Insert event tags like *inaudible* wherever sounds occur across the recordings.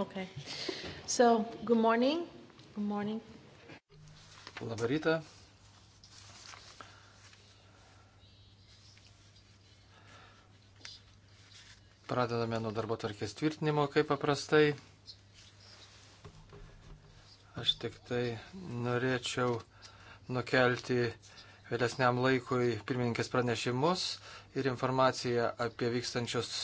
Okay. So, good morning. Good morning. Labą rytą. Pradedame nuo darbo tvarkės tvirtinimo, kaip paprastai. Aš tik tai norėčiau nukelti vėlesniam laikui pirmininkės pranešimus ir informaciją apie vykstančius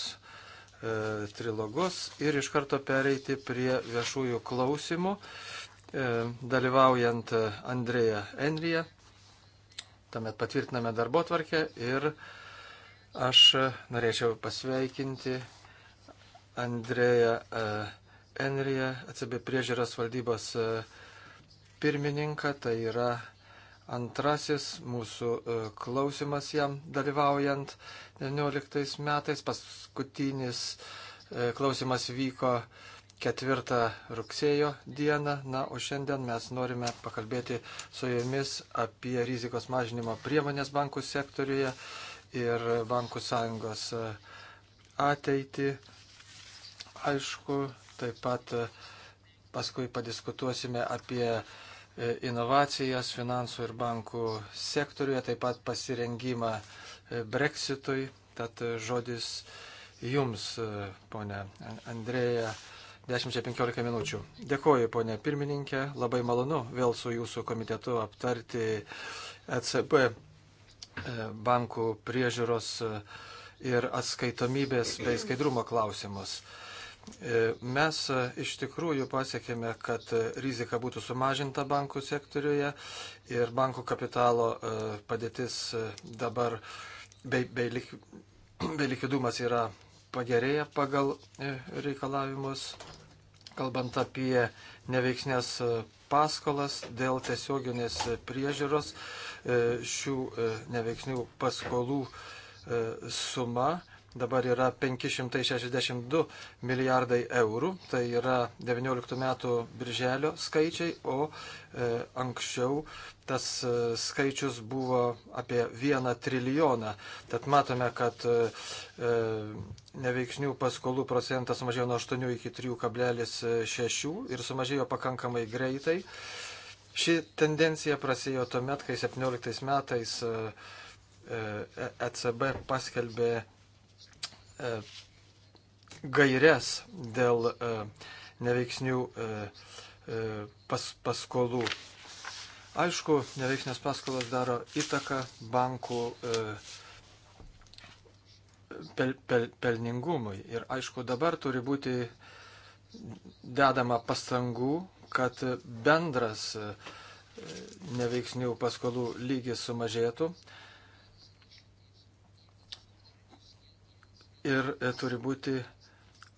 e, trilogus ir iš karto pereiti prie viešųjų klausimų, e, dalyvaujant Andrėją Enriją. Tuomet patvirtiname darbo tvarkę ir aš norėčiau pasveikinti Andrėją e, Enriją, atsibė priežiūros valdybos e, pirmininką, tai yra antrasis mūsų e, klausimas jam dalyvaujant 19 metais. Paskutinis e, klausimas vyko 4 rugsėjo dieną. Na, o šiandien mes norime pakalbėti su jumis apie rizikos mažinimo priemonės bankų sektoriuje ir bankų sąjungos e, ateitį. Aišku, taip pat paskui padiskutuosime apie E, inovacijas finansų ir bankų sektoriuje, taip pat pasirengimą e, breksitui. Tad e, žodis jums, ponė Andrėja. 10-15 minučių. Dėkuoju, ponė pirmininkė, labai malonu vėl su jūsų komitetu aptarti ECB bankų priežiūros ir atskaitomybės bei skaidrumo klausimus. E, mes e, iš tikrųjų pasiekėme, kad rizika būtų sumažinta bankų sektoriuje ir bankų kapitalo e, padėtis dabar bei, bei, lik, *clears throat* bei likvidumas yra pagerėję pagal reikalavimus, kalbant apie neveiksnės paskolas dėl tiesioginės priežiūros šių neveiksnių paskolų suma dabar yra 562 milijardai eurų, tai yra 19 metų birželio skaičiai, o e, anksčiau tas e, skaičius buvo apie 1 trilijoną. Tad matome, kad e, e, neveiksnių paskolų procentas sumažėjo nuo 8 iki 3,6 ir sumažėjo pakankamai greitai. Ši tendencija prasidėjo tuomet, kai 17 metais ECB e, e paskelbė E, gairias dėl e, neveiksnių e, pas, paskolų. Aišku, neveiksnės paskolos daro įtaką bankų pel, pel, pelningumui. Ir aišku, dabar turi būti dedama pastangų, kad bendras neveiksnių paskolų lygis sumažėtų. E, ir e, turi būti,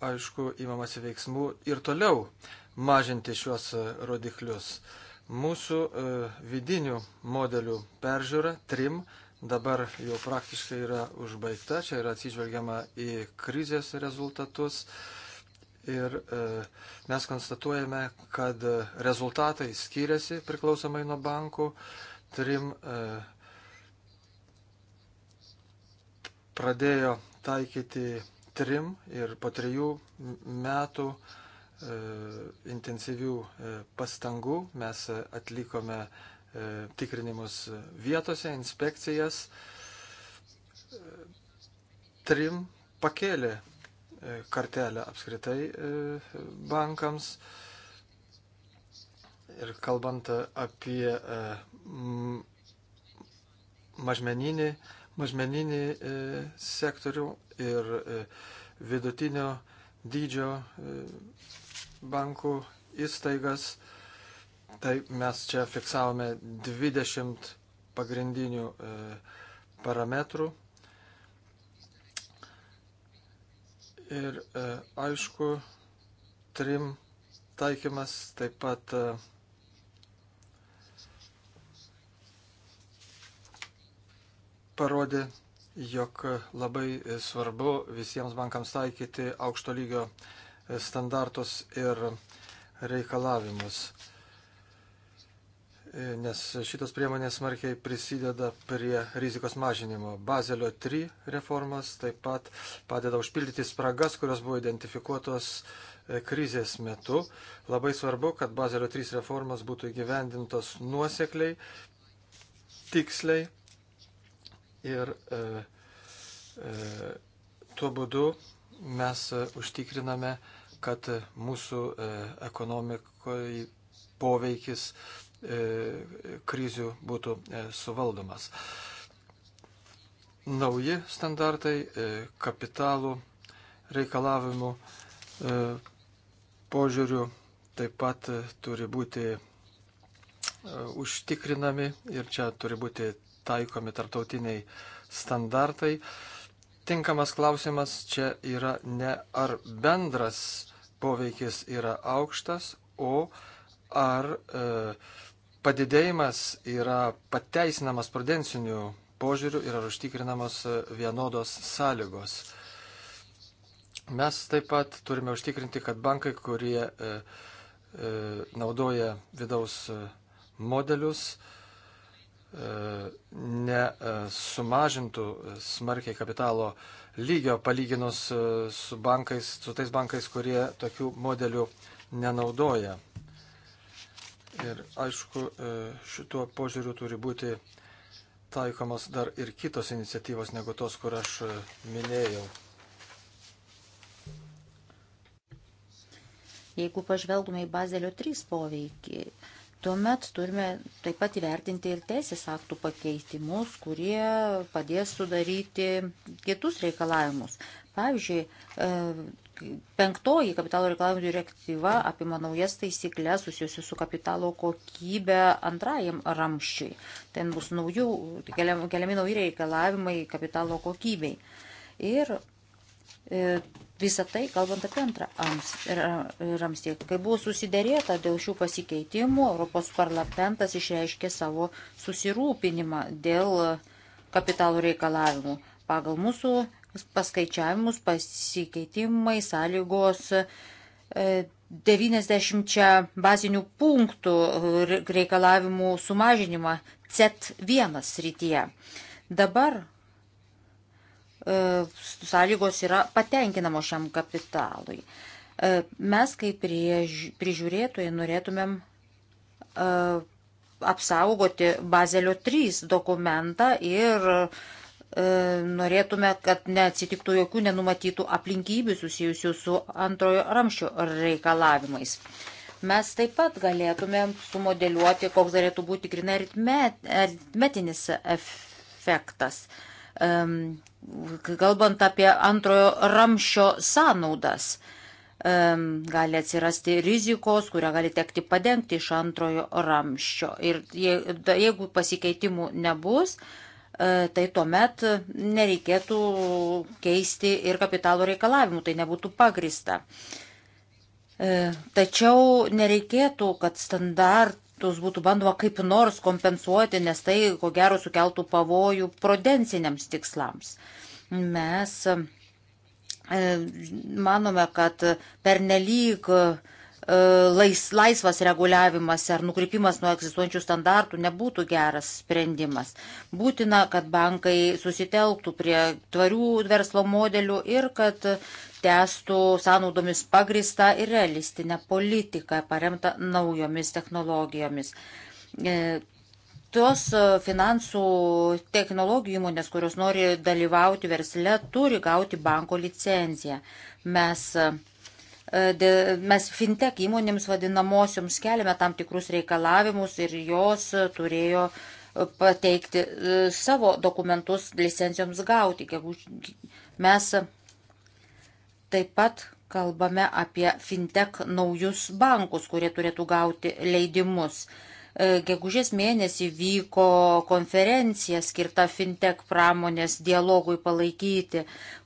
aišku, įmamasi veiksmų ir toliau mažinti šiuos e, rodiklius. Mūsų e, vidinių modelių peržiūra trim dabar jau praktiškai yra užbaigta, čia yra atsižvelgiama į krizės rezultatus ir mes konstatuojame, kad rezultatai skiriasi priklausomai nuo bankų. Trim pradėjo taikyti trim ir po trijų metų e, intensyvių e, pastangų mes e, atlikome tikrinimus vietose, inspekcijas. Trim pakėlė kartelę apskritai bankams. Ir kalbant apie mažmeninį mažmeninį e, sektorių ir e, vidutinio dydžio e, bankų įstaigas. Tai mes čia fiksavome 20 pagrindinių parametrų. Ir aišku, trim taikymas taip pat parodė, jog labai svarbu visiems bankams taikyti aukšto lygio standartus ir reikalavimus, nes šitos priemonės smarkiai prisideda prie rizikos mažinimo. Bazelio 3 reformas taip pat padeda užpildyti spragas, kurios buvo identifikuotos e, krizės metu. Labai svarbu, kad Bazelio 3 reformas būtų įgyvendintos nuosekliai, tiksliai ir e, e, tuo būdu mes užtikriname, kad mūsų e, ekonomikoje poveikis e, krizių būtų e, suvaldomas. Nauji standartai e, kapitalų reikalavimų e, požiūrių taip pat turi būti e, užtikrinami ir čia turi būti taikomi tarptautiniai standartai. Tinkamas klausimas čia yra ne ar bendras poveikis yra aukštas, o ar e, padidėjimas yra pateisinamas prudencinių požiūrių ir ar užtikrinamos e, vienodos sąlygos. Mes taip pat turime užtikrinti, kad bankai, kurie e, e naudoja vidaus e, modelius, nesumažintų smarkiai kapitalo lygio palyginus e, su, bankais, su tais bankais, kurie tokių modelių nenaudoja. Ir aišku, e, šituo požiūriu turi būti taikomos dar ir kitos iniciatyvos negu tos, kur aš e, minėjau. Jeigu pažvelgume į Bazelio 3 poveikį, Tuomet turime taip pat įvertinti ir teisės aktų pakeitimus, kurie padės sudaryti kitus reikalavimus. Pavyzdžiui, e, penktoji kapitalo reikalavimų direktyva apima naujas taisyklės susijusius su kapitalo kokybė antrajam ramščiui. Ten bus naujų, keliami nauji reikalavimai kapitalo kokybei. Ir e, Visą tai, kalbant apie antrą ramstį, kai buvo susidėrėta dėl šių pasikeitimų, Europos parlamentas išreiškė savo susirūpinimą dėl kapitalų reikalavimų. Pagal mūsų paskaičiavimus pasikeitimai sąlygos 90 e, bazinių punktų reikalavimų sumažinimą C1 e srityje. Dabar E, sąlygos yra patenkinamos šiam kapitalui. E, mes kaip prižiūrėtojai norėtumėm e, apsaugoti Bazelio 3 dokumentą ir norėtume, kad neatsitiktų jokių nenumatytų aplinkybių susijusių su antrojo ramščio reikalavimais. Mes taip pat galėtumėm sumodeliuoti, koks galėtų būti grinai aritmetinis efektas. Um, kalbant apie antrojo ramšio sąnaudas, gali atsirasti rizikos, kurią gali tekti padengti iš antrojo ramščio. Ir jeigu pasikeitimų nebus, e, tai tuomet nereikėtų keisti ir kapitalo reikalavimų, tai nebūtų pagrista. E, tačiau nereikėtų, kad standart tuos būtų bandoma kaip nors kompensuoti, nes tai, ko gero, sukeltų pavojų prudenciniams tikslams. Mes e, manome, kad pernelyg e, lais, laisvas reguliavimas ar nukrypimas nuo egzistuojančių standartų nebūtų geras sprendimas. Būtina, kad bankai susitelktų prie tvarių verslo modelių ir kad testų sąnaudomis pagristą ir realistinę politiką, paremtą naujomis technologijomis. E, tos e, finansų technologijų įmonės, kurios nori dalyvauti versle, turi gauti banko licenciją. Mes e, mes fintech įmonėms vadinamosioms keliame tam tikrus reikalavimus ir jos turėjo pateikti savo dokumentus licencijoms gauti. Mes Taip pat kalbame apie fintech naujus bankus, kurie turėtų gauti leidimus. E, gegužės mėnesį vyko konferencija skirta fintech pramonės dialogui palaikyti,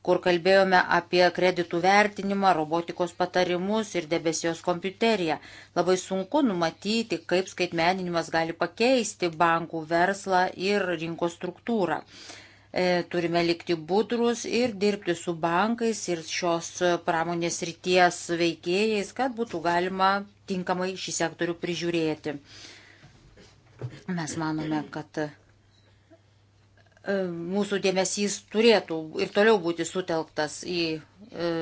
kur kalbėjome apie kreditų vertinimą, robotikos patarimus ir debesijos kompiuteriją. Labai sunku numatyti, kaip skaitmeninimas gali pakeisti bankų verslą ir rinkos struktūrą. E, turime likti budrus ir dirbti su bankais ir šios pramonės ryties veikėjais, kad būtų galima tinkamai šį sektorių prižiūrėti. Mes manome, kad e, mūsų dėmesys turėtų ir toliau būti sutelktas į e,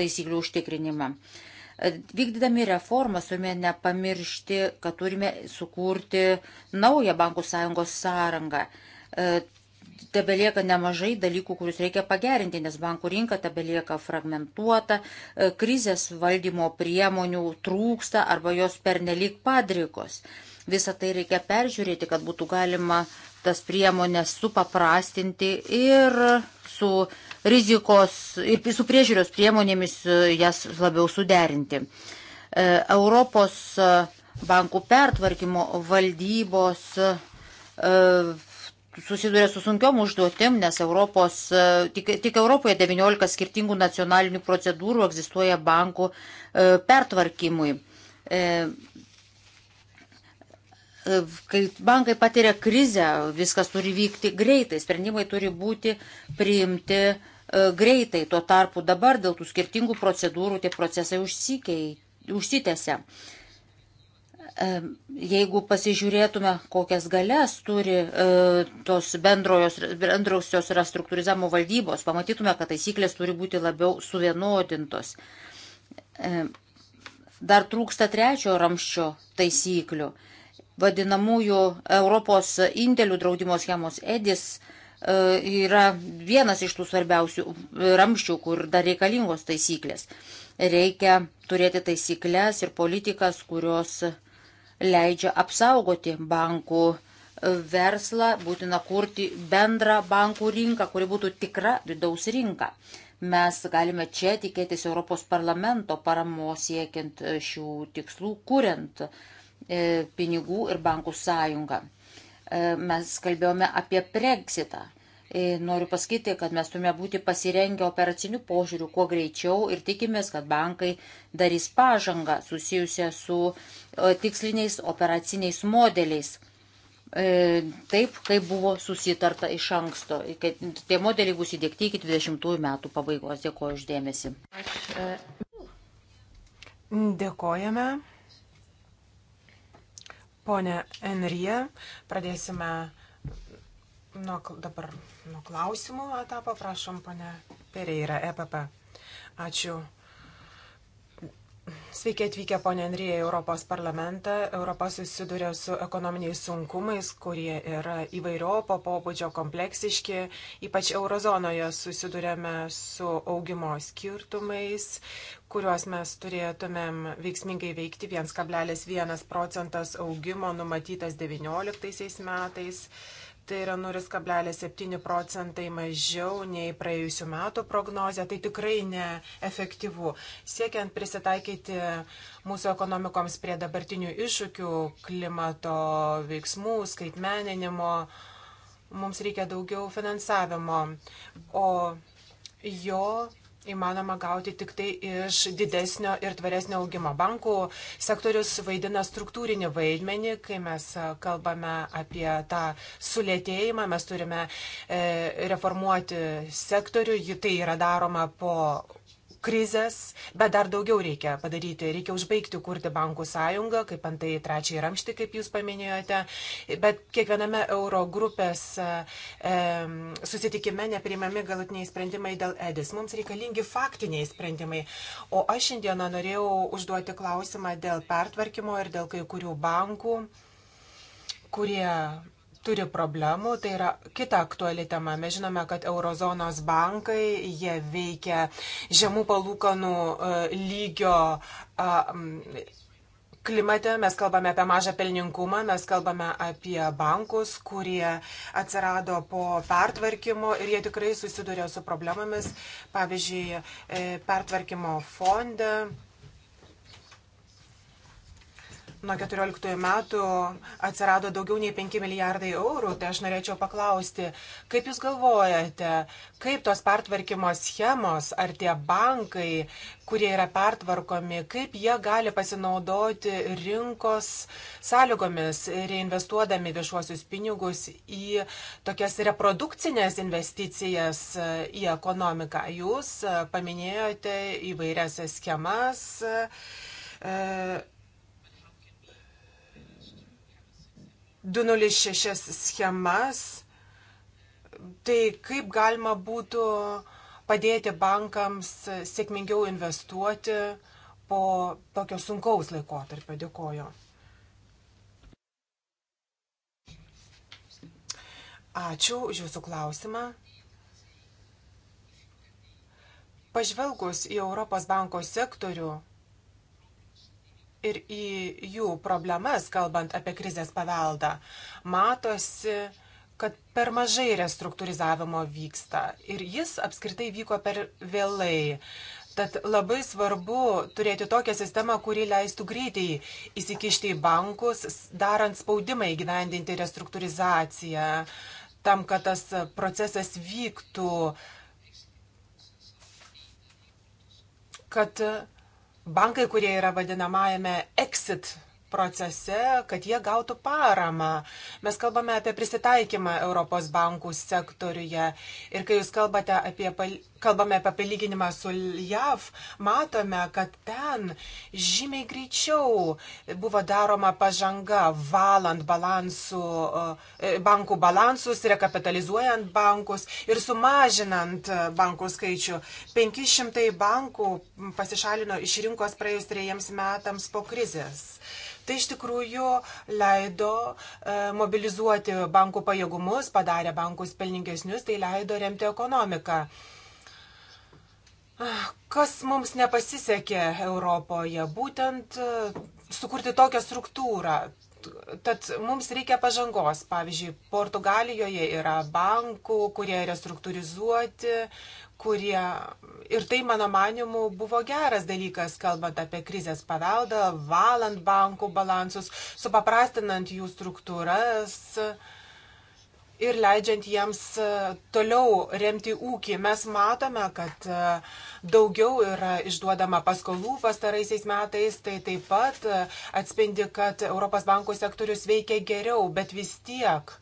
taisyklių užtikrinimą. Vykdydami reformas turime nepamiršti, kad turime sukurti naują bankų sąjungos sąrangą tebelieka nemažai dalykų, kuriuos reikia pagerinti, nes bankų rinka tebelieka fragmentuota, e, krizės valdymo priemonių trūksta arba jos pernelyg padrikos. Visą tai reikia peržiūrėti, kad būtų galima tas priemonės supaprastinti ir su rizikos ir su priežiūros priemonėmis e, jas labiau suderinti. E, Europos bankų pertvarkymo valdybos susiduria su sunkiom užduotim, nes Europos, e, tik, tik Europoje 19 skirtingų nacionalinių procedūrų egzistuoja bankų e, pertvarkymui. E, e, kai bankai patiria krizę, viskas turi vykti greitai, sprendimai turi būti priimti e, greitai. Tuo tarpu dabar dėl tų skirtingų procedūrų tie procesai užsikei, užsitęsia. E, Jeigu pasižiūrėtume, kokias galias turi e, tos bendrojos, bendrosios restruktūrizavimo valdybos, pamatytume, kad taisyklės turi būti labiau suvienodintos. Dar trūksta trečio ramščio taisyklių. Vadinamųjų Europos indėlių draudimo schemos EDIS e, yra vienas iš tų svarbiausių ramščių, kur dar reikalingos taisyklės. Reikia turėti taisyklės ir politikas, kurios uh, leidžia apsaugoti bankų verslą, būtina kurti bendrą bankų rinką, kuri būtų tikra vidaus rinka. Mes galime čia tikėtis Europos parlamento paramos siekiant šių tikslų, kuriant e, pinigų ir bankų sąjungą. E, mes kalbėjome apie Brexitą. E, noriu pasakyti, kad mes turime būti pasirengę operacinių požiūrių kuo greičiau ir tikimės, kad bankai darys pažangą susijusią su e, tiksliniais operaciniais modeliais. E, taip, kaip buvo susitarta iš anksto. Tie modeliai bus įdėkti iki 20 metų pabaigos. Dėkuoju uždėmesi. Dėkojame. Pone Enrija, pradėsime Nuo, dabar nuo klausimų etapo prašom, pane Pereira, EPP. Ačiū. Sveiki atvykę, ponė Andrija, į Europos parlamentą. Europa susiduria su ekonominiais sunkumais, kurie yra įvairiopo pobūdžio kompleksiški. Ypač eurozonoje susidurėme su augimo skirtumais, kuriuos mes turėtumėm veiksmingai veikti. 1,1 procentas augimo numatytas 2019 metais Tai yra 0,7 procentai mažiau nei praėjusiu metu prognozė. Tai tikrai neefektyvu. Siekiant prisitaikyti mūsų ekonomikoms prie dabartinių iššūkių, klimato veiksmų, skaitmeninimo, mums reikia daugiau finansavimo. O jo įmanoma gauti tik tai iš didesnio ir tvaresnio augimo. Bankų sektorius vaidina struktūrinį vaidmenį, kai mes kalbame apie tą sulėtėjimą, mes turime e, reformuoti sektorių, tai yra daroma po krizės, bet dar daugiau reikia padaryti. Reikia užbaigti kurti bankų sąjungą, kaip antai trečiai ramšti, kaip jūs paminėjote, bet kiekviename euro grupės e, susitikime nepriimami galutiniai sprendimai dėl edis. Mums reikalingi faktiniai sprendimai. O aš šiandieną norėjau užduoti klausimą dėl pertvarkymo ir dėl kai kurių bankų kurie turi problemų, tai yra kita aktuali tema. Mes žinome, kad eurozonos bankai, jie veikia žemų palūkanų e, lygio klimate, mes kalbame apie mažą pelninkumą, mes kalbame apie bankus, kurie atsirado po pertvarkymo ir jie tikrai susiduria su problemomis. Pavyzdžiui, e, pertvarkymo fonde Nuo 14 metų atsirado daugiau nei 5 milijardai eurų, tai aš norėčiau paklausti, kaip Jūs galvojate, kaip tos pertvarkymo schemos ar tie bankai, kurie yra pertvarkomi, kaip jie gali pasinaudoti rinkos sąlygomis, reinvestuodami viešuosius pinigus į tokias reprodukcinės investicijas į ekonomiką. Jūs paminėjote įvairias schemas. E, 206 schemas, tai kaip galima būtų padėti bankams sėkmingiau investuoti po tokio sunkaus laikotarpio. Dėkoju. Ačiū už Jūsų klausimą. Pažvelgus į Europos banko sektorių, ir į jų problemas, kalbant apie krizės paveldą, matosi, kad per mažai restruktūrizavimo vyksta ir jis apskritai vyko per vėlai. Tad labai svarbu turėti tokią sistemą, kuri leistų greitai įsikišti į bankus, darant spaudimą įgyvendinti restruktūrizaciją, tam, kad tas procesas vyktų, kad uh, bankai, kurie yra vadinamajame exit procese, kad jie gautų paramą. Mes kalbame apie prisitaikymą Europos bankų sektoriuje. Ir kai jūs kalbate apie kalbame apie palyginimą su JAV, matome, kad ten žymiai greičiau buvo daroma pažanga valant balansų, e, bankų balansus, rekapitalizuojant bankus ir sumažinant e, bankų skaičių. 500 bankų pasišalino iš rinkos praėjus trejiems metams po krizės. Tai iš tikrųjų leido e, mobilizuoti bankų pajėgumus, padarė bankus pelningesnius, tai leido remti ekonomiką. Kas mums nepasisekė Europoje? Būtent e, sukurti tokią struktūrą. Tad mums reikia pažangos. Pavyzdžiui, Portugalijoje yra bankų, kurie restruktūrizuoti, kurie. Ir tai, mano manimu, buvo geras dalykas, kalbant apie krizės paveldą, valant bankų balansus, supaprastinant jų struktūras. Uh, ir leidžiant jiems e, toliau remti ūkį. Mes matome, kad e, daugiau yra išduodama paskolų pastaraisiais metais, tai taip pat e, atspindi, kad Europos bankų sektorius veikia geriau, bet vis tiek.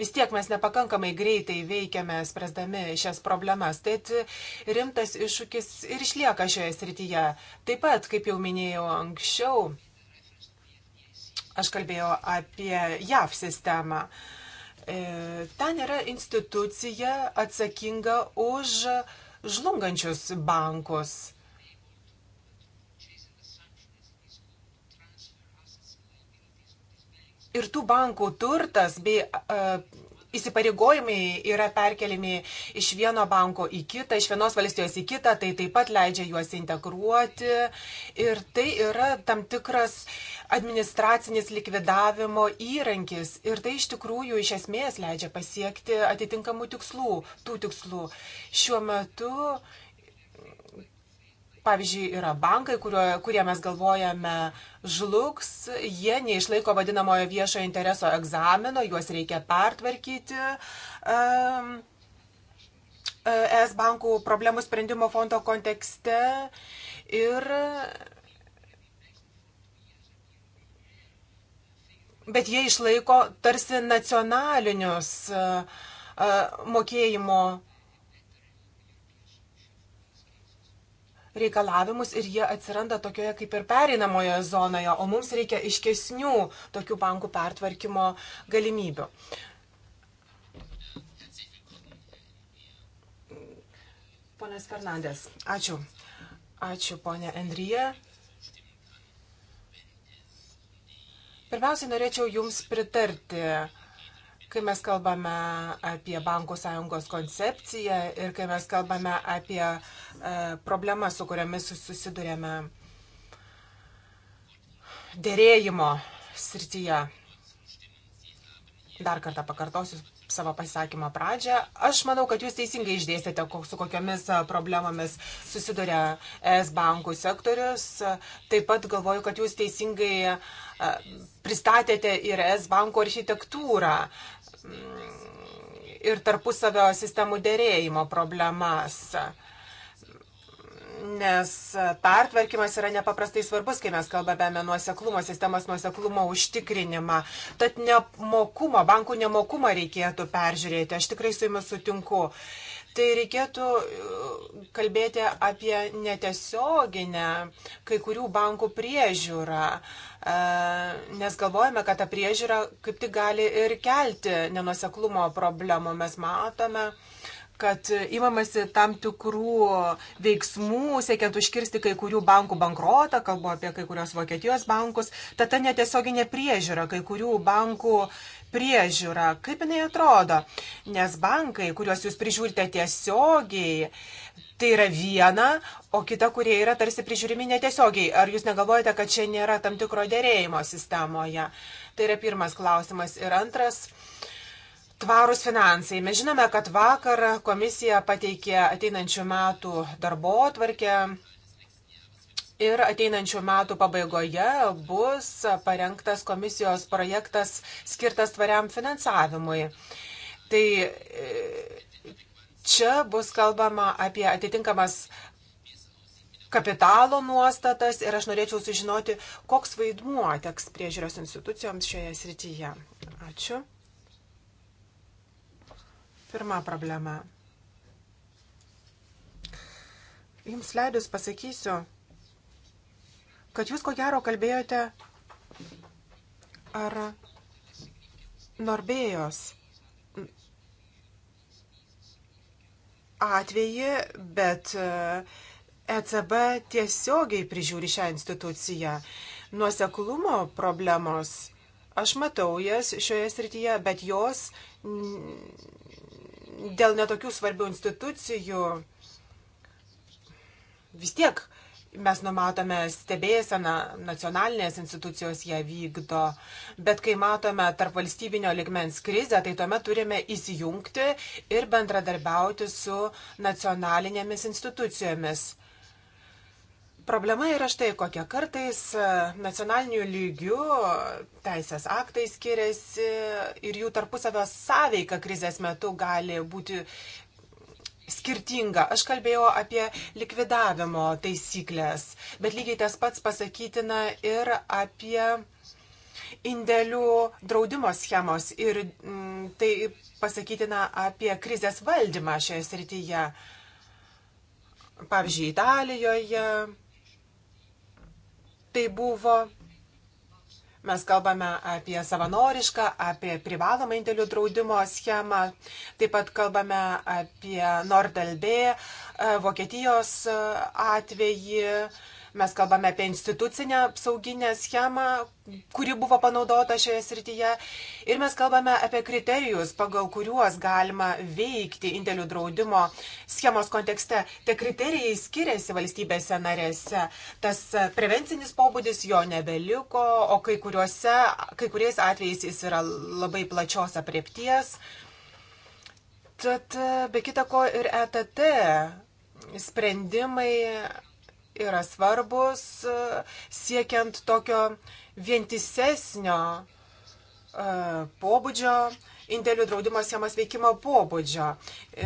Vis tiek mes nepakankamai greitai veikiame, spręsdami šias problemas. Tai rimtas iššūkis ir išlieka šioje srityje. Taip pat, kaip jau minėjau anksčiau, aš kalbėjau apie JAV sistemą. Uh, E, ten yra institucija atsakinga už žlungančius bankus. Ir tų bankų turtas bei uh, įsipareigojimai yra perkeliami iš vieno banko į kitą, iš vienos valstijos į kitą, tai taip pat leidžia juos integruoti. Ir tai yra tam tikras administracinis likvidavimo įrankis. Ir tai iš tikrųjų iš esmės leidžia pasiekti atitinkamų tikslų, tų tikslų. Šiuo metu uh, Pavyzdžiui, yra bankai, kurio, kurie mes galvojame žlugs, jie neišlaiko vadinamojo viešojo intereso egzamino, juos reikia pertvarkyti. Um, ES bankų problemų sprendimo fondo kontekste ir bet jie išlaiko tarsi nacionalinius mokėjimo reikalavimus ir jie atsiranda tokioje kaip ir pereinamoje zonoje, o mums reikia iškesnių tokių bankų pertvarkymo galimybių. Ponas Fernandės, ačiū. Ačiū, ponė Endrija. Pirmiausiai norėčiau Jums pritarti Kai mes kalbame apie bankų sąjungos koncepciją ir kai mes kalbame apie e, problemas, su kuriamis susidurėme dėrėjimo srityje, dar kartą pakartosiu savo pasisakymo pradžią. Aš manau, kad jūs teisingai išdėstėte, su kokiamis e, problemomis susiduria ES bankų sektorius. Taip pat galvoju, kad jūs teisingai e, pristatėte ir ES banko architektūrą. Mm. ir tarpusavio sistemų dėrėjimo problemas. Nes pertvarkymas yra nepaprastai svarbus, kai mes kalbame apie nuoseklumo, sistemos nuoseklumo užtikrinimą. Tad nemokumo, bankų nemokumą reikėtų peržiūrėti. Aš tikrai su jumis sutinku. Uh, tai reikėtų e, kalbėti apie netiesioginę kai kurių bankų priežiūrą, e, nes galvojame, kad ta priežiūra kaip tik gali ir kelti nenuseklumo problemų. Mes matome, kad įmamasi tam tikrų veiksmų, siekiant užkirsti kai kurių bankų bankrotą, kalbu apie kai kurios Vokietijos bankus, tad ta netiesioginė priežiūra, kai kurių bankų priežiūra, kaip jinai atrodo, nes bankai, kuriuos jūs prižiūrite tiesiogiai, tai yra viena, o kita, kurie yra tarsi prižiūrimi netiesiogiai. Ar jūs negalvojate, kad čia nėra tam tikro dėrėjimo sistemoje? Tai yra pirmas klausimas. Ir antras tvarūs finansai. Mes žinome, kad vakar komisija pateikė ateinančių metų darbo atvarkę ir ateinančių metų pabaigoje bus parengtas komisijos projektas skirtas tvariam finansavimui. Tai e, čia bus kalbama apie atitinkamas kapitalo nuostatas ir aš norėčiau sužinoti, koks vaidmuo teks priežiūros institucijoms šioje srityje. Ačiū. Pirma problema. Jums leidus pasakysiu, kad jūs ko gero kalbėjote ar Norbėjos atvejį, bet ECB e tiesiogiai prižiūri šią instituciją. Nuoseklumo problemos, aš matau jas šioje srityje, bet jos dėl netokių svarbių institucijų vis tiek mes numatome stebėseną, nacionalinės institucijos ją vykdo, bet kai matome tarp valstybinio ligmens krizę, tai tuomet turime įsijungti ir bendradarbiauti su nacionalinėmis institucijomis. Problema yra štai kokia. Kartais e, nacionaliniu lygiu e, teisės aktai skiriasi ir jų tarpusavio sąveika krizės metu gali būti skirtinga. Aš kalbėjau apie likvidavimo taisyklės, bet lygiai tas pats pasakytina ir apie indėlių draudimo schemos ir m, mm, tai pasakytina apie krizės valdymą šioje srityje. Pavyzdžiui, Italijoje tai buvo. Mes kalbame apie savanorišką, apie privalomą indėlių draudimo schemą, taip pat kalbame apie Nordelbė, Vokietijos e, atvejį, Mes kalbame apie institucinę apsauginę schemą, kuri buvo panaudota šioje srityje. Ir mes kalbame apie kriterijus, pagal kuriuos galima veikti indėlių draudimo schemos kontekste. Tie kriterijai skiriasi valstybėse narėse. Tas prevencinis pobūdis jo nebeliko, o kai, kuriuose, kai kuriais atvejais jis yra labai plačios apriepties. Tad be kita ko ir ETT sprendimai yra svarbus siekiant tokio vientisesnio e, pobūdžio, indėlių draudimo schemas veikimo pobūdžio.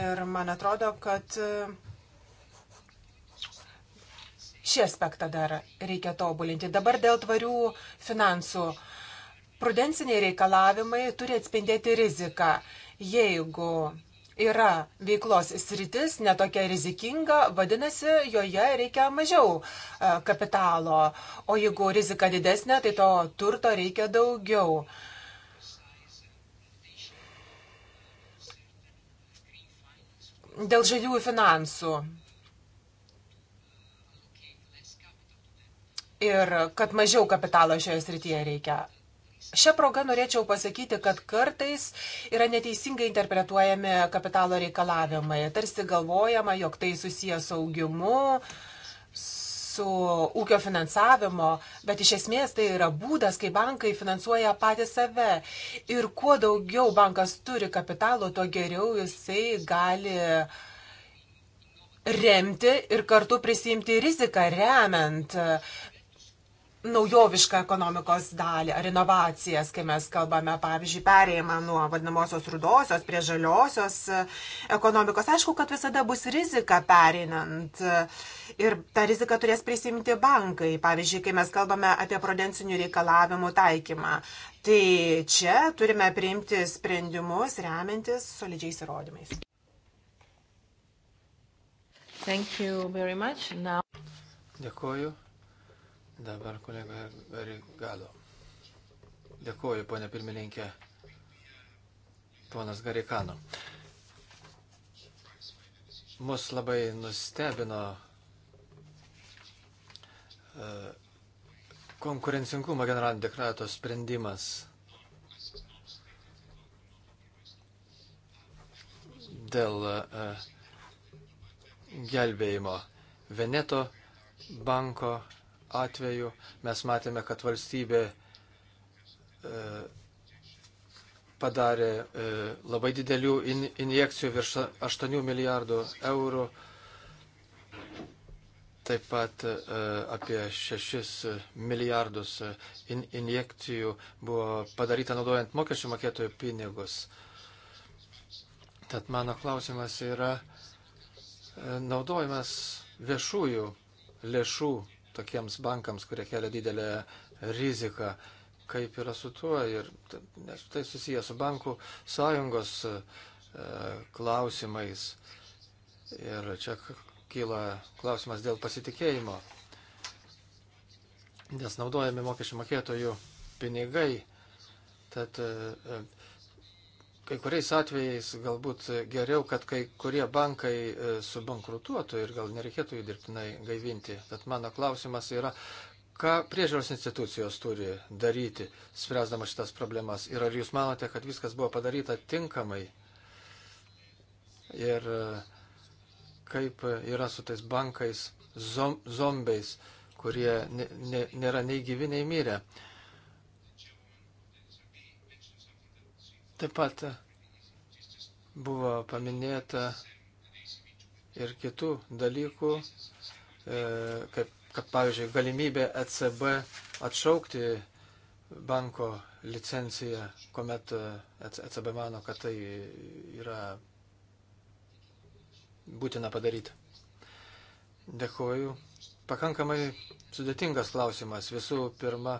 Ir man atrodo, kad e, šį aspektą dar reikia tobulinti. Dabar dėl tvarių finansų. Prudenciniai reikalavimai turi atspindėti riziką. Jeigu yra veiklos sritis netokia rizikinga, vadinasi, joje reikia mažiau e, kapitalo, o jeigu rizika didesnė, tai to turto reikia daugiau. Dėl žaliųjų finansų. Ir kad mažiau kapitalo šioje srityje reikia. Šią progą norėčiau pasakyti, kad kartais yra neteisingai interpretuojami kapitalo reikalavimai. Tarsi galvojama, jog tai susijęs su augimu, su ūkio finansavimo, bet iš esmės tai yra būdas, kai bankai finansuoja patį save. Ir kuo daugiau bankas turi kapitalo, tuo geriau jisai gali remti ir kartu prisimti riziką remiant naujovišką ekonomikos dalį ar inovacijas, kai mes kalbame, pavyzdžiui, perėjimą nuo vadinamosios rudosios prie žaliosios e, ekonomikos. Aišku, kad visada bus rizika pereinant e, ir tą riziką turės prisimti bankai, pavyzdžiui, kai mes kalbame apie prudencinių reikalavimų taikymą. Tai čia turime priimti sprendimus remiantis solidžiais įrodymais. Thank you very much. Now... Dėkuoju. Dabar kolega Garigalo. Dėkuoju, ponė pirmininkė, ponas Garikano. Mus labai nustebino e, konkurencingumo generalinio dekrato sprendimas dėl e, gelbėjimo Veneto banko atveju mes matėme, kad valstybė e, padarė e, labai didelių injekcijų virš 8 milijardų eurų, taip pat e, apie 6 milijardus injekcijų buvo padaryta naudojant mokesčių mokėtojų pinigus. Tad mano klausimas yra naudojimas viešųjų lėšų tokiems bankams, kurie kelia didelę riziką, kaip yra su tuo. Ir nes tai susijęs su bankų sąjungos e, klausimais. Ir čia kyla klausimas dėl pasitikėjimo. Nes naudojami mokesčių mokėtojų pinigai. Tad e, kai kuriais atvejais galbūt geriau, kad kai kurie bankai e, subankrutuotų ir gal nereikėtų jų dirbtinai gaivinti. Tad mano klausimas yra, ką priežiūros institucijos turi daryti, spręsdama šitas problemas. Ir ar jūs manote, kad viskas buvo padaryta tinkamai? Ir e, kaip yra su tais bankais, zom, zombiais, kurie ne, ne, nėra nei gyvi, nei mirę. Uh, Taip pat buvo paminėta ir kitų dalykų, e, kaip, kaip pavyzdžiui, galimybė ECB atšaukti banko licenciją, kuomet ECB e mano, kad tai yra būtina padaryti. Dėkuoju. Pakankamai sudėtingas klausimas. Visų pirma,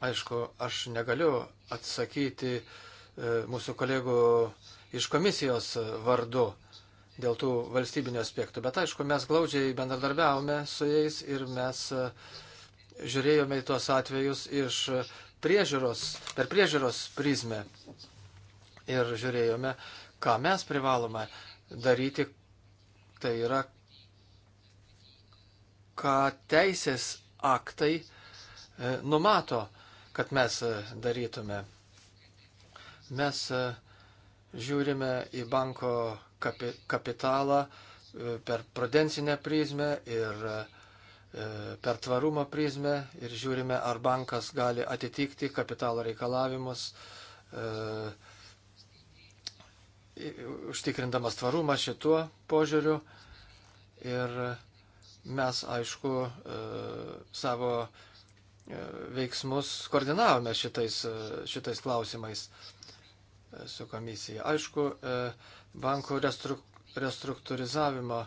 Aišku, aš negaliu atsakyti e, mūsų kolegų iš komisijos vardu dėl tų valstybinio aspektų, bet aišku, mes glaudžiai bendradarbiavome su jais ir mes e, žiūrėjome į tuos atvejus iš priežiūros, per priežiūros prizmę ir žiūrėjome, ką mes privalome daryti, tai yra, ką teisės aktai e, numato kad mes e, darytume. Mes e, žiūrime į banko kapi, kapitalą e, per prudencinę prizmę ir per tvarumo prizmę ir žiūrime, ar bankas gali atitikti kapitalo reikalavimus, e, užtikrindamas tvarumą šituo požiūriu. Ir mes, aišku, e, savo E, veiksmus koordinavome šitais, e, šitais klausimais e, su komisija. Aišku, bankų restruktūrizavimo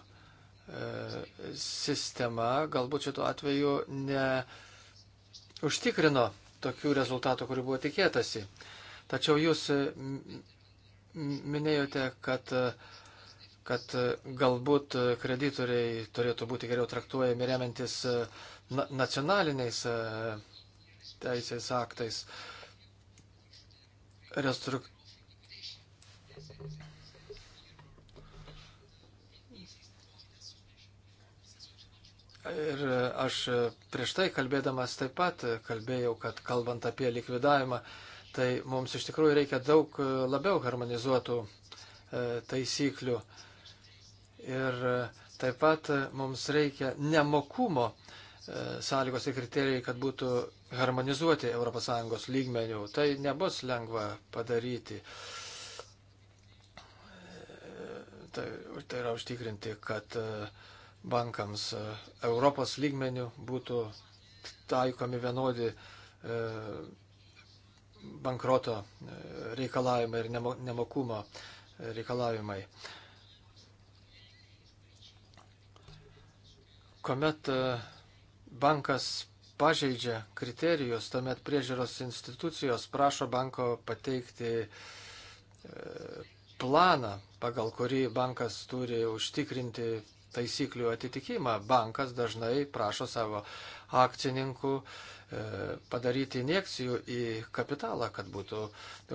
sistema galbūt šituo atveju neužtikrino tokių rezultatų, kurių buvo tikėtasi. Tačiau jūs minėjote, kad, kad galbūt kreditoriai turėtų būti geriau traktuojami remiantis na, nacionaliniais e, teisės aktais. Restruk... Ir aš prieš tai kalbėdamas taip pat kalbėjau, kad kalbant apie likvidavimą, tai mums iš tikrųjų reikia daug labiau harmonizuotų e, taisyklių. Ir taip pat mums reikia nemokumo E, sąlygos ir kriterijai, kad būtų harmonizuoti ES lygmenių. Tai nebus lengva padaryti. E, tai, tai yra užtikrinti, kad e, bankams Europos lygmenių būtų taikomi vienodi bankroto reikalavimai ir nemokumo reikalavimai. Komet uh, bankas pažeidžia kriterijus, tuomet priežiūros institucijos prašo banko pateikti e, planą, pagal kurį bankas turi užtikrinti taisyklių atitikimą. Bankas dažnai prašo savo akcininkų e, padaryti injekcijų į kapitalą, kad būtų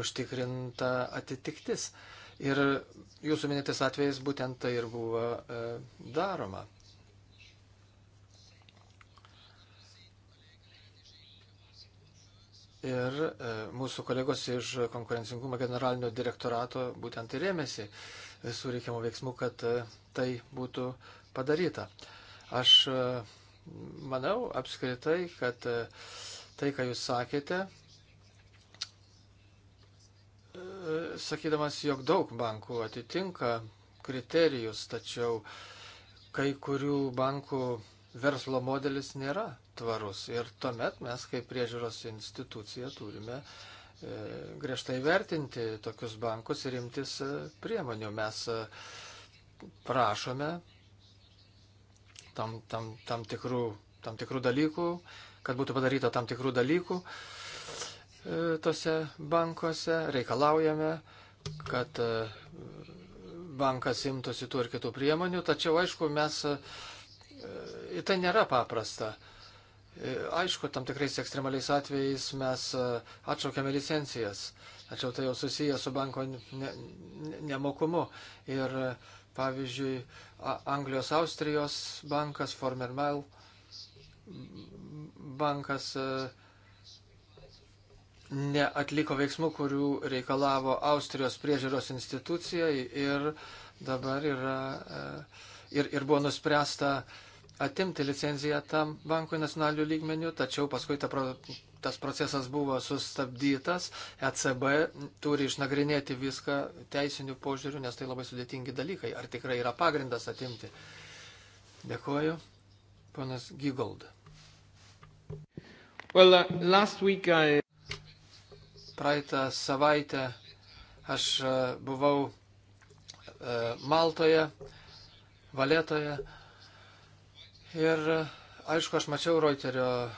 užtikrinta atitiktis. Ir jūsų minėtis atvejais būtent tai ir buvo e, daroma. Ir e, mūsų kolegos iš konkurencingumo generalinio direktorato būtent ir rėmėsi visų reikiamų veiksmų, kad e, tai būtų padaryta. Aš e, manau apskritai, kad tai, ką jūs sakėte, sakydamas, jog daug bankų atitinka kriterijus, tačiau kai kurių bankų verslo modelis nėra tvarus. Ir tuomet mes, kaip priežiūros institucija, turime e, griežtai vertinti tokius bankus ir imtis e, priemonių. Mes e, prašome tam, tam, tam, tikrų, tam tikrų dalykų, kad būtų padaryta tam tikrų dalykų tose bankuose, reikalaujame, kad bankas imtųsi tų ir kitų priemonių, tačiau aišku, mes į tai nėra paprasta. E, aišku, tam tikrais ekstremaliais atvejais mes e, atšaukiame licencijas, tačiau tai jau susiję su banko ne, ne, nemokumu. Ir e, pavyzdžiui, Anglijos Austrijos bankas, Former Mail bankas neatliko veiksmų, kurių reikalavo Austrijos priežiūros institucija ir dabar yra ir, ir buvo nuspręsta atimti licenciją tam bankui nacionaliniu lygmeniu, tačiau paskui ta pro, tas procesas buvo sustabdytas. ECB turi išnagrinėti viską teisiniu požiūriu, nes tai labai sudėtingi dalykai. Ar tikrai yra pagrindas atimti? Dėkuoju. Ponas Gygold. Well, uh, last week I... Praeitą savaitę aš uh, buvau uh, Maltoje, Valetoje. Uh, Ir aišku, aš mačiau Reuterio e,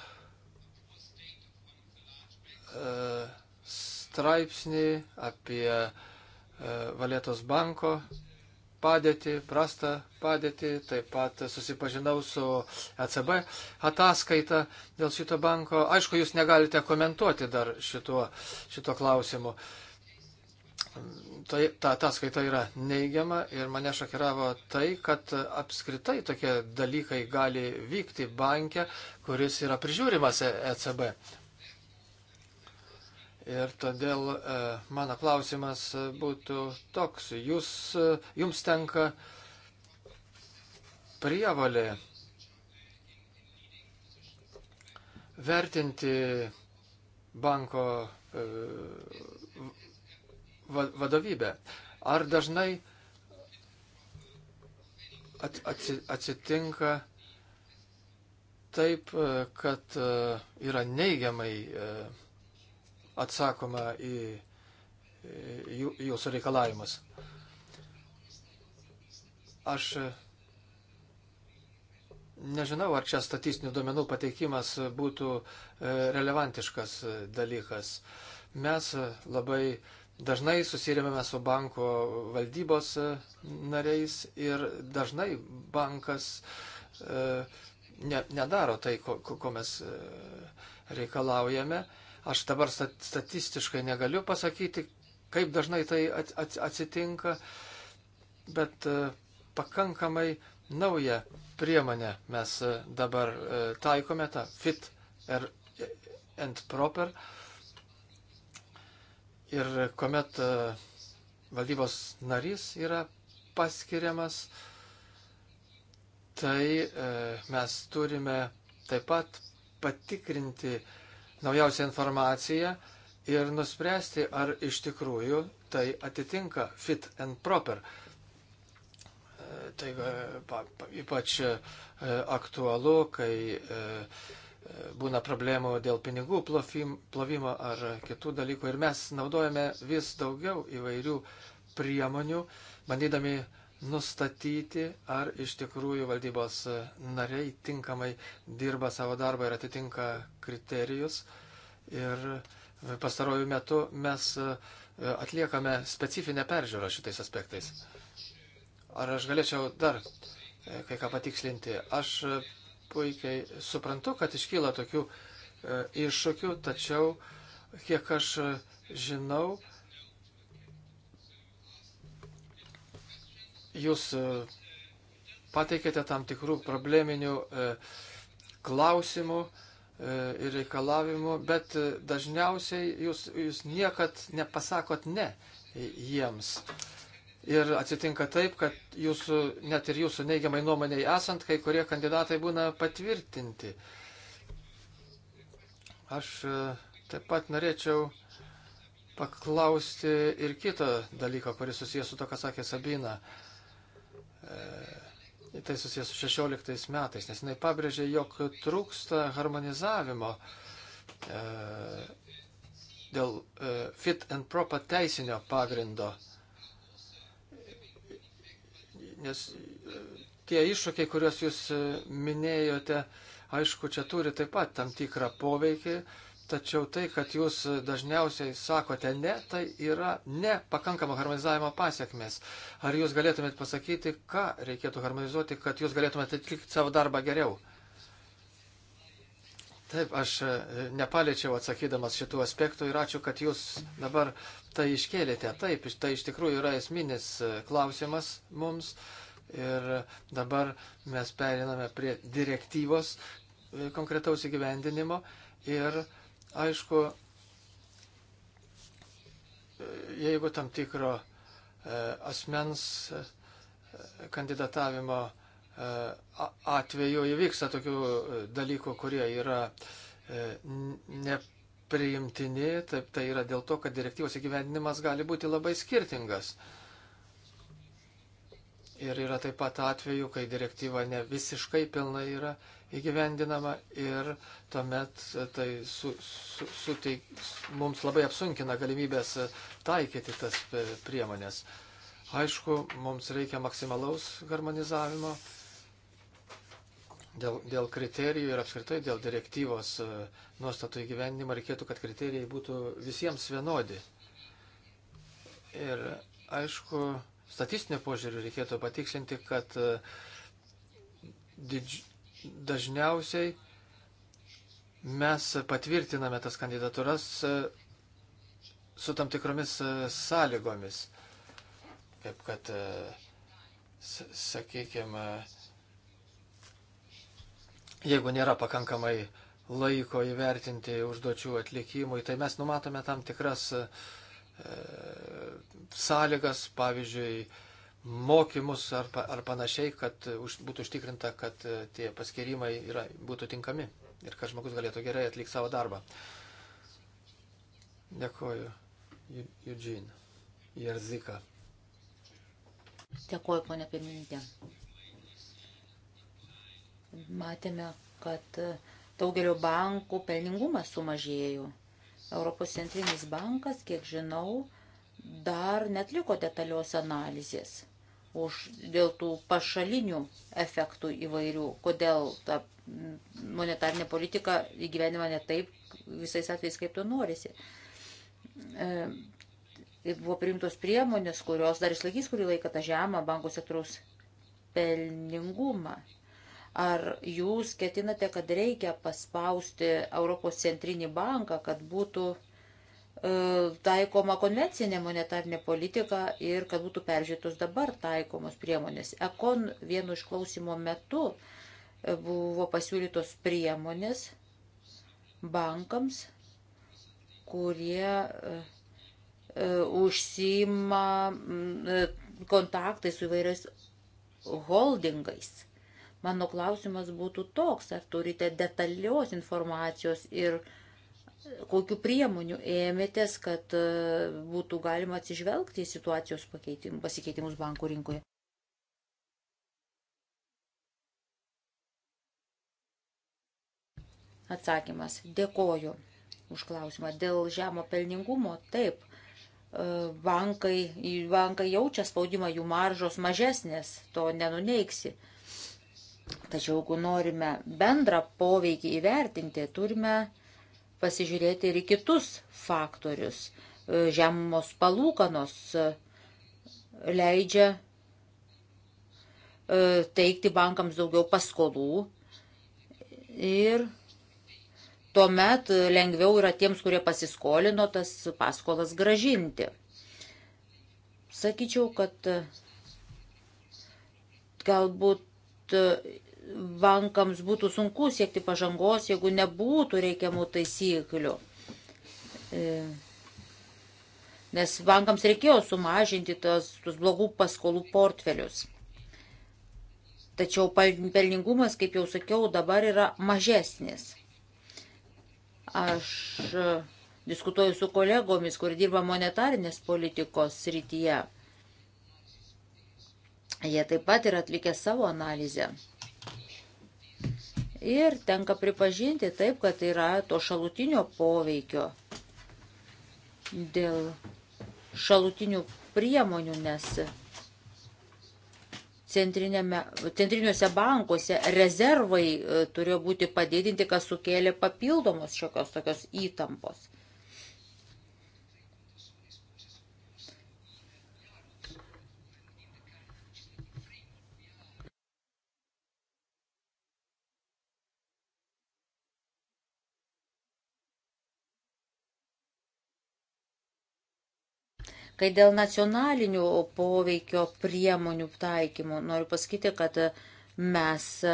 straipsnį apie e, Valėtos banko padėtį, prastą padėtį, taip pat susipažinau su ECB ataskaita dėl šito banko. Aišku, jūs negalite komentuoti dar šito, šito klausimu. Uh, tai, ta ataskaita yra neigiama ir mane šokiravo tai, kad apskritai tokie dalykai gali vykti banke, kuris yra prižiūrimas ECB. E ir todėl e, mano klausimas būtų toks. Jūs, e, jums tenka prievalė vertinti banko vadovybę. Ar dažnai atsitinka taip, e, kad e, yra neigiamai e, atsakoma į jūsų reikalavimus. Aš nežinau, ar čia statistinių duomenų pateikimas būtų relevantiškas dalykas. Mes labai Dažnai susirėmėme su banko valdybos e, nariais ir dažnai bankas e, ne, nedaro tai, ko, ko mes e, reikalaujame. Aš dabar statistiškai negaliu pasakyti, kaip dažnai tai atsitinka, bet e, pakankamai naują priemonę mes dabar taikome, tą fit and proper. E, Ir kuomet e, valdybos narys yra paskiriamas, tai e, mes turime taip pat patikrinti naujausią informaciją ir nuspręsti, ar iš tikrųjų tai atitinka fit and proper. E, tai ypač aktualu, kai būna problemų dėl pinigų plovimo ar kitų dalykų. Ir mes naudojame vis daugiau įvairių priemonių, bandydami nustatyti, ar iš tikrųjų valdybos nariai tinkamai dirba savo darbą ir atitinka kriterijus. Ir pastarojų metų mes e, atliekame specifinę peržiūrą šitais aspektais. Ar aš galėčiau dar e, kai ką patikslinti? Aš puikiai suprantu, kad iškyla tokių e, iššūkių, tačiau, kiek aš e, žinau, jūs e, pateikėte tam tikrų probleminių e, klausimų e, ir reikalavimų, bet e, dažniausiai jūs, jūs niekad nepasakot ne jiems. E, Ir atsitinka taip, kad jūsų, net ir jūsų neigiamai nuomoniai esant, kai kurie kandidatai būna patvirtinti. Aš e, taip pat norėčiau paklausti ir kito dalyko, kuris susijęs su to, ką sakė Sabina. E, tai susijęs su 16 metais, nes jinai pabrėžė, jog trūksta harmonizavimo e, dėl e, fit and proper teisinio pagrindo. E, nes e, tie iššūkiai, kuriuos jūs e, minėjote, aišku, čia turi taip pat tam tikrą poveikį, tačiau tai, kad jūs dažniausiai sakote ne, tai yra nepakankamo harmonizavimo pasiekmes. Ar jūs galėtumėt pasakyti, ką reikėtų harmonizuoti, kad jūs galėtumėt atlikti savo darbą geriau? Taip, aš e, nepaliečiau atsakydamas šitų aspektų ir ačiū, kad jūs dabar tai iškėlėte. Taip, tai iš tikrųjų yra esminis e, klausimas mums ir dabar mes periname prie direktyvos e, konkretaus įgyvendinimo ir aišku, jeigu tam tikro asmens kandidatavimo atveju įvyksta tokių e, dalykų, kurie yra e, nepriimtini, taip tai yra dėl to, kad direktyvos įgyvendinimas gali būti labai skirtingas. Ir yra taip pat atveju, kai direktyva ne visiškai pilnai yra įgyvendinama ir tuomet e, tai su, su, suteik, mums labai apsunkina galimybės taikyti tas priemonės. Aišku, mums reikia maksimalaus harmonizavimo dėl, dėl kriterijų ir apskritai dėl direktyvos e, nuostatų įgyvendinimo reikėtų, kad kriterijai būtų visiems vienodi. Ir aišku, statistinio požiūriu reikėtų patikslinti, kad e, didž... dažniausiai mes patvirtiname tas kandidatūras e, su tam tikromis sąlygomis, kaip kad, sakykime, jeigu nėra pakankamai laiko įvertinti užduočių atlikimui, tai mes numatome tam tikras e, sąlygas, pavyzdžiui, mokymus ar, ar panašiai, kad už, būtų užtikrinta, kad e, tie paskirimai yra, būtų tinkami ir kad žmogus galėtų gerai atlikti savo darbą. Dėkuoju, Eugene Jerzika. Dėkuoju, ponė pirmininkė matėme, kad daugelio bankų pelningumas sumažėjo. Europos centrinis bankas, kiek žinau, dar netliko detalios analizės už, dėl tų pašalinių efektų įvairių, kodėl ta monetarinė politika įgyvenima ne taip visais atvejais, kaip to norisi. E, tai buvo priimtos priemonės, kurios dar išlaikys kurį laiką tą žemą bankų sektoriaus pelningumą. Ar jūs ketinate, kad reikia paspausti Europos centrinį banką, kad būtų e, taikoma konvencinė monetarinė politika ir kad būtų peržiūrėtos dabar taikomos priemonės. Ekon vienu išklausimo metu e, buvo pasiūlytos priemonės bankams, kurie e, užsima kontaktai su įvairiais holdingais. Mano klausimas būtų toks, ar turite detalios informacijos ir kokiu priemonių ėmėtės, kad e, būtų galima atsižvelgti į situacijos pasikeitimus bankų rinkoje. Atsakymas. Dėkoju už klausimą. Dėl žemo pelningumo, taip, e, bankai, bankai jaučia spaudimą, jų maržos mažesnės, to nenuneiksi. Tačiau, jeigu norime bendrą poveikį įvertinti, turime pasižiūrėti ir į kitus faktorius. E, žemos palūkanos e, leidžia e, teikti bankams daugiau paskolų ir tuomet lengviau yra tiems, kurie pasiskolino tas paskolas gražinti. Sakyčiau, kad galbūt E, bankams būtų sunku siekti pažangos, jeigu nebūtų reikiamų taisyklių. E, nes bankams reikėjo sumažinti tos, tos blogų paskolų portfelius. Tačiau pelningumas, kaip jau sakiau, dabar yra mažesnis. Aš e, diskutuoju su kolegomis, kur dirba monetarinės politikos srityje Jie taip pat yra atlikę savo analizę. Ir tenka pripažinti taip, kad yra to šalutinio poveikio dėl šalutinių priemonių, nes centriniuose bankuose rezervai e, turėjo būti padidinti, kas sukėlė papildomos šiokios tokios įtampos. Kai dėl nacionalinių poveikio priemonių taikymų, noriu pasakyti, kad mes e,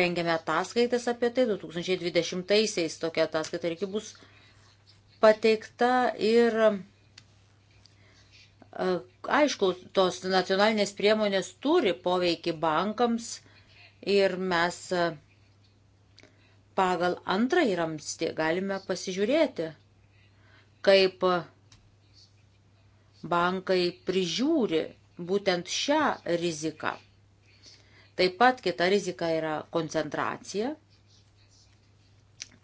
rengiame ataskaitas apie tai, 2020-aisiais tokia ataskaita irgi bus pateikta ir e, aišku, tos nacionalinės priemonės turi poveikį bankams ir mes e, pagal antrąjį ramstį galime pasižiūrėti, kaip bankai prižiūri būtent šią riziką. Taip pat kita rizika yra koncentracija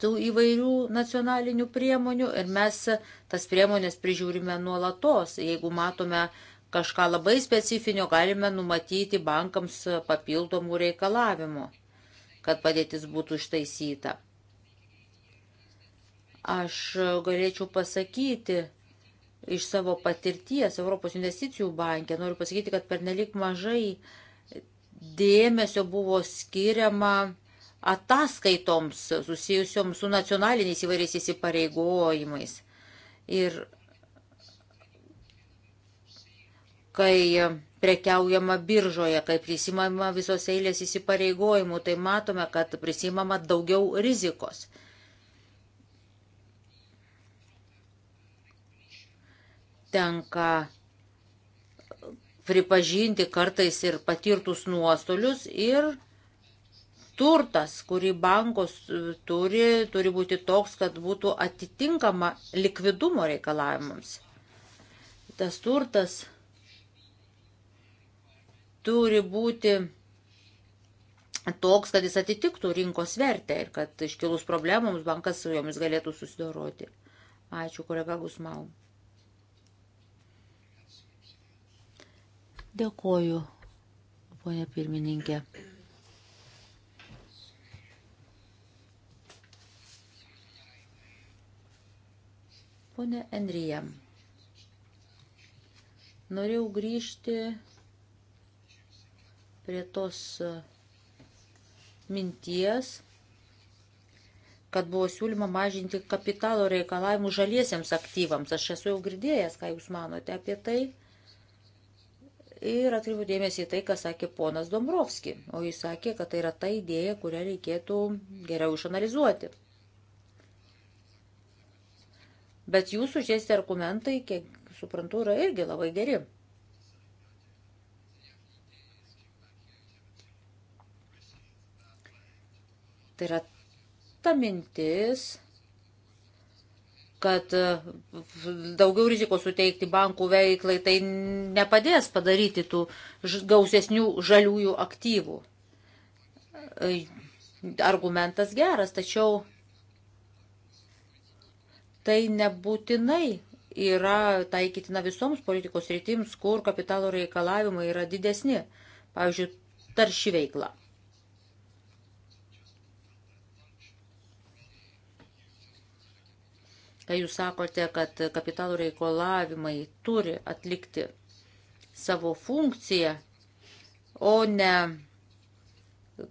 tų įvairių nacionalinių priemonių ir mes tas priemonės prižiūrime nuolatos. Jeigu matome kažką labai specifinio, galime numatyti bankams papildomų reikalavimų, kad padėtis būtų ištaisyta. Aš galėčiau pasakyti, iš savo patirties Europos investicijų bankė noriu pasakyti, kad pernelik mažai dėmesio buvo skiriama ataskaitoms susijusioms su nacionaliniais įvairiais įsipareigojimais. Ir kai prekiaujama biržoje, kai prisimama visos eilės įsipareigojimų, tai matome, kad prisimama daugiau rizikos. tenka pripažinti kartais ir patirtus nuostolius ir turtas, kurį bankos turi, turi būti toks, kad būtų atitinkama likvidumo reikalavimams. Tas turtas turi būti toks, kad jis atitiktų rinkos vertę ir kad iškilus problemams bankas su jomis galėtų susidoroti. Ačiū, kolega Gusmau. Dėkoju, ponė pirmininkė. Pone Enrijam, norėjau grįžti prie tos minties, kad buvo siūlyma mažinti kapitalo reikalavimų žaliesiems aktyvams. Aš esu jau girdėjęs, ką Jūs manote apie tai. Ir atkreipiu dėmesį į tai, ką sakė ponas Dombrovski. O jis sakė, kad tai yra ta idėja, kurią reikėtų geriau išanalizuoti. Bet jūsų žiesti argumentai, kiek suprantu, yra irgi labai geri. Tai yra ta mintis, kad e, daugiau rizikos suteikti bankų veiklai tai nepadės padaryti tų gausesnių žaliųjų aktyvų. E, argumentas geras, tačiau tai nebūtinai yra taikytina visoms politikos rytims, kur kapitalo reikalavimai yra didesni. Pavyzdžiui, tarši veikla. kai jūs sakote, kad kapitalo reikalavimai turi atlikti savo funkciją, o ne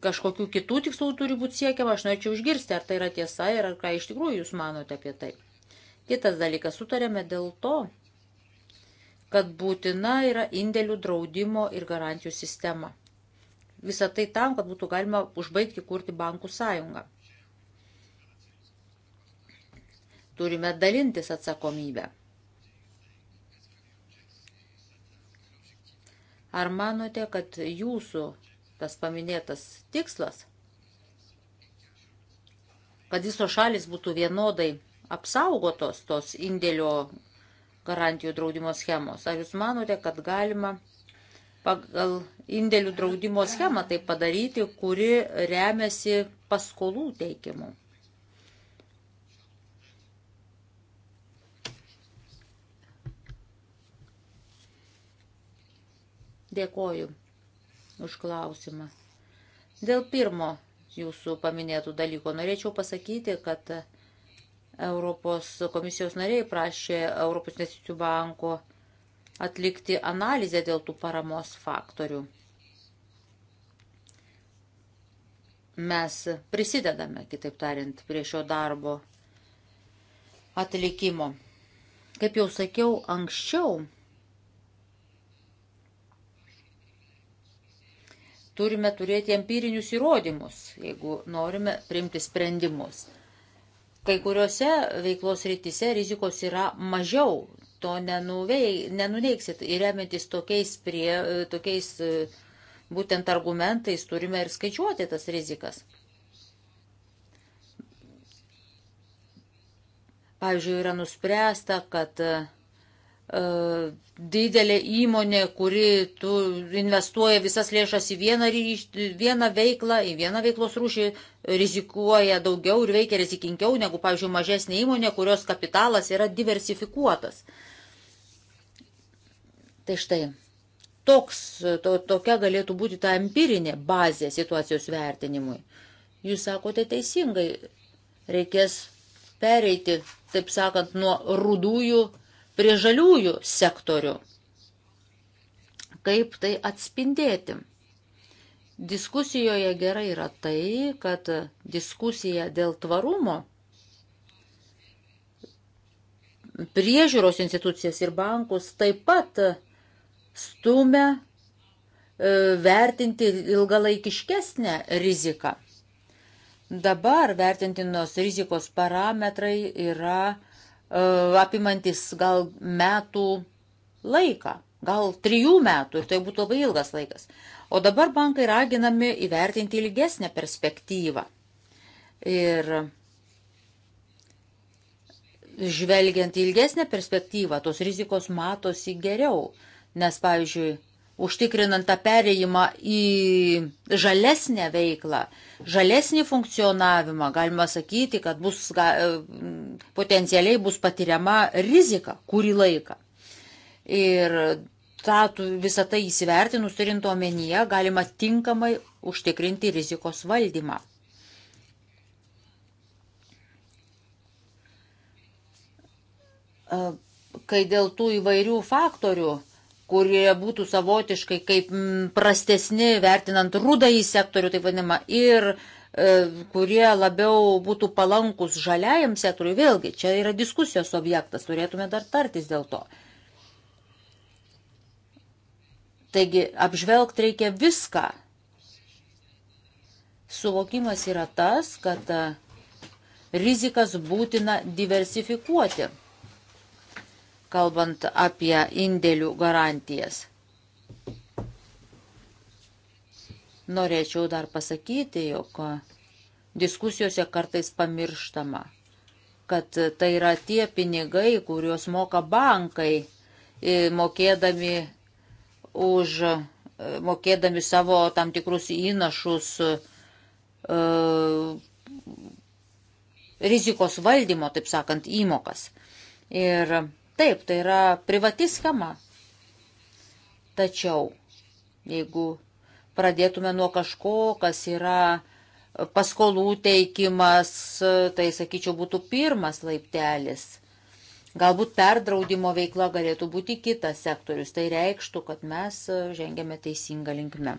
kažkokių kitų tikslų turi būti siekiama, aš norėčiau užgirsti, ar tai yra tiesa ir ar ką iš tikrųjų jūs manote apie tai. Kitas dalykas, sutarėme dėl to, kad būtina yra indėlių draudimo ir garantijų sistema. Visą tai tam, kad būtų galima užbaigti kurti bankų sąjungą. Turime dalintis atsakomybę. Ar manote, kad jūsų tas paminėtas tikslas, kad visos šalis būtų vienodai apsaugotos tos indėlio garantijų draudimo schemos? Ar jūs manote, kad galima pagal indėlių draudimo schemą tai padaryti, kuri remiasi paskolų teikimu? Dėkoju už klausimą. Dėl pirmo jūsų paminėtų dalykų norėčiau pasakyti, kad Europos komisijos nariai prašė Europos investicijų banko atlikti analizę dėl tų paramos faktorių. Mes prisidedame, kitaip tariant, prie šio darbo atlikimo. Kaip jau sakiau anksčiau, turime turėti empirinius įrodymus, jeigu norime priimti sprendimus. Kai kuriuose veiklos rytise rizikos yra mažiau, to nenuvei, nenuneiksit. Ir remiantis tokiais, prie, tokiais e, būtent argumentais turime ir skaičiuoti tas rizikas. Pavyzdžiui, yra nuspręsta, kad e, didelė įmonė, kuri tu investuoja visas lėšas į vieną, ryš, vieną veiklą, į vieną veiklos rūšį, rizikuoja daugiau ir veikia rizikingiau negu, pavyzdžiui, mažesnė įmonė, kurios kapitalas yra diversifikuotas. Tai štai, toks, to, tokia galėtų būti ta empirinė bazė situacijos vertinimui. Jūs sakote teisingai, reikės pereiti, taip sakant, nuo rudųjų prie žaliųjų sektorių. Kaip tai atspindėti? Diskusijoje gerai yra tai, kad diskusija dėl tvarumo priežiūros institucijas ir bankus taip pat stumia e, vertinti ilgalaikiškesnę riziką. Dabar vertintinos rizikos parametrai yra E, apimantis gal metų laiką, gal trijų metų ir tai būtų labai ilgas laikas. O dabar bankai raginami įvertinti ilgesnę perspektyvą. Ir žvelgiant į ilgesnę perspektyvą, tos rizikos matosi geriau, nes, pavyzdžiui, užtikrinant tą perėjimą į žalesnę veiklą, žalesnį funkcionavimą, galima sakyti, kad bus, ga, e, potencialiai bus patiriama rizika kurį laiką. Ir tą, visą tai įsivertinus turint omenyje, galima tinkamai užtikrinti rizikos valdymą. E, kai dėl tų įvairių faktorių kurie būtų savotiškai kaip prastesni, vertinant rudąjį sektorių, taip vadinama, ir e, kurie labiau būtų palankus žaliajam sektoriui. Vėlgi, čia yra diskusijos objektas, turėtume dar tartis dėl to. Taigi, apžvelgti reikia viską. Suvokimas yra tas, kad e, rizikas būtina diversifikuoti kalbant apie indėlių garantijas. Norėčiau dar pasakyti, jog diskusijose kartais pamirštama, kad tai yra tie pinigai, kuriuos moka bankai, e, mokėdami, už, e, mokėdami savo tam tikrus įnašus e, rizikos valdymo, taip sakant, įmokas. Ir Taip, tai yra privati schema. Tačiau, jeigu pradėtume nuo kažko, kas yra paskolų teikimas, tai sakyčiau būtų pirmas laiptelis. Galbūt perdraudimo veikla galėtų būti kitas sektorius. Tai reikštų, kad mes žengėme teisingą linkmę.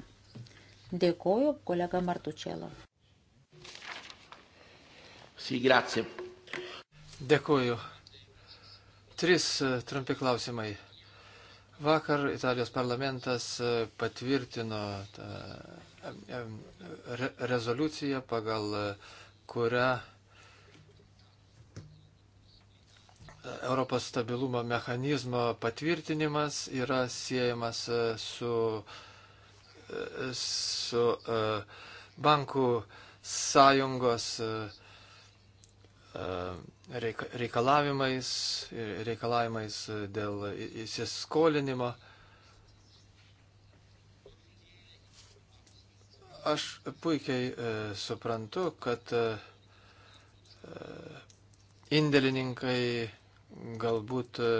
Dėkoju, kolega Martučėlo. Sì, grazie. Dėkoju. Tris e, trumpi klausimai. Vakar Italijos parlamentas e, patvirtino tą e, re rezoliuciją, pagal kurią Europos stabilumo mechanizmo patvirtinimas yra siejamas su, su bankų sąjungos reikalavimais, reikalavimais dėl įsiskolinimo. Aš puikiai e, suprantu, kad e, e, indėlininkai galbūt e,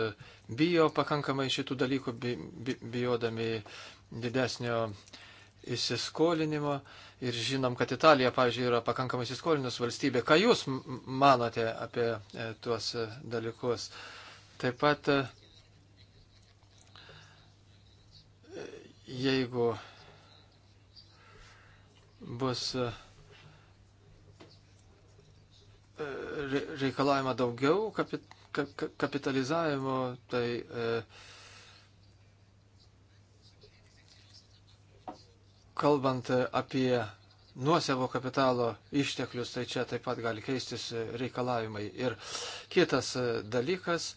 bijo pakankamai šitų dalykų, bi, bi, bijodami didesnio e, įsiskolinimo ir žinom, kad Italija, pavyzdžiui, yra pakankamai įsiskolinus valstybė. Ką Jūs manote apie e, tuos e, dalykus? Taip pat, e, jeigu bus reikalavimą daugiau kapitalizavimo, tai e, kalbant e, apie nuosavo kapitalo išteklius, tai čia taip pat gali keistis e, reikalavimai. Ir kitas e, dalykas,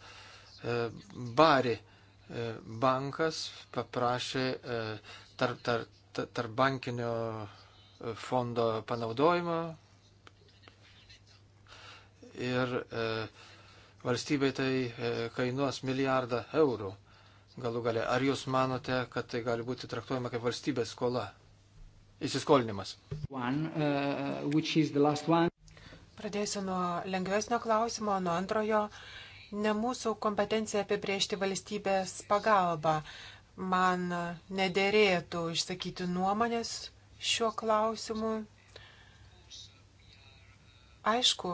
Bari bankas paprašė tarp, tarp, tarp bankinio fondo panaudojimo ir valstybei tai kainuos milijardą eurų galų galę. Ar jūs manote, kad tai gali būti traktuojama kaip valstybės skola? įsiskolinimas. One, uh, Pradėsiu nuo lengvesnio klausimo, nuo antrojo. Ne mūsų kompetencija apibriežti valstybės pagalbą. Man nederėtų išsakyti nuomonės šiuo klausimu. Aišku,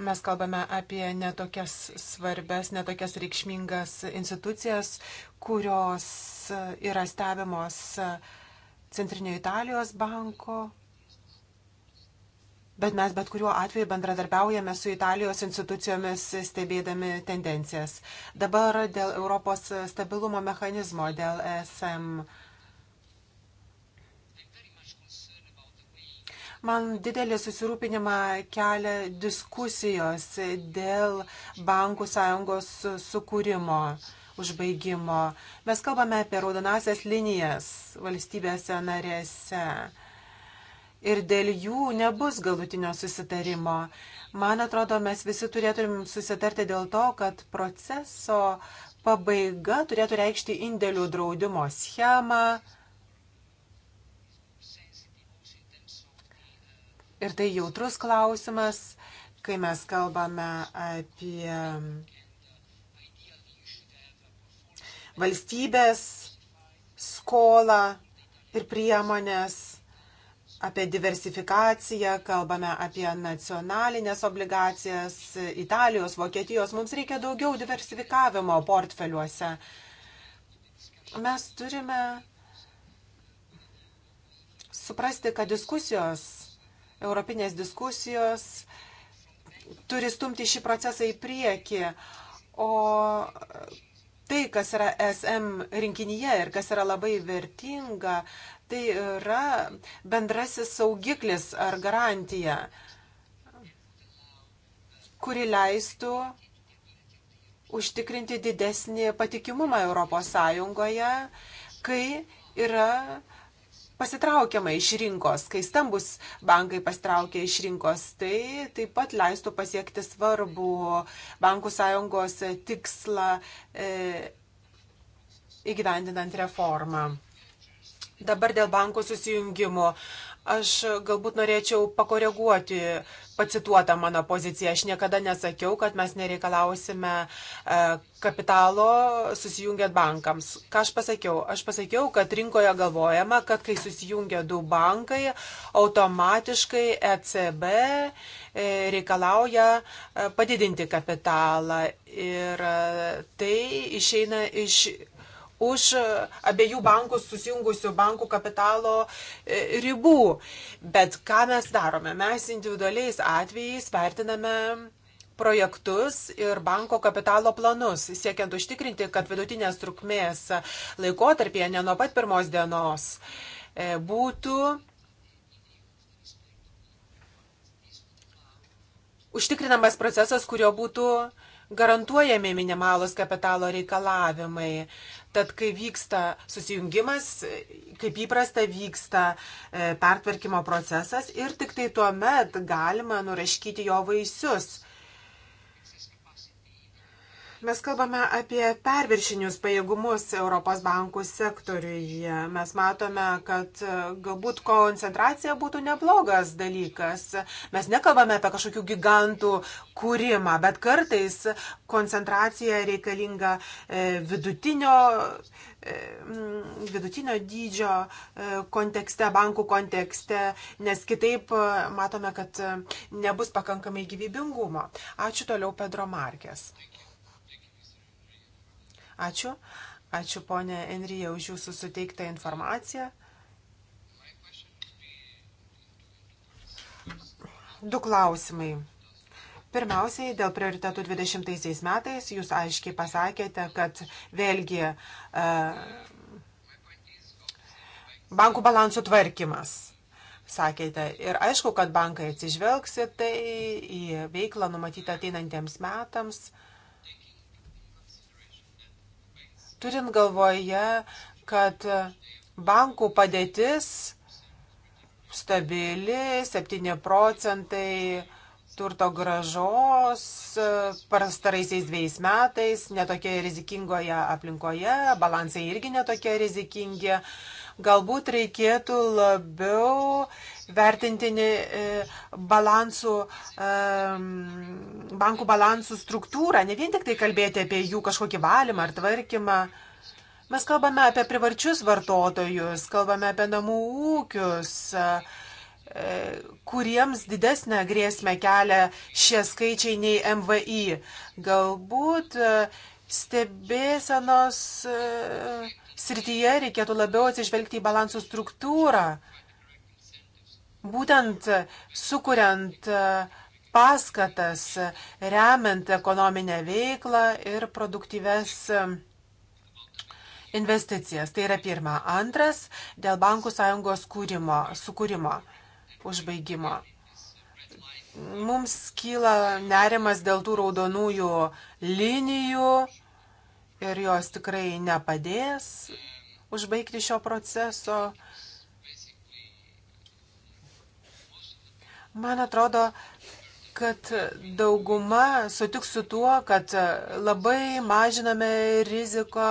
mes kalbame apie netokias svarbes, netokias reikšmingas institucijas, kurios e, yra stebimos e, Centrinio Italijos banko. Bet mes bet kuriuo atveju bendradarbiaujame su Italijos institucijomis stebėdami tendencijas. Dabar dėl Europos stabilumo mechanizmo, dėl ESM. Man didelį susirūpinimą kelia diskusijos dėl bankų sąjungos sukūrimo, užbaigimo. Mes kalbame apie raudonasias linijas valstybėse narėse ir dėl jų nebus galutinio susitarimo. Man atrodo, mes visi turėtumėm susitarti dėl to, kad proceso pabaiga turėtų reikšti indėlių draudimo schemą, Ir tai jautrus klausimas, kai mes kalbame apie valstybės skolą ir priemonės, apie diversifikaciją, kalbame apie nacionalinės obligacijas Italijos, Vokietijos. Mums reikia daugiau diversifikavimo portfeliuose. Mes turime suprasti, kad diskusijos europinės diskusijos turi stumti šį procesą į priekį. O tai, kas yra SM rinkinyje ir kas yra labai vertinga, tai yra bendrasis saugiklis ar garantija, kuri leistų užtikrinti didesnį patikimumą Europos Sąjungoje, kai yra pasitraukiama iš rinkos, kai stambus bankai pasitraukia iš rinkos, tai taip pat leistų pasiekti svarbu bankų sąjungos tikslą e, įgyvendinant reformą. Dabar dėl bankų susijungimo. E, Aš e, galbūt norėčiau pakoreguoti pacituotą mano poziciją. Aš niekada nesakiau, kad mes nereikalausime e, kapitalo susijungiant bankams. Ką aš pasakiau? Aš pasakiau, kad rinkoje galvojama, kad kai susijungia du bankai, automatiškai ECB e, reikalauja padidinti kapitalą. Ir tai išeina iš už e, abiejų bankų susijungusių bankų kapitalo e, ribų. Bet ką mes darome? Mes individualiais atvejais vertiname projektus ir banko kapitalo planus, siekiant užtikrinti, kad vidutinės trukmės laikotarpėje ne nuo pat pirmos dienos e, būtų užtikrinamas procesas, kurio būtų garantuojami minimalus kapitalo reikalavimai. Tad, kai vyksta susijungimas, kaip įprasta, vyksta e, pertvarkymo procesas ir tik tai tuo met galima nuraškyti jo vaisius. Mes kalbame apie perviršinius pajėgumus Europos bankų sektoriuje. Mes matome, kad e, galbūt koncentracija būtų neblogas dalykas. Mes nekalbame apie kažkokių gigantų kūrimą, bet kartais koncentracija reikalinga e, vidutinio, e, vidutinio dydžio kontekste, bankų kontekste, nes kitaip matome, kad nebus pakankamai gyvybingumo. Ačiū toliau Pedro Markės. Ačiū. Ačiū ponė Enrija už jūsų suteiktą informaciją. Du klausimai. Pirmiausiai, dėl prioritetų 20 metais jūs aiškiai pasakėte, kad vėlgi uh, bankų balansų tvarkymas sakėte. Ir aišku, kad bankai atsižvelgsi tai į veiklą numatytą ateinantiems metams. Uh, turint galvoje, kad bankų padėtis stabili, 7 procentai turto gražos pastaraisiais dviejais metais, netokie rizikingoje aplinkoje, balansai irgi netokie rizikingi. Galbūt reikėtų labiau vertintini e, balansų, e, bankų balansų struktūrą, ne vien tik tai kalbėti apie jų kažkokį valymą ar tvarkymą. Mes kalbame apie privarčius vartotojus, kalbame apie namų ūkius, e, kuriems didesnę grėsmę kelia šie skaičiai nei MVI. Galbūt stebėsenos srityje reikėtų labiau atsižvelgti į balansų struktūrą. Būtent sukuriant e, paskatas, remiant ekonominę veiklą ir produktyves e, investicijas. Tai yra pirma. Antras, dėl bankų sąjungos kūrimo, sukūrimo, užbaigimo. Mums kyla nerimas dėl tų raudonųjų linijų ir jos tikrai nepadės užbaigti šio proceso. Man atrodo, kad dauguma sutiks su tuo, kad labai mažiname riziko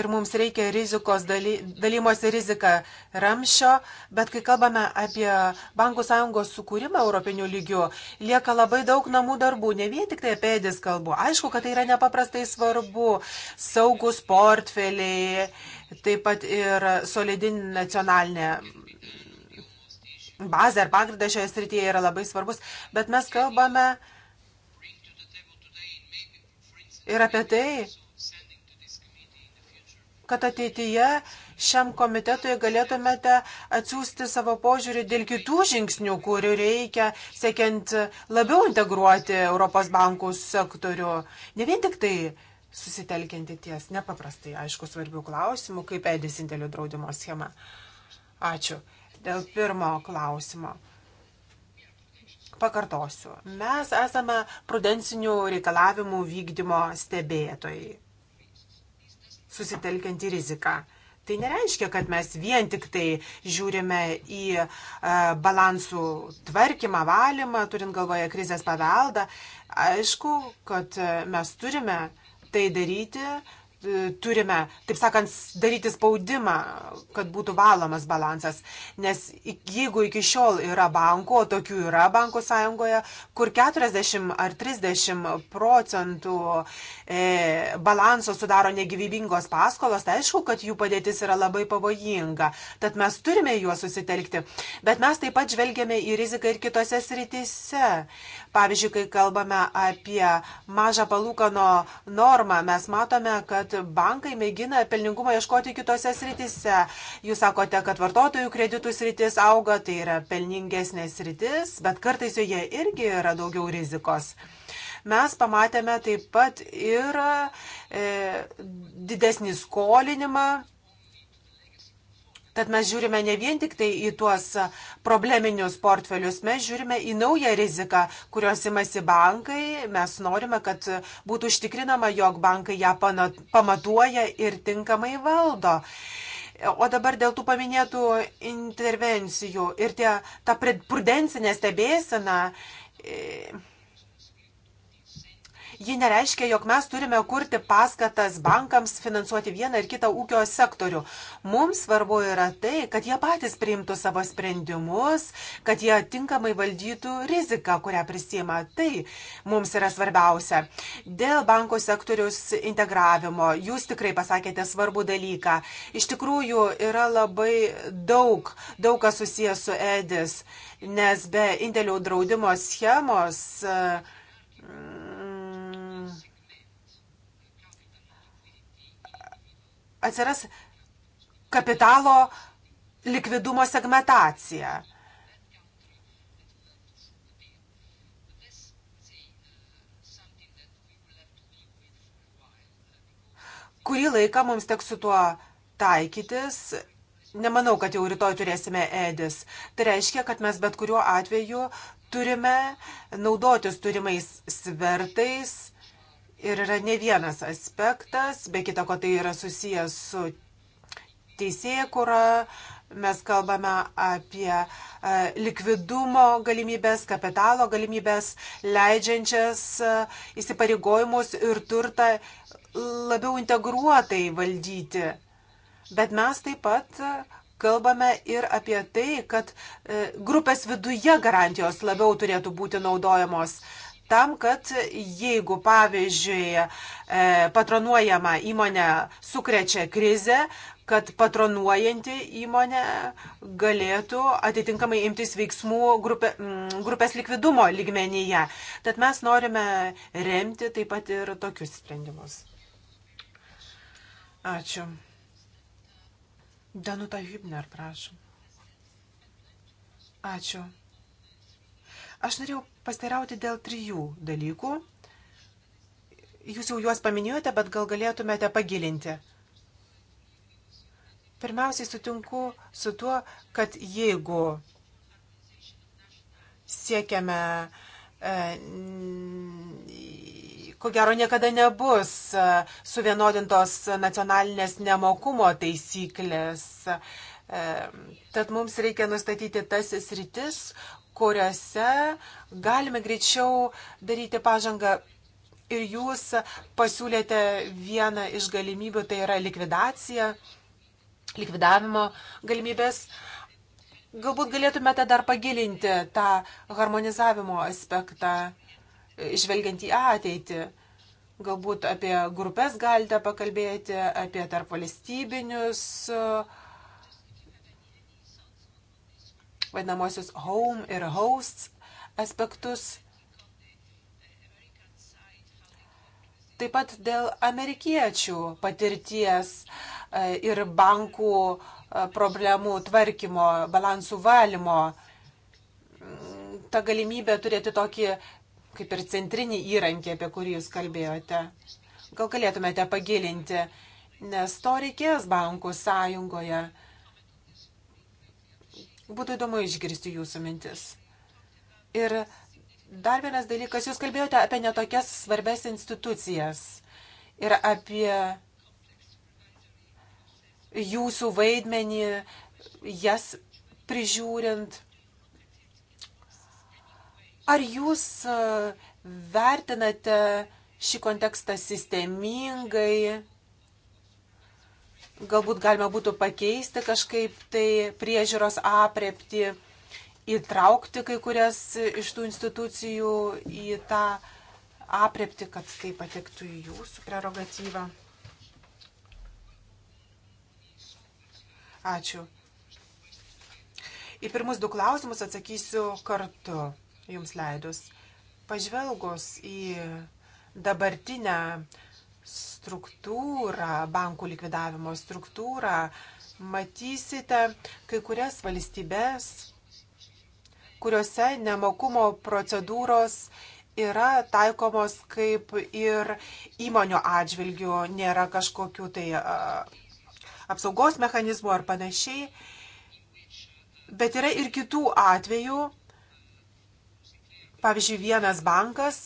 ir mums reikia rizikos daly, dalymosi riziką ramšio, bet kai kalbame apie bankų sąjungos sukūrimą europinių lygių, lieka labai daug namų darbų, ne vien tik tai apie edis kalbu. Aišku, kad tai yra nepaprastai svarbu, saugus portfeliai, taip pat ir solidi nacionalinė bazė ar pagrindas šioje srityje yra labai svarbus, bet mes kalbame ir apie tai, kad ateityje šiam komitetui galėtumėte atsiųsti savo požiūrį dėl kitų žingsnių, kurių reikia, siekiant labiau integruoti Europos bankų sektorių. Ne vien tik tai susitelkinti ties nepaprastai, aišku, svarbių klausimų, kaip edis indėlių draudimo schema. Ačiū dėl pirmo klausimo. Pakartosiu, mes esame prudensinių reikalavimų vykdymo stebėtojai, susitelkianti riziką. Tai nereiškia, kad mes vien tik tai žiūrime į e, balansų tvarkymą, valymą, turint galvoje krizės paveldą. Aišku, kad e, mes turime tai daryti, E, turime, taip sakant, daryti spaudimą, kad būtų valomas balansas. Nes jeigu iki šiol yra bankų, o tokių yra bankų sąjungoje, kur 40 ar 30 procentų e, balanso sudaro negyvybingos paskolos, tai aišku, kad jų padėtis yra labai pavojinga. Tad mes turime juos susitelkti. Bet mes taip pat žvelgiame į riziką ir kitose sritise. Pavyzdžiui, kai kalbame apie mažą palūkano normą, mes matome, kad kad bankai mėgina pelningumą ieškoti kitose sritise. Jūs sakote, kad vartotojų kreditų sritis auga, tai yra pelningesnė sritis, bet kartais joje irgi yra daugiau rizikos. Mes pamatėme taip pat ir e, didesnį skolinimą Tad mes žiūrime ne vien tik tai į tuos probleminius portfelius, mes žiūrime į naują riziką, kurios imasi bankai. Mes norime, kad būtų užtikrinama, jog bankai ją pamatuoja ir tinkamai valdo. O dabar dėl tų paminėtų intervencijų ir tie, ta prudencinė stebėsena. E, Ji nereiškia, jog mes turime kurti paskatas bankams finansuoti vieną ir kitą ūkio sektorių. Mums svarbu yra tai, kad jie patys priimtų savo sprendimus, kad jie tinkamai valdytų riziką, kurią prisima. Tai mums yra svarbiausia. Dėl bankų sektorius integravimo, jūs tikrai pasakėte svarbų dalyką. Iš tikrųjų yra labai daug, daug kas susijęs su EDIS nes be indėlių draudimo schemos atsiras kapitalo likvidumo segmentacija. kurį laiką mums teks su tuo taikytis. Nemanau, kad jau rytoj turėsime edis. Tai reiškia, kad mes bet kuriuo atveju turime naudotis turimais svertais Ir yra ne vienas aspektas, be kita ko tai yra susijęs su teisėkura, mes kalbame apie e, likvidumo galimybės, kapitalo galimybės, leidžiančias e, įsipareigojimus ir turtą labiau integruotai valdyti. Bet mes taip pat kalbame ir apie tai, kad e, grupės viduje garantijos labiau turėtų būti naudojamos tam, kad jeigu, pavyzdžiui, e, patronuojama įmonė sukrečia krizę, kad patronuojanti įmonė galėtų atitinkamai imtis veiksmų grupė, mm, grupės likvidumo lygmenyje. Tad mes norime remti taip pat ir tokius sprendimus. Ačiū. Danuta Hübner, prašom. Ačiū. Aš norėjau pasteirauti dėl trijų dalykų. Jūs jau juos paminėjote, bet gal galėtumėte pagilinti. Pirmiausiai sutinku su tuo, kad jeigu siekiame, e, ko gero niekada nebus e, suvienodintos nacionalinės nemokumo taisyklės. E, tad mums reikia nustatyti tas sritis, kuriuose galime greičiau daryti pažangą. Ir jūs pasiūlėte vieną iš galimybių, tai yra likvidacija, likvidavimo galimybės. Galbūt galėtumėte dar pagilinti tą harmonizavimo aspektą, žvelgiant į ateitį. Galbūt apie grupės galite pakalbėti, apie tarp valstybinius uh, vadinamosius home ir hosts aspektus. Taip pat dėl amerikiečių patirties e, ir bankų e, problemų tvarkymo, balansų valymo. Mm, ta galimybė turėti tokį kaip ir centrinį įrankį, apie kurį jūs kalbėjote. Gal galėtumėte pagilinti, nes to reikės bankų sąjungoje. Būtų įdomu išgirsti jūsų mintis. Ir dar vienas dalykas, jūs kalbėjote apie netokias svarbes institucijas ir apie jūsų vaidmenį, jas prižiūrint. Ar jūs e, vertinate šį kontekstą sistemingai? Galbūt galima būtų pakeisti kažkaip tai priežiūros apriepti, įtraukti kai kurias iš tų institucijų į tą apriepti, kad tai patektų į jūsų prerogatyvą. Ačiū. Į pirmus du klausimus atsakysiu kartu, jums leidus. Pažvelgus į dabartinę struktūrą, bankų likvidavimo struktūrą, matysite kai kurias valstybės, kuriuose nemokumo procedūros yra taikomos kaip ir įmonių atžvilgių, nėra kažkokių tai apsaugos mechanizmų ar panašiai. Bet yra ir kitų atvejų. Pavyzdžiui, vienas bankas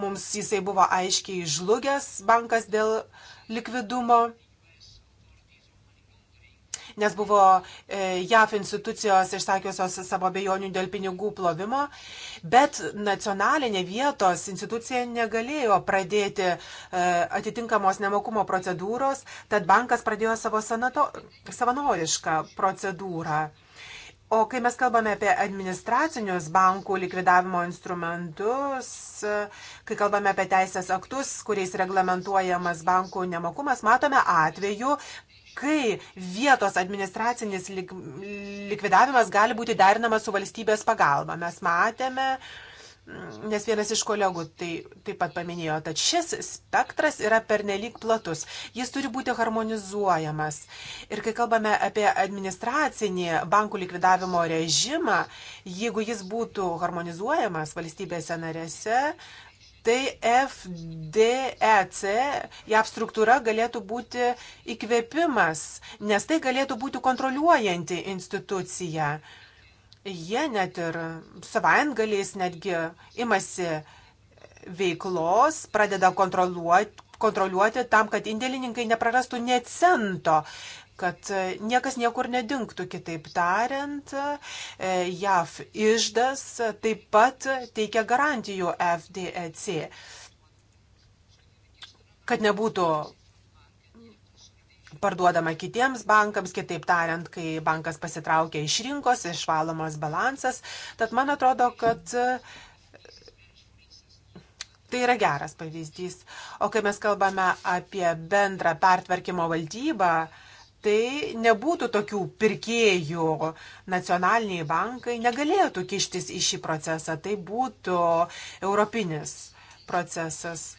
Mums jisai buvo aiškiai žlugęs bankas dėl likvidumo, nes buvo e, JAF institucijos išsakiusios savo bejonių dėl pinigų plovimo, bet nacionalinė vietos institucija negalėjo pradėti e, atitinkamos nemokumo procedūros, tad bankas pradėjo savo sanato, savanorišką procedūrą. O kai mes kalbame apie administracinius bankų likvidavimo instrumentus, kai kalbame apie teisės aktus, kuriais reglamentuojamas bankų nemokumas, matome atveju, kai vietos administracinis likvidavimas gali būti derinamas su valstybės pagalba. Mes matėme, uh, nes vienas iš kolegų tai taip pat paminėjo, kad šis spektras yra pernelyg platus, jis turi būti harmonizuojamas. Ir kai kalbame apie administracinį bankų likvidavimo režimą, jeigu jis būtų harmonizuojamas valstybėse narėse, tai FDEC, JAV struktūra galėtų būti įkvėpimas, nes tai galėtų būti kontroliuojanti institucija jie net ir savaitgaliais netgi imasi veiklos, pradeda kontroliuoti, kontroliuoti tam, kad indėlininkai neprarastų ne cento kad niekas niekur nedingtų. Kitaip tariant, e, JAV išdas taip pat teikia garantijų FDEC, kad nebūtų parduodama kitiems bankams, kitaip tariant, kai bankas pasitraukia iš rinkos, išvalomas balansas. Tad man atrodo, kad e, Tai yra geras pavyzdys. O kai mes kalbame apie bendrą pertvarkymo valdybą, tai nebūtų tokių pirkėjų. Nacionaliniai bankai negalėtų kištis į šį procesą. Tai būtų europinis procesas.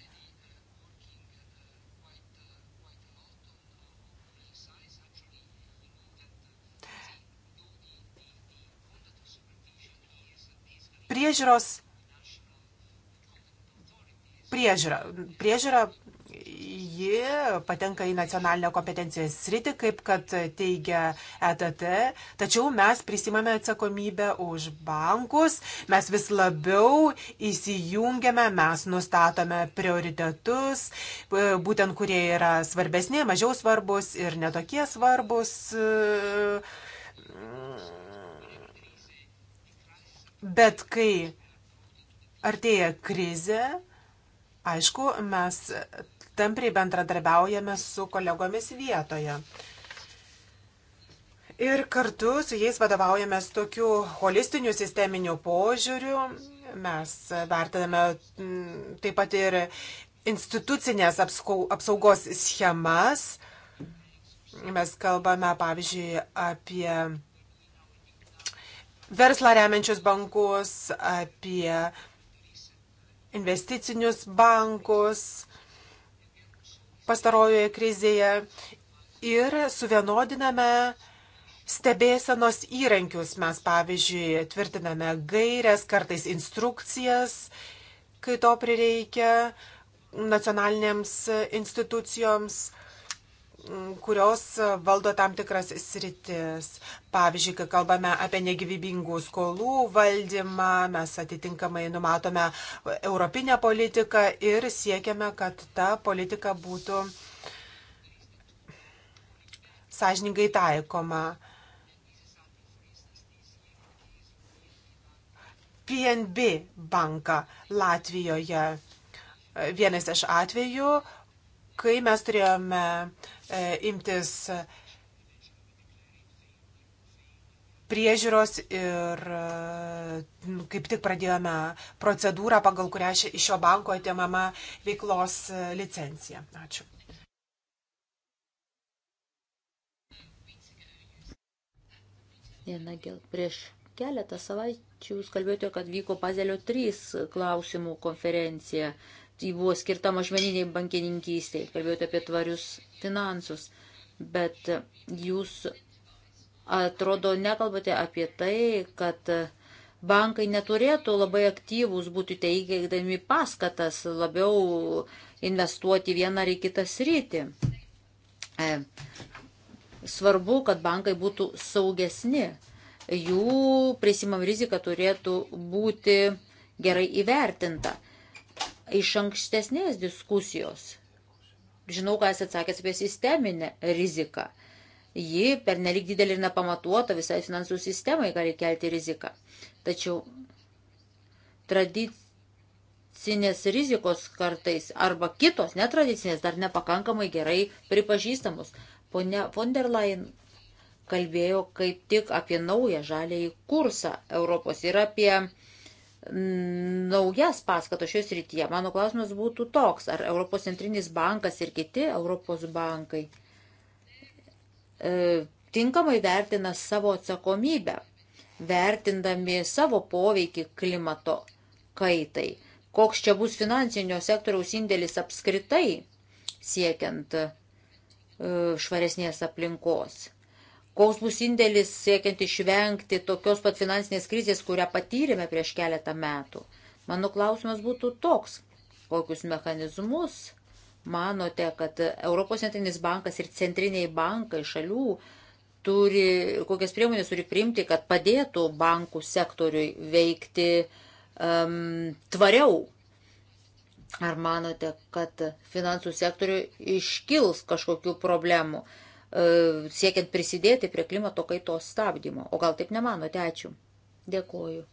priežiūros priežiūra. Priežiūra ji patenka į nacionalinę kompetencijos sritį, kaip kad teigia ETT, tačiau mes prisimame atsakomybę už bankus, mes vis labiau įsijungiame, mes nustatome prioritetus, e, būtent kurie yra svarbesni, mažiau svarbus ir netokie svarbus. E, Bet kai artėja krizė, aišku, mes tampriai bendradarbiaujame su kolegomis vietoje. Ir kartu su jais vadovaujamės tokiu holistiniu sisteminiu požiūriu. Mes vertiname mm, taip pat ir institucinės apsaugos schemas. Mes kalbame, pavyzdžiui, apie verslą remiančius bankus, apie investicinius bankus pastarojoje krizėje ir suvienodiname stebėsenos įrankius. Mes, pavyzdžiui, tvirtiname gairias, kartais instrukcijas, kai to prireikia nacionalinėms institucijoms kurios valdo tam tikras sritis. Pavyzdžiui, kai kalbame apie negyvybingų skolų valdymą, mes atitinkamai numatome europinę politiką ir siekiame, kad ta politika būtų sąžiningai taikoma. PNB banką Latvijoje. Vienas iš atvejų kai mes turėjome e, imtis priežiūros ir e, kaip tik pradėjome procedūrą, pagal kurią iš šio banko atimama veiklos e, licencija. Ačiū. Diena gėl prieš keletą savaičių jūs kalbėjote, kad vyko Pazelio 3 klausimų konferencija ji tai buvo skirta mažmeniniai bankininkystiai, kalbėjote apie tvarius finansus, bet jūs atrodo nekalbate apie tai, kad bankai neturėtų labai aktyvūs būti teikdami paskatas labiau investuoti vieną ar į kitą sritį. E, svarbu, kad bankai būtų saugesni. Jų prisimam rizika turėtų būti gerai įvertinta iš ankstesnės diskusijos. Žinau, ką esi atsakęs apie sisteminę riziką. Ji per nelik didelį ir nepamatuotą visai finansų sistemai gali kelti riziką. Tačiau tradicinės rizikos kartais arba kitos netradicinės dar nepakankamai gerai pripažįstamos. Pone von der Leyen kalbėjo kaip tik apie naują žalėjį kursą Europos ir apie naujas paskatas šios rytyje. Mano klausimas būtų toks, ar Europos centrinis bankas ir kiti Europos bankai e, tinkamai vertina savo atsakomybę, vertindami savo poveikį klimato kaitai. Koks čia bus finansinio sektoriaus indėlis apskritai siekiant e, švaresnės aplinkos koks bus indėlis siekiant išvengti tokios pat finansinės krizės, kurią patyrėme prieš keletą metų. Mano klausimas būtų toks, kokius mechanizmus manote, kad Europos centrinis bankas ir centriniai bankai šalių turi, kokias priemonės turi priimti, kad padėtų bankų sektoriui veikti um, tvariau. Ar manote, kad finansų sektoriui iškils kažkokių problemų? Uh, E, siekiant prisidėti prie klimato kaitos stabdymo. O gal taip nemanote? Ačiū. Dėkoju.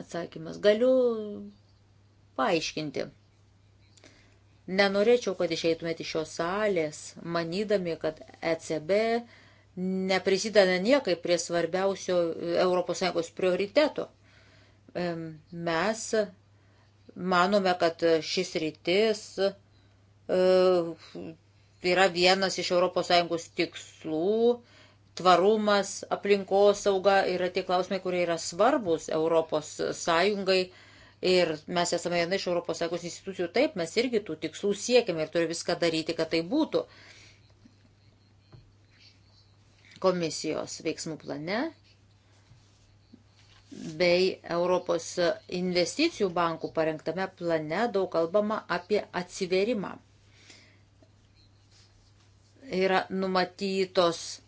Atsakymas. Galiu paaiškinti. Nenorėčiau, kad išeitumėte iš šios salės, manydami, kad ECB neprisideda niekaip prie svarbiausio ES prioriteto. Mes manome, kad šis rytis e, yra vienas iš ES tikslų. Tvarumas, aplinkosauga yra tie klausimai, kurie yra svarbus ES ir mes esame viena iš ES institucijų. Taip, mes irgi tų tikslų siekiame ir turime viską daryti, kad tai būtų. Komisijos veiksmų plane bei Europos investicijų bankų parengtame plane daug kalbama apie atsiverimą yra numatytos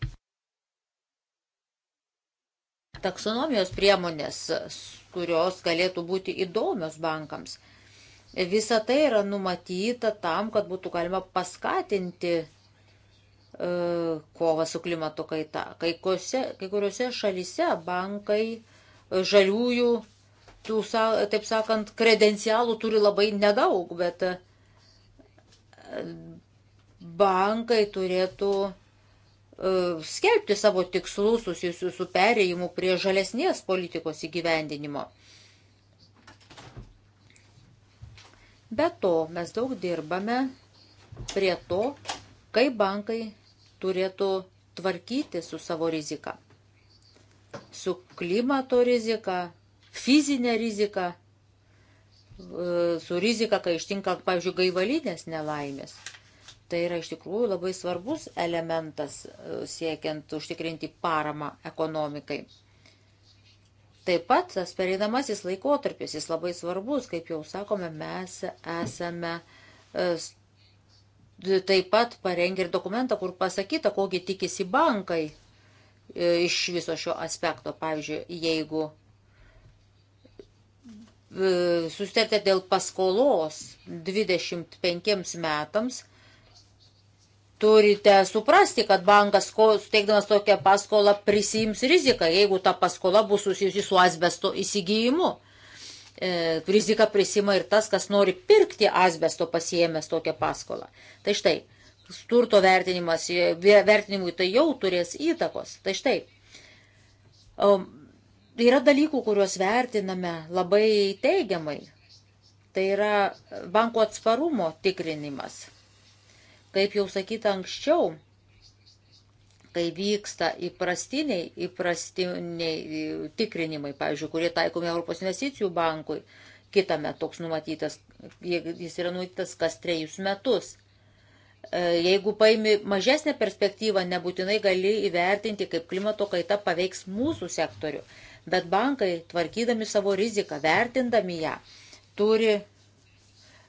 taksonomijos priemonės, kurios galėtų būti įdomios bankams. Visa tai yra numatyta tam, kad būtų galima paskatinti e, kovą su klimato kaita. Kai, kose, kai kuriuose šalise bankai e, žaliųjų, tų, taip sakant, kredencialų turi labai nedaug, bet e, bankai turėtų e, skelbti savo tikslus susijusius su perėjimu prie žalesnės politikos įgyvendinimo. Be to, mes daug dirbame prie to, kaip bankai turėtų tvarkyti su savo rizika. Su klimato rizika, fizinė rizika, e, su rizika, kai ištinka, pavyzdžiui, gaivalinės nelaimės. Tai yra iš tikrųjų labai svarbus elementas e, siekiant užtikrinti paramą ekonomikai. Taip pat tas pereinamasis laikotarpis, jis labai svarbus, kaip jau sakome, mes esame e, taip pat parengę ir dokumentą, kur pasakyta, kogi tikisi bankai e, iš viso šio aspekto. Pavyzdžiui, jeigu susitartė dėl paskolos 25 metams, turite suprasti, kad bankas, teikdamas tokią paskolą, prisims riziką, jeigu ta paskola bus susijusi su asbesto įsigijimu. E, riziką prisima ir tas, kas nori pirkti asbesto pasiemęs tokią paskolą. Tai štai, turto vertinimas, e, vertinimui tai jau turės įtakos. Tai štai, yra dalykų, kuriuos vertiname labai teigiamai. Tai yra banko atsparumo tikrinimas Kaip jau sakyta anksčiau, kai vyksta įprastiniai, įprastiniai e, tikrinimai, pavyzdžiui, kurie taikomi Europos investicijų bankui, kitame toks numatytas, jis yra numatytas kas trejus metus. E, jeigu paimi mažesnę perspektyvą, nebūtinai gali įvertinti, kaip klimato kaita paveiks mūsų sektorių, bet bankai, tvarkydami savo riziką, vertindami ją, turi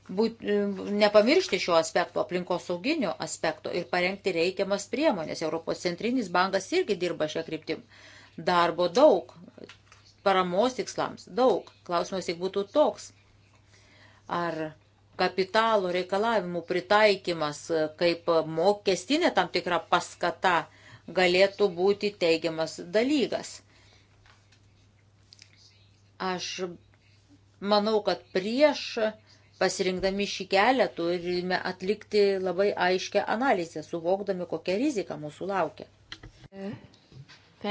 būt, e, nepamiršti šio aspekto, aplinkosauginio aspekto ir parengti reikiamas priemonės. Europos centrinis bankas irgi dirba šią kryptim. Darbo daug, paramos tikslams daug. Klausimas tik būtų toks. Ar kapitalo reikalavimų pritaikymas e, kaip mokestinė tam tikra paskata galėtų būti teigiamas dalykas. Aš manau, kad prieš uh, pasirinkdami šį kelią turime atlikti labai aiškę analizę, suvokdami, kokia rizika mūsų laukia. It...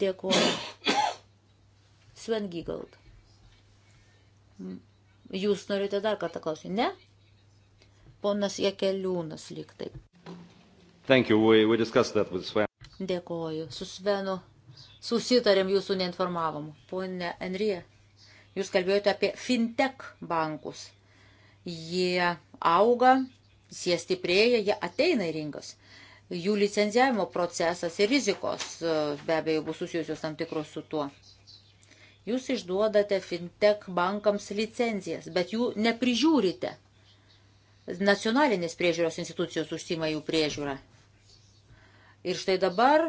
Dėkuoju. Sven Gigald. Jūs norite dar kartą klausyti? Ne? Ponas Jekeliūnas liktai. We, we Dėkuoju. Su Svenu susitarėm jūsų neinformavom. Pone Enrija. Jūs kalbėjote apie fintech bankus. Jie auga, jie stiprėja, jie ateina į rinkas. Jų licenzijavimo procesas ir rizikos e, be abejo bus susijusios tam tikros su tuo. Jūs išduodate fintech bankams licenzijas, bet jų neprižiūrite. Nacionalinės priežiūros institucijos užsima jų priežiūrą. Ir štai dabar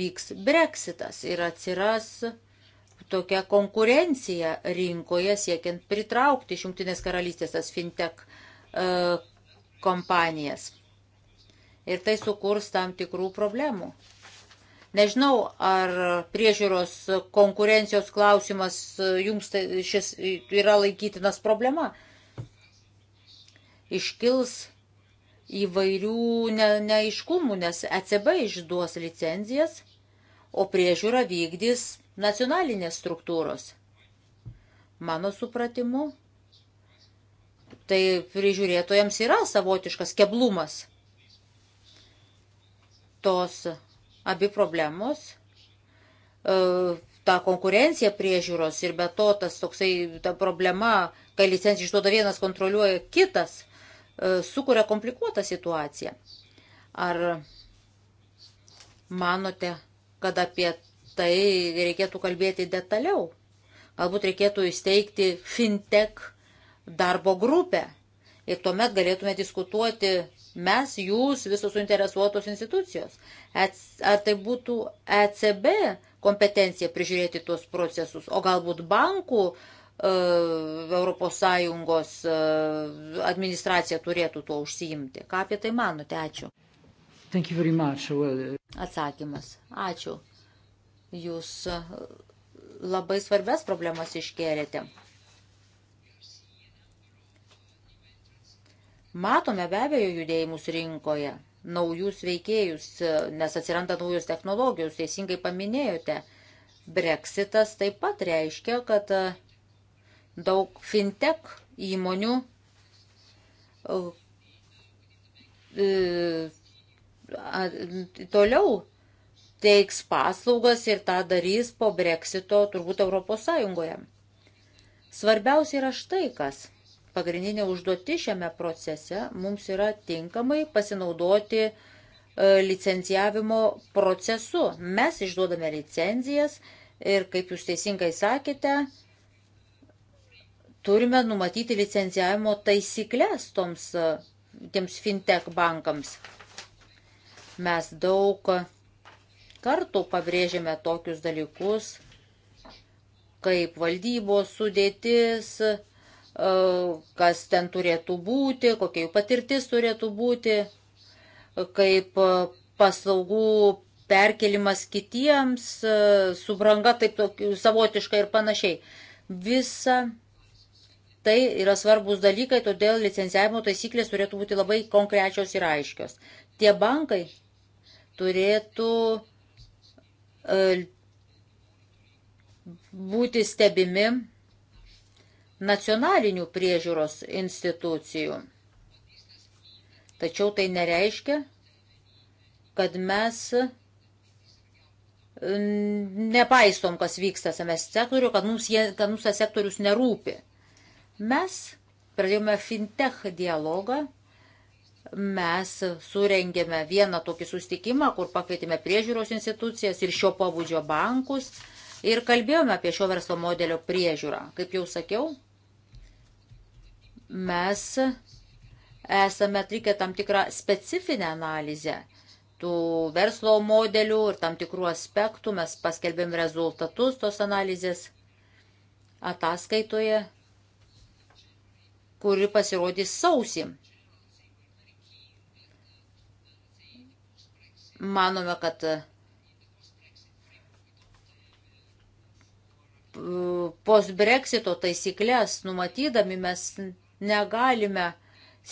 vyks breksitas ir atsiras uh, tokia konkurencija rinkoje siekiant pritraukti iš Junktinės karalystės tas fintech e, kompanijas. Ir tai sukurs tam tikrų problemų. Nežinau, ar priežiūros konkurencijos klausimas e, jums tai šis yra laikytinas problema. Iškils įvairių ne, neaiškumų, nes ECB išduos licenzijas, o priežiūra vykdys nacionalinės struktūros. Mano supratimu, tai prižiūrėtojams yra savotiškas keblumas. Tos abi problemos, e, ta konkurencija priežiūros ir be to tas toksai, ta problema, kai licenciją išduoda vienas kontroliuoja kitas, e, sukuria komplikuotą situaciją. Ar manote, kad apie tai reikėtų kalbėti detaliau. Galbūt reikėtų įsteigti fintech darbo grupę. Ir tuomet galėtume diskutuoti mes, jūs, visos suinteresuotos institucijos. Ar tai būtų ECB kompetencija prižiūrėti tuos procesus, o galbūt bankų uh, e, ES e, administracija turėtų tuo užsiimti. Ką apie tai manote? Ačiū. Well... Uh, Atsakymas. Ačiū. Jūs e, labai svarbias problemas iškėlėte. Matome be abejo judėjimus rinkoje, naujus veikėjus, e, nes atsiranda naujus technologijos, teisingai paminėjote. Brexitas taip pat reiškia, kad e, daug fintech įmonių toliau teiks paslaugas ir tą darys po breksito turbūt Europos Sąjungoje. Svarbiausia yra štai kas. Pagrindinė užduoti šiame procese mums yra tinkamai pasinaudoti e, licencijavimo procesu. Mes išduodame licencijas ir, kaip jūs teisingai sakėte, turime numatyti licencijavimo taisyklės toms, tiems fintech bankams. Mes daug kartų pabrėžėme tokius dalykus kaip valdybos sudėtis, e, kas ten turėtų būti, kokia jų patirtis turėtų būti, kaip paslaugų perkelimas kitiems, e, subranga taip tokiu, savotiškai ir panašiai. Visa tai yra svarbus dalykai, todėl licenziavimo taisyklės turėtų būti labai konkrečios ir aiškios. Tie bankai turėtų E, būti stebimi nacionalinių priežiūros institucijų. Tačiau tai nereiškia, kad mes e, nepaistom, kas vyksta tame sektoriu, kad mums, jie, kad mums tas sektorius nerūpi. Mes pradėjome fintech dialogą mes surengėme vieną tokį sustikimą, kur pakvietėme priežiūros institucijas ir šio pobūdžio bankus ir kalbėjome apie šio verslo modelio priežiūrą. Kaip jau sakiau, mes esame atlikę tam tikrą specifinę analizę tų verslo modelių ir tam tikrų aspektų. Mes paskelbėm rezultatus tos analizės ataskaitoje, kuri pasirodys sausim. Manome, kad e, post-Brexito taisyklės numatydami mes negalime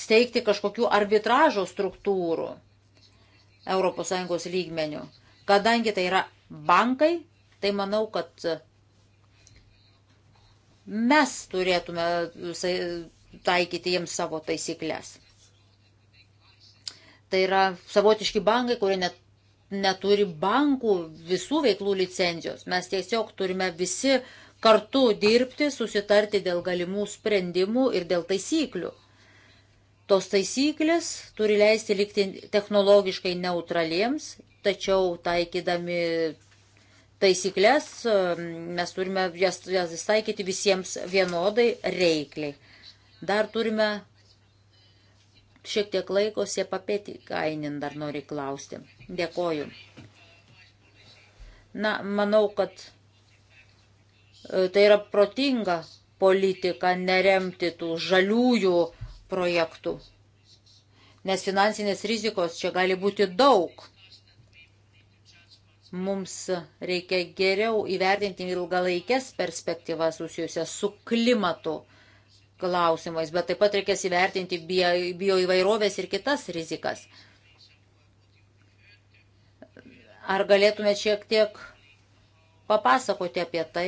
steigti kažkokių arbitražo struktūrų ES lygmenių. Kadangi tai yra bankai, tai manau, kad e, mes turėtume e, taikyti jiems savo taisyklės. Tai yra savotiški bankai, kurie net, neturi bankų visų veiklų licencijos. Mes tiesiog turime visi kartu dirbti, susitarti dėl galimų sprendimų ir dėl taisyklių. Tos taisyklės turi leisti likti technologiškai neutraliems, tačiau taikydami taisyklės mes turime jas, jas taikyti visiems vienodai reikliai. Dar turime šiek tiek laiko siepapėti kainin dar nori klausti. Dėkoju. Na, manau, kad e, tai yra protinga politika neremti tų žaliųjų projektų. Nes finansinės rizikos čia gali būti daug. Mums reikia geriau įvertinti ilgalaikės perspektyvas susijusias su klimatu klausimais, bet taip pat reikės įvertinti bioįvairovės bio ir kitas rizikas. Ar galėtume šiek tiek papasakoti apie tai,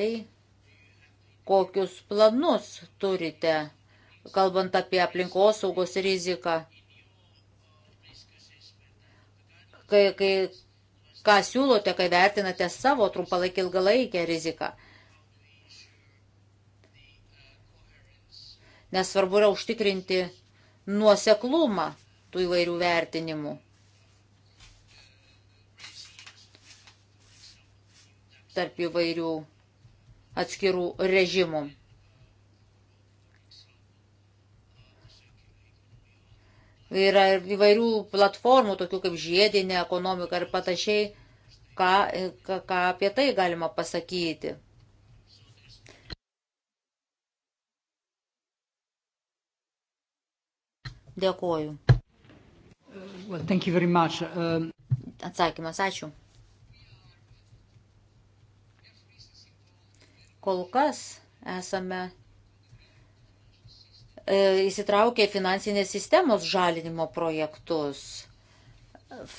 kokius planus turite, kalbant apie aplinkosaugos riziką, kai, kai, ką siūlote, kai vertinate savo trumpalaikį ilgalaikę riziką. nes svarbu yra užtikrinti nuoseklumą tų įvairių vertinimų. tarp įvairių atskirų režimų. Yra įvairių platformų, tokių kaip žiedinė ekonomika ir panašiai, ką, ką, ką apie tai galima pasakyti. Dėkoju. Well, um... Atsakymas, ačiū. Kol kas esame e, įsitraukę finansinės sistemos žalinimo projektus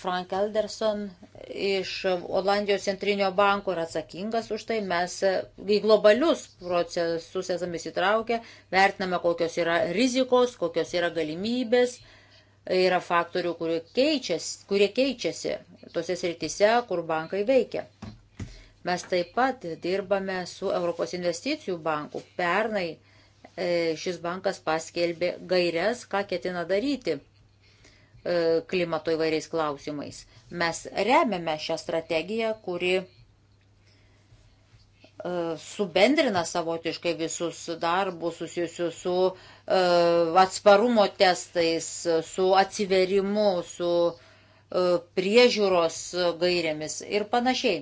Frank Elderson iš Olandijos centrinio banko yra atsakingas už tai. Mes į globalius procesus esame įsitraukę, vertiname, kokios yra rizikos, kokios yra galimybės. Yra faktorių, kurie keičiasi, kurie keičiasi tose srityse, kur bankai veikia. Mes taip pat dirbame su Europos investicijų banku. Pernai e, šis bankas paskelbė gairias, ką ketina daryti E, klimato įvairiais klausimais. Mes remiame šią strategiją, kuri e, subendrina savotiškai visus darbus susijusius su e, atsparumo testais, su atsiverimu, su priežiūros gairėmis ir panašiai.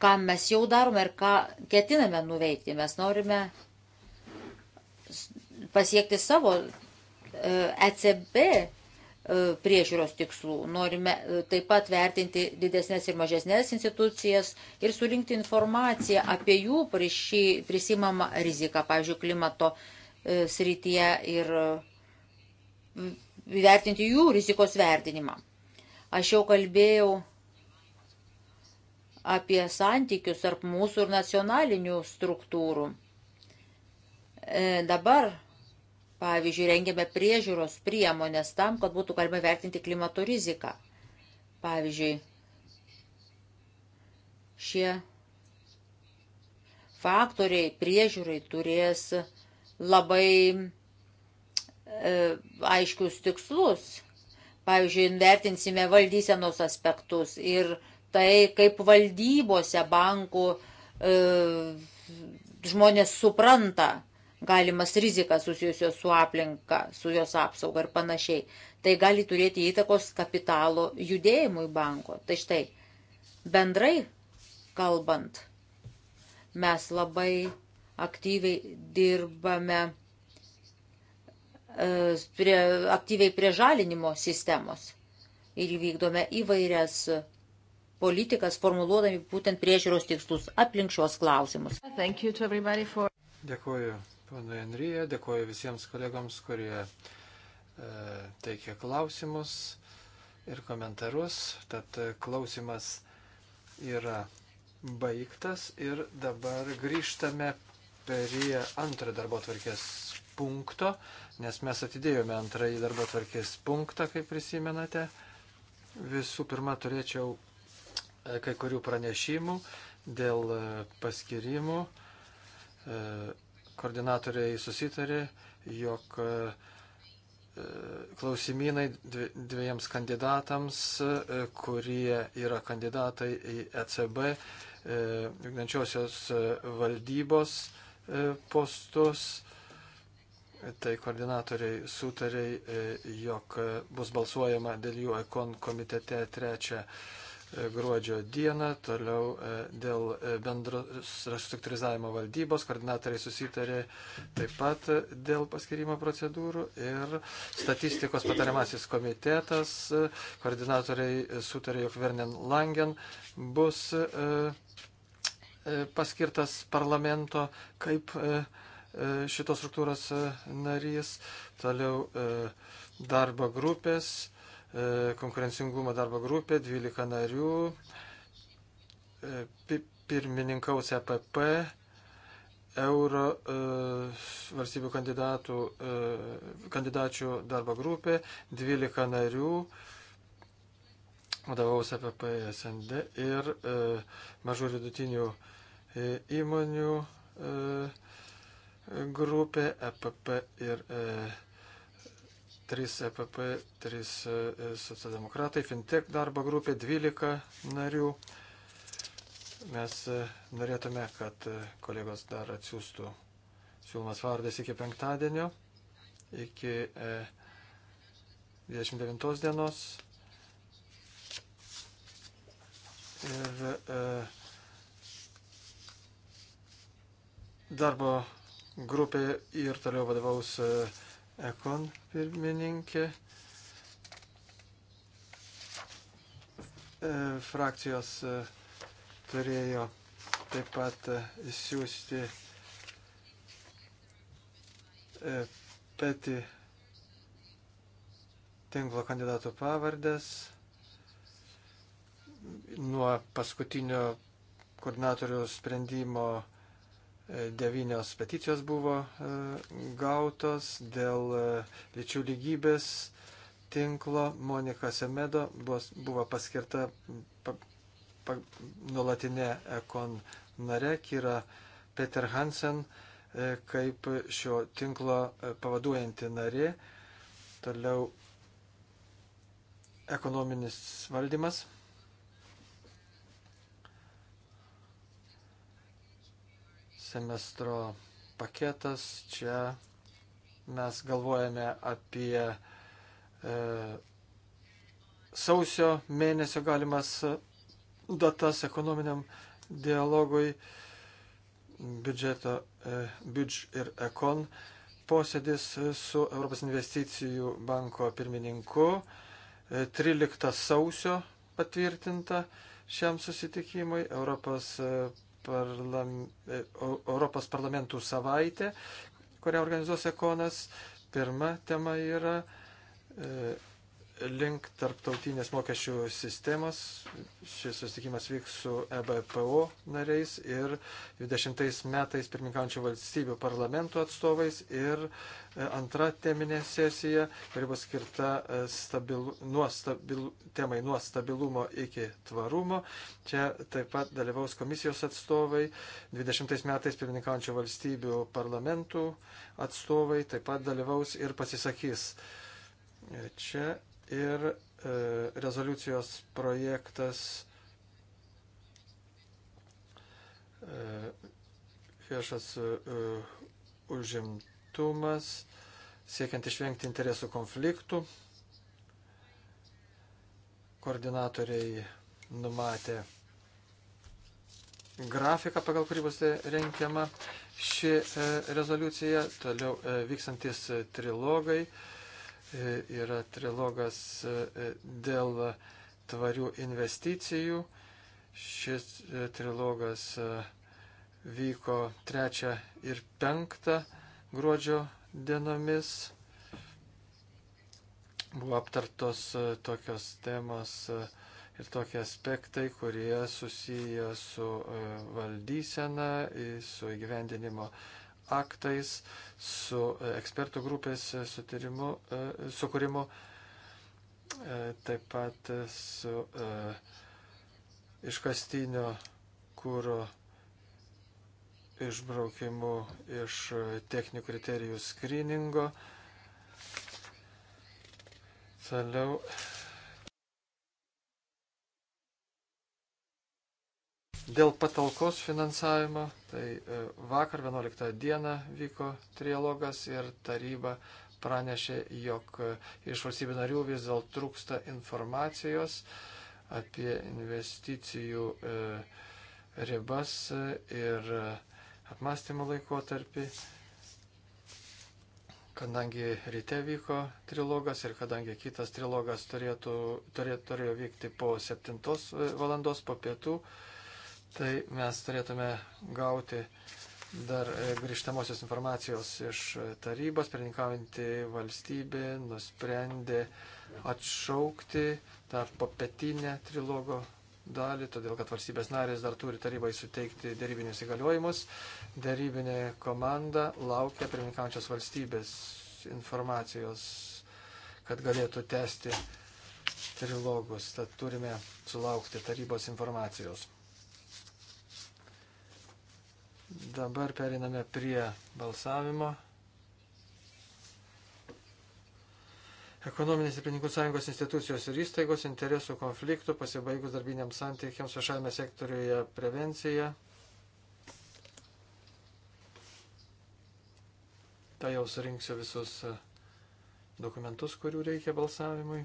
Ką mes jau darome ir ką ketiname nuveikti, mes norime pasiekti savo ECB e e, priežiūros tikslų. Norime e, taip pat vertinti didesnės ir mažesnės institucijas ir surinkti informaciją apie jų prisimamą riziką, pavyzdžiui, klimato srityje ir vertinti jų rizikos vertinimą. Aš jau kalbėjau apie santykius tarp mūsų ir nacionalinių struktūrų. E, dabar Pavyzdžiui, rengiame priežiūros priemonės tam, kad būtų galima vertinti klimato riziką. Pavyzdžiui, šie faktoriai priežiūrai turės labai e, aiškius tikslus. Pavyzdžiui, vertinsime valdysenos aspektus ir tai, kaip valdybose bankų e, žmonės supranta galimas rizikas susijusios su aplinka, su jos apsauga ir panašiai. Tai gali turėti įtakos kapitalo judėjimui banko. Tai štai, bendrai kalbant, mes labai aktyviai dirbame e, prie, aktyviai prie žalinimo sistemos ir vykdome įvairias politikas, formuluodami būtent priežiūros tikslus aplink šios klausimus. For... Dėkuoju ponui Enryje, dėkoju visiems kolegams, kurie e, teikė klausimus ir komentarus. Tad e, klausimas yra baigtas ir dabar grįžtame prie antrą darbo tvarkės punkto, nes mes atidėjome antrąjį darbo tvarkės punktą, kaip prisimenate. Visų pirma, turėčiau e, kai kurių pranešimų dėl e, paskirimų koordinatoriai susitarė, jog e, e, klausimynai dviejams kandidatams, e, kurie yra kandidatai į ECB vykdančiosios valdybos postus. Tai koordinatoriai sutarė, jog bus balsuojama dėl jų ekon komitete trečią E, gruodžio dieną. Toliau e, dėl e, bendros restruktūrizavimo valdybos koordinatoriai susitarė taip pat dėl paskirimo procedūrų ir statistikos patariamasis komitetas. Koordinatoriai sutarė, jog Vernen Langen bus paskirtas parlamento kaip šitos struktūros narys. Toliau darbo grupės E, konkurencingumo darbo grupė, 12 narių, e, pirmininkaus EPP, euro e, valstybių kandidatų, kandidačių darbo grupė, 12 narių, vadovaus EPP SND ir mažų vidutinių įmonių grupė EPP ir SND 3 EPP, 3 socialdemokratai, Fintech darbo grupė, 12 narių. Mes e, norėtume, kad e, kolegos dar atsiųstų siūlomas vardas iki penktadienio, iki 29 e, dienos. Ir darbo grupė ir toliau vadovaus Ekon pirmininkė. E, frakcijos e, turėjo taip pat e, siūsti peti tinklo kandidatų pavardės nuo paskutinio koordinatorių sprendimo devynios peticijos buvo e, gautos dėl e, lyčių lygybės tinklo. Monika Semedo buvo paskirta pa, pa, nulatinė ekon nare, Kira Peter Hansen e, kaip šio tinklo pavaduojanti narė. Toliau ekonominis valdymas. semestro paketas. Čia mes galvojame apie e, sausio mėnesio galimas datas ekonominiam dialogui biudžeto e, biudž ir ekon posėdis su Europos investicijų banko pirmininku 13 e, sausio patvirtinta šiam susitikimui. Europos e, parlam, e, Europos parlamentų savaitė, kurią organizuos Ekonas. Pirma tema yra e, link tarptautinės mokesčių sistemos. Šis susitikimas vyks su EBPO nariais ir 20 metais pirmininkančių valstybių parlamentų atstovais. Ir e, antra teminė sesija, kuri bus skirta e, stabilu, nuo stabil, temai nuo stabilumo iki tvarumo. Čia taip pat dalyvaus komisijos atstovai, 20 metais pirmininkančių valstybių parlamentų atstovai taip pat dalyvaus ir pasisakys. E, čia ir e, rezoliucijos projektas e, viešas e, užimtumas, siekiant išvengti interesų konfliktų. Koordinatoriai numatė grafiką, pagal kurį bus renkiama ši e, rezoliucija, toliau e, vykstantis trilogai. E, E, yra trilogas e, e, dėl tvarių investicijų. Šis trilogas vyko 3 ir 5 gruodžio dienomis. Buvo aptartos tokios temos ir tokie aspektai, kurie susiję su valdysena, su įgyvendinimo aktais, su e, ekspertų grupės e, sutarimu, e, sukūrimu, taip pat su iškastinio kūro išbraukimu iš techninių kriterijų skriningo. Toliau Dėl patalkos finansavimo, tai e, vakar 11 dieną vyko trialogas ir taryba pranešė, jog e, iš valstybių narių vis dėl trūksta informacijos apie investicijų e, ribas ir apmastymo laikotarpį. Kadangi ryte vyko trilogas ir kadangi kitas trilogas turėtų, turė, turėjo vykti po 7 valandos po pietų, tai mes turėtume gauti dar e, grįžtamosios informacijos iš tarybos. Pirmininkaujantį valstybė nusprendė atšaukti tą popietinę trilogo dalį, todėl kad valstybės narės dar turi tarybai suteikti dėrybinius įgaliojimus. Dėrybinė komanda laukia pirmininkaujančios valstybės informacijos, kad galėtų tęsti trilogus. Tad turime sulaukti tarybos informacijos. Dabar periname prie balsavimo. Ekonominės ir pinigų sąjungos institucijos ir įstaigos interesų konfliktų pasibaigus darbiniams santykiams viešajame sektoriuje prevencija. Tai jau surinksiu visus e, dokumentus, kurių reikia balsavimui.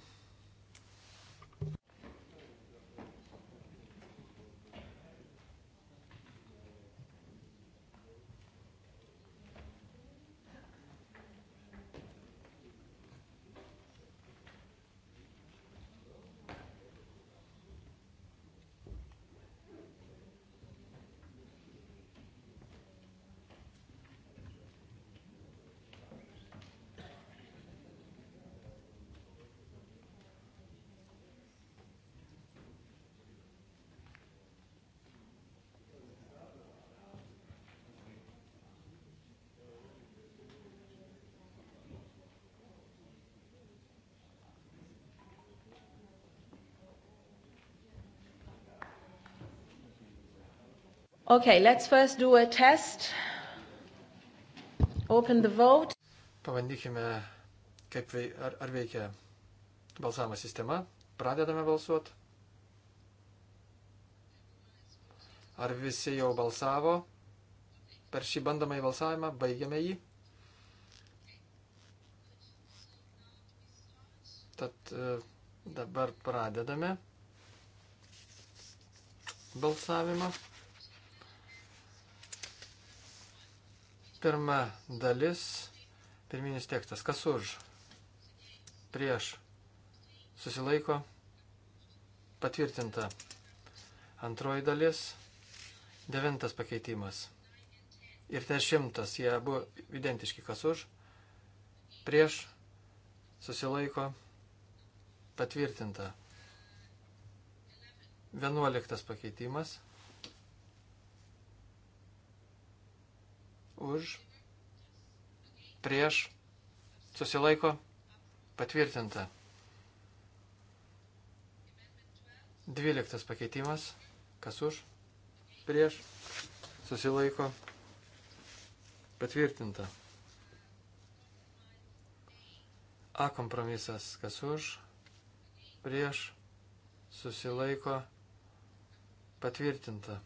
Okay, let's first do a test. Open the vote. Pabandykime, kaip vei, ar, ar veikia balsavimo sistema. Pradedame balsuoti. Ar visi jau balsavo per šį bandomąjį balsavimą? Baigiame jį. Tad e, dabar pradedame balsavimą. Pirma dalis, pirminis tekstas. Kas už? Prieš. Susilaiko. Patvirtinta. Antroji dalis. Devintas pakeitimas. Ir ten šimtas. Jie abu identiški. Kas už? Prieš. Susilaiko. Patvirtinta. Vienuoliktas pakeitimas. už, prieš, susilaiko, patvirtinta. Dvyliktas pakeitimas, kas už, prieš, susilaiko, patvirtinta. A kompromisas, kas už, prieš, susilaiko, patvirtinta.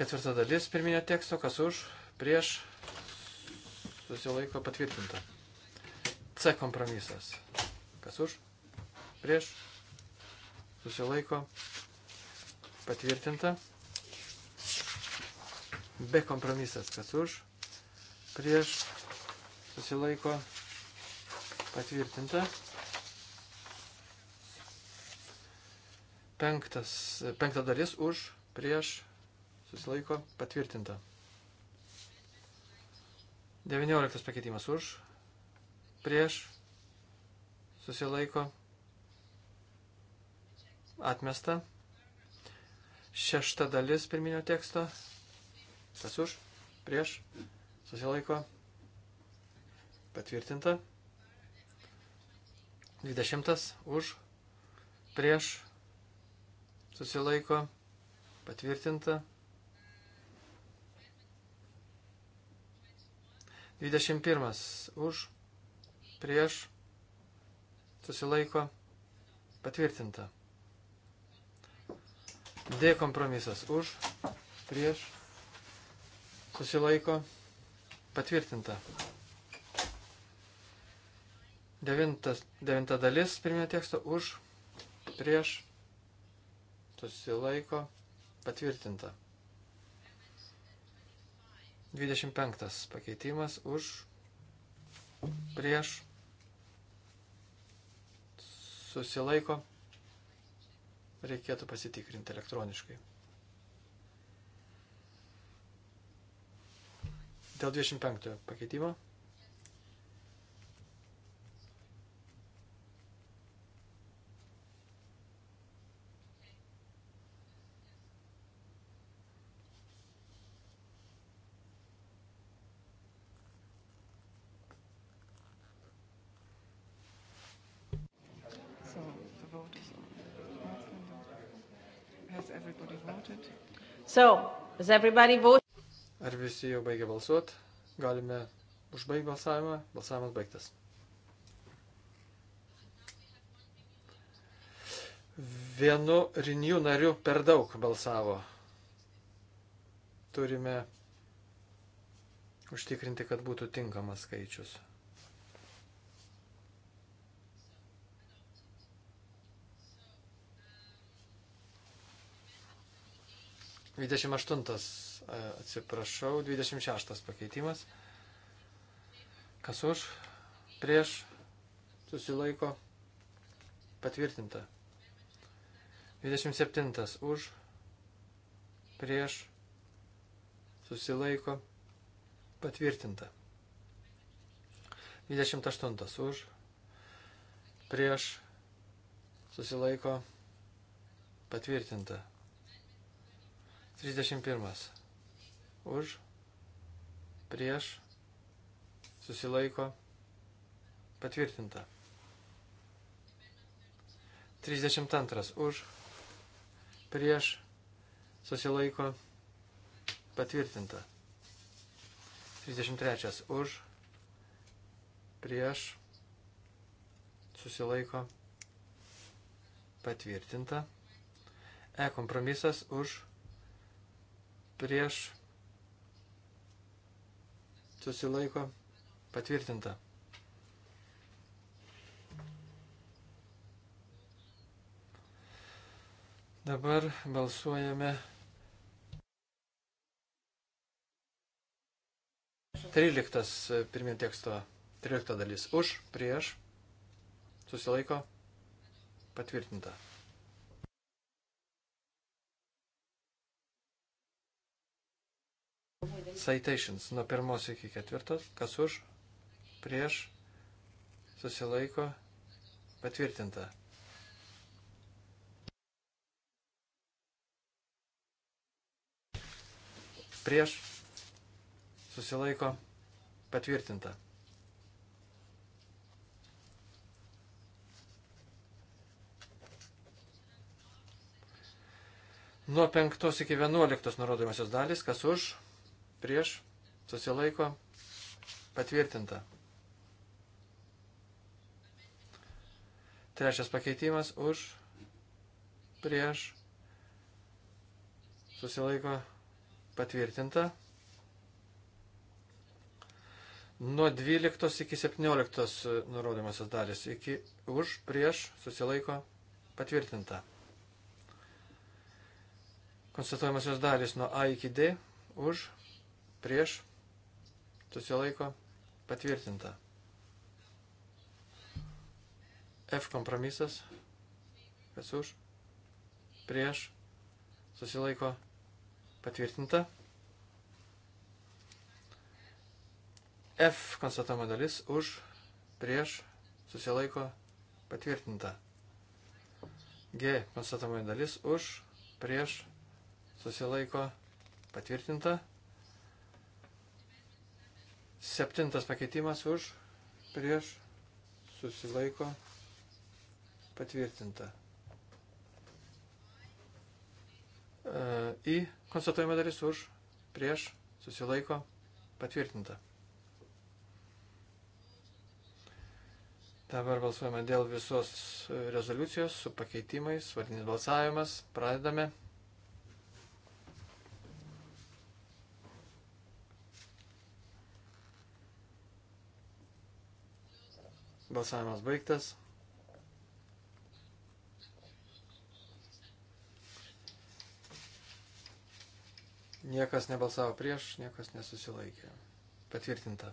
Ketvirta dalis pirminio teksto, kas už, prieš, susilaiko patvirtinta. C kompromisas. Kas už, prieš, susilaiko patvirtinta. B kompromisas. Kas už, prieš, susilaiko patvirtinta. Penktas, penkta dalis už, prieš, susilaiko patvirtinta. 19 pakeitimas už, prieš, susilaiko, atmesta. Šešta dalis pirminio teksto, kas už, prieš, susilaiko, patvirtinta. 20 už, prieš, susilaiko, patvirtinta. 21 už, prieš, susilaiko, patvirtinta. D kompromisas už, prieš, susilaiko, patvirtinta. Devintas, devinta dalis pirminio teksto už, prieš, susilaiko, patvirtinta. 25 pakeitimas už, prieš, susilaiko, reikėtų pasitikrinti elektroniškai. Dėl 25 pakeitimo So, does everybody vote? Ar visi jau baigė balsuoti? Galime užbaigti balsavimą. Balsavimas baigtas. Vienu rinijų nariu per daug balsavo. Turime užtikrinti, kad būtų tinkamas skaičius. 28, e, atsiprašau, 26 pakeitimas. Kas už, prieš, susilaiko, patvirtinta. 27 už, prieš, susilaiko, patvirtinta. 28 už, prieš, susilaiko, patvirtinta. 31. Už, prieš, susilaiko, patvirtinta. 32. Už, prieš, susilaiko, patvirtinta. 33. Už, prieš, susilaiko, patvirtinta. E kompromisas už, prieš susilaiko patvirtinta. Dabar balsuojame 13 e, pirmin teksto, 13 dalis už, prieš, susilaiko, patvirtinta. Citations nuo pirmos iki ketvirtos. Kas už, prieš, susilaiko, patvirtinta. Prieš, susilaiko, patvirtinta. Nuo penktos iki vienuoliktos nurodomasios dalys, kas už, prieš, susilaiko, patvirtinta. Trečias pakeitimas už, prieš, susilaiko, patvirtinta. Nuo 12 iki 17 nurodymasis dalis, iki už, prieš, susilaiko, patvirtinta. Konstatuojamasios dalis nuo A iki D, už, prieš, susilaiko, patvirtinta. F kompromisas, kas už, prieš, susilaiko, patvirtinta. F konstatama dalis už, prieš, susilaiko, patvirtinta. G konstatama dalis už, prieš, susilaiko, patvirtinta. Septintas pakeitimas už, prieš, susilaiko, patvirtinta. Į e, konstatuojama dalis už, prieš, susilaiko, patvirtinta. Dabar balsuojame dėl visos rezoliucijos su pakeitimais, vardinis balsavimas, pradedame. Balsavimas baigtas. Niekas nebalsavo prieš, niekas nesusilaikė. Patvirtinta.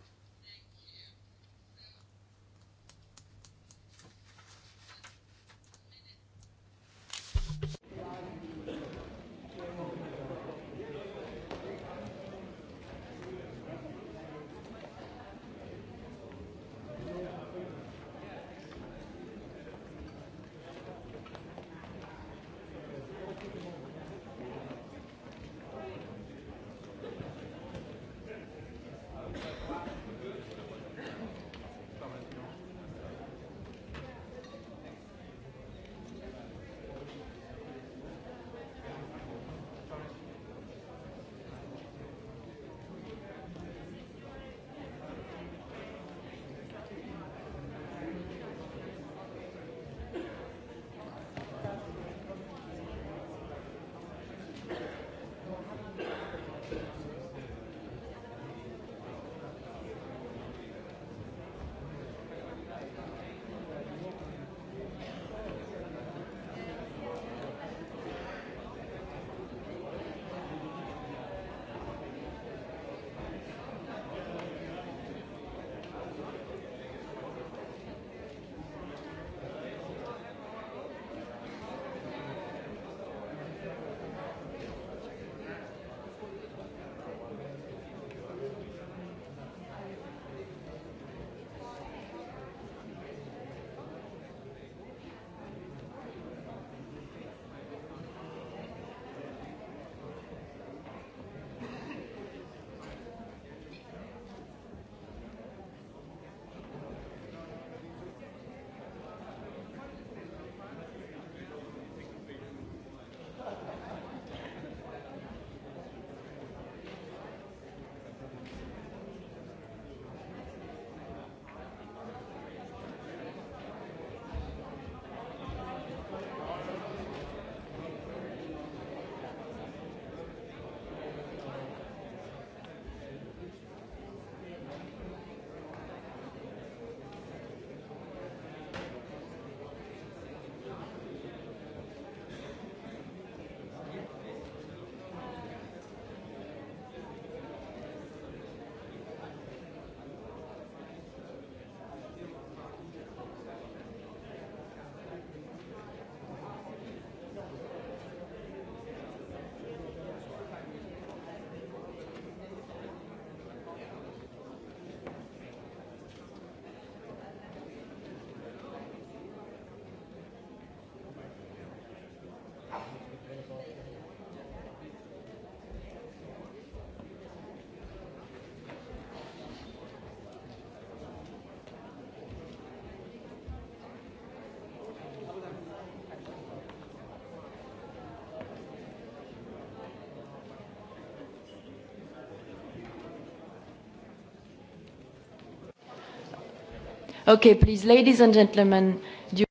Okay, please, ladies and gentlemen. You...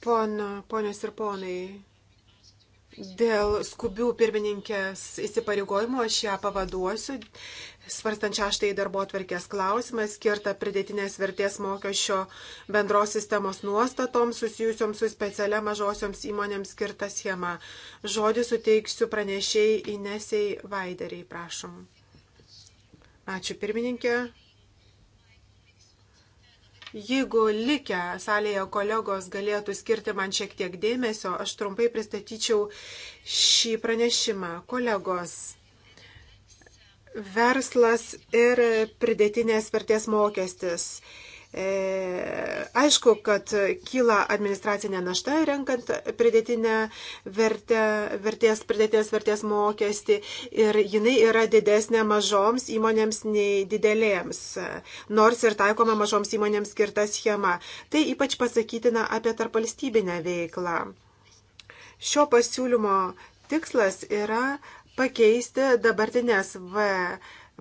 Pona, ponios ir ponai, dėl skubių pirmininkės įsipareigojimo aš ją pavaduosiu. Svarstant šeštąjį darbo atverkės klausimą, skirtą pridėtinės vertės mokesčio bendros sistemos nuostatoms susijusioms su specialia mažosioms įmonėms skirta schema. Žodį suteiksiu pranešėjai Inesiai Vaideriai, prašom. Ačiū pirmininkė. Jeigu likę salėje kolegos galėtų skirti man šiek tiek dėmesio, aš trumpai pristatyčiau šį pranešimą. Kolegos, verslas ir pridėtinės vertės mokestis. E, aišku, kad kyla administracinė našta renkant pridėtinę vertę, vertės, pridėtinės vertės mokestį ir jinai yra didesnė mažoms įmonėms nei didelėms, nors ir taikoma mažoms įmonėms skirta schema. Tai ypač pasakytina apie tarpvalstybinę veiklą. Šio pasiūlymo tikslas yra pakeisti dabartinės V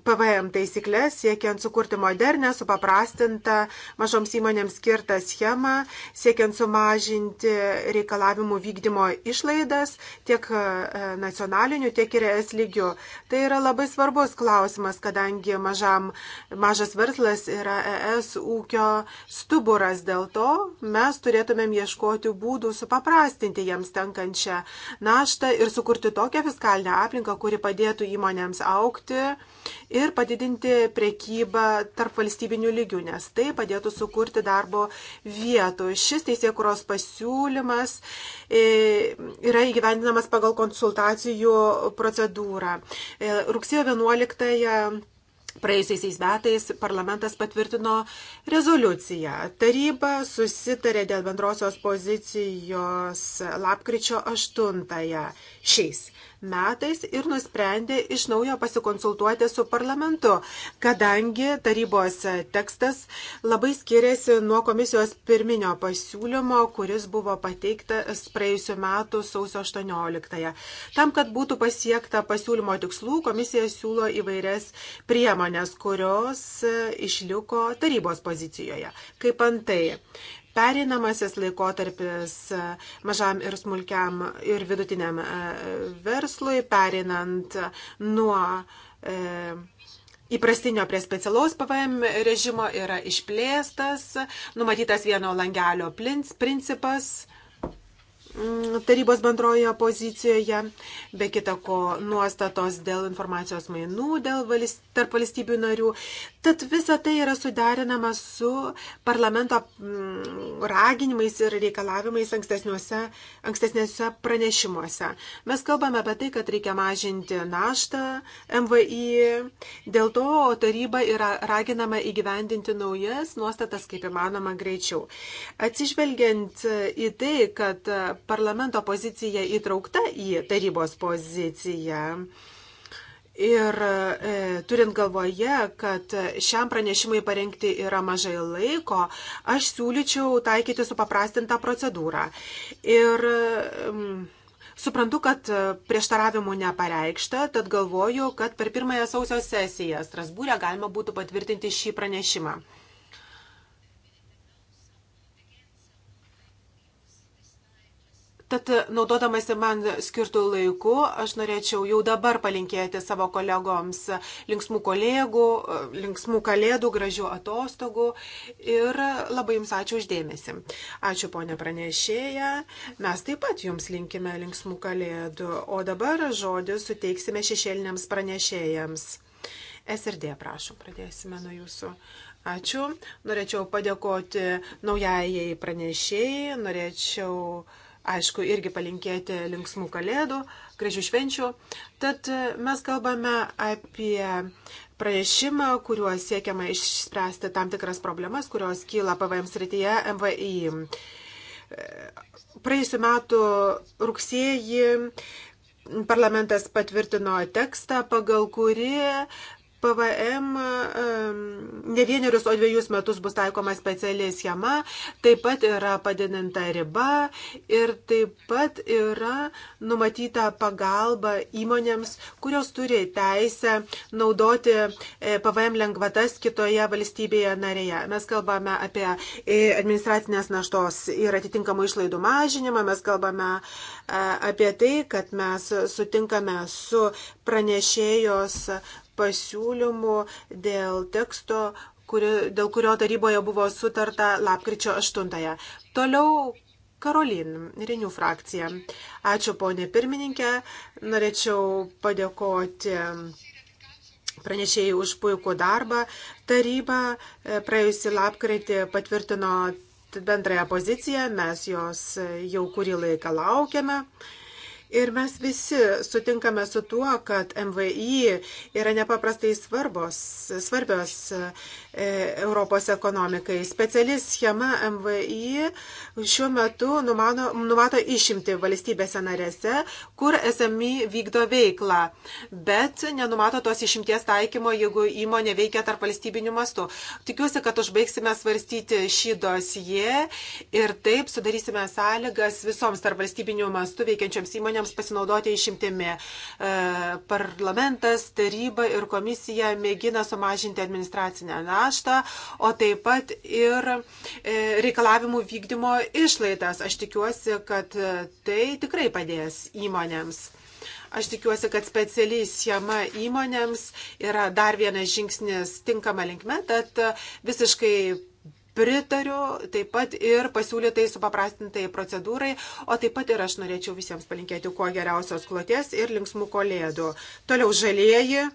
PVM taisyklės, siekiant sukurti modernę, supaprastintą mažoms įmonėms skirtą schemą, siekiant sumažinti reikalavimų vykdymo išlaidas tiek e, nacionaliniu, tiek ir es lygiu. Tai yra labai svarbus klausimas, kadangi mažam, mažas verslas yra es ūkio stuburas. Dėl to mes turėtumėm ieškoti būdų supaprastinti jiems tenkančią naštą ir sukurti tokią fiskalinę aplinką, kuri padėtų įmonėms aukti ir padidinti prekybą tarp valstybinių lygių, nes tai padėtų sukurti darbo vietų. Šis teisėkuros pasiūlymas e, yra įgyvendinamas pagal konsultacijų procedūrą. E, rugsėjo 11. Praėjusiais metais parlamentas patvirtino rezoliuciją. Taryba susitarė dėl bendrosios pozicijos lapkričio 8 šiais metais ir nusprendė iš naujo pasikonsultuoti su parlamentu, kadangi tarybos tekstas labai skiriasi nuo komisijos pirminio pasiūlymo, kuris buvo pateiktas praėjusiu metu sausio 18-ąją. Tam, kad būtų pasiekta pasiūlymo tikslų, komisija siūlo įvairias priemonės, kurios išliko tarybos pozicijoje. Kaip antai, Pereinamasis laikotarpis e, mažam ir smulkiam ir vidutiniam e, verslui, pereinant nuo e, įprastinio prie specialaus PVM režimo yra išplėstas, numatytas vieno langelio principas mm, tarybos bendroje pozicijoje, be kita ko nuostatos dėl informacijos mainų, dėl valst, tarp valstybių narių. Tad visa tai yra suderinama su parlamento mm, raginimais ir reikalavimais ankstesnėse pranešimuose. Mes kalbame apie tai, kad reikia mažinti naštą MVI, dėl to taryba yra raginama įgyvendinti naujas nuostatas kaip įmanoma greičiau. Atsižvelgiant į tai, kad parlamento pozicija įtraukta į tarybos poziciją, Ir e, turint galvoje, kad šiam pranešimui parengti yra mažai laiko, aš siūlyčiau taikyti supaprastintą procedūrą. Ir, mm, Suprantu, kad prieštaravimų nepareikšta, tad galvoju, kad per pirmąją sausio sesiją Strasbūrė galima būtų patvirtinti šį pranešimą. Tad naudodamasi man skirtų laikų, aš norėčiau jau dabar palinkėti savo kolegoms linksmų kolegų, linksmų kalėdų, gražių atostogų ir labai jums ačiū uždėmesi. Ačiū ponė pranešėja, mes taip pat jums linkime linksmų kalėdų, o dabar žodį suteiksime šešėliniams pranešėjams. SRD, prašom, pradėsime nuo jūsų. Ačiū. Norėčiau padėkoti naujajai pranešėjai, norėčiau uh, aišku, irgi palinkėti linksmų kalėdų, gražių švenčių. Tad e, mes kalbame apie pranešimą, kuriuo siekiama išspręsti tam tikras problemas, kurios kyla PVM srityje MVI. E, praėjusiu metu rugsėjį parlamentas patvirtino tekstą, pagal kurį PVM ne vienerius, o dviejus metus bus taikoma specialiai schema, taip pat yra padidinta riba ir taip pat yra numatyta pagalba įmonėms, kurios turi teisę naudoti e, PVM lengvatas kitoje valstybėje narėje. Mes kalbame apie e, administracinės naštos ir atitinkamų išlaidų mažinimą, mes kalbame e, apie tai, kad mes sutinkame su pranešėjos pasiūlymų dėl teksto, kuri, dėl kurio taryboje buvo sutarta lapkričio 8. Toliau Karolin, Renių frakcija. Ačiū, ponė pirmininkė. Norėčiau padėkoti pranešėjai už puikų darbą. Taryba e, praėjusį lapkritį patvirtino bendrąją poziciją, mes jos e, jau kurį laiką laukiame. Ir mes visi sutinkame su tuo, kad MVI yra nepaprastai svarbos, svarbios E, Europos ekonomikai. Speciali schema MVI šiuo metu numano, numato išimti valstybėse narėse, kur SMI vykdo veiklą, bet nenumato tos išimties taikymo, jeigu įmonė veikia tarp valstybinių mastų. Tikiuosi, kad užbaigsime svarstyti šį dosiją ir taip sudarysime sąlygas visoms tarp valstybinių mastų veikiančioms įmonėms pasinaudoti išimtimi. E, parlamentas, taryba ir komisija mėgina sumažinti administracinę naštą naštą, o taip pat ir e, reikalavimų vykdymo išlaidas. Aš tikiuosi, kad e, tai tikrai padės įmonėms. Aš tikiuosi, kad specialiai schema įmonėms yra dar vienas žingsnis tinkama linkme, tad e, visiškai pritariu taip pat ir pasiūlytai supaprastintai procedūrai, o taip pat ir aš norėčiau visiems palinkėti kuo geriausios kloties ir linksmų kolėdų. Toliau žalieji,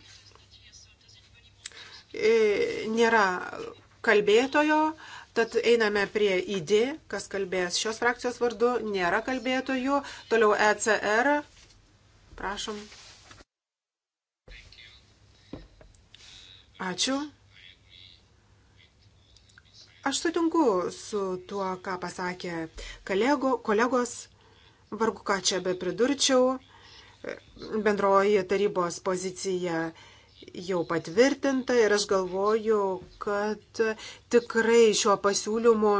E, nėra kalbėtojo, tad einame prie ID, kas kalbės šios frakcijos vardu, nėra kalbėtojų, toliau ECR, prašom. Ačiū. Aš sutinku su tuo, ką pasakė kolego, kolegos, vargu ką čia be pridurčiau, bendroji tarybos pozicija jau patvirtinta ir aš galvoju, kad tikrai šiuo pasiūlymu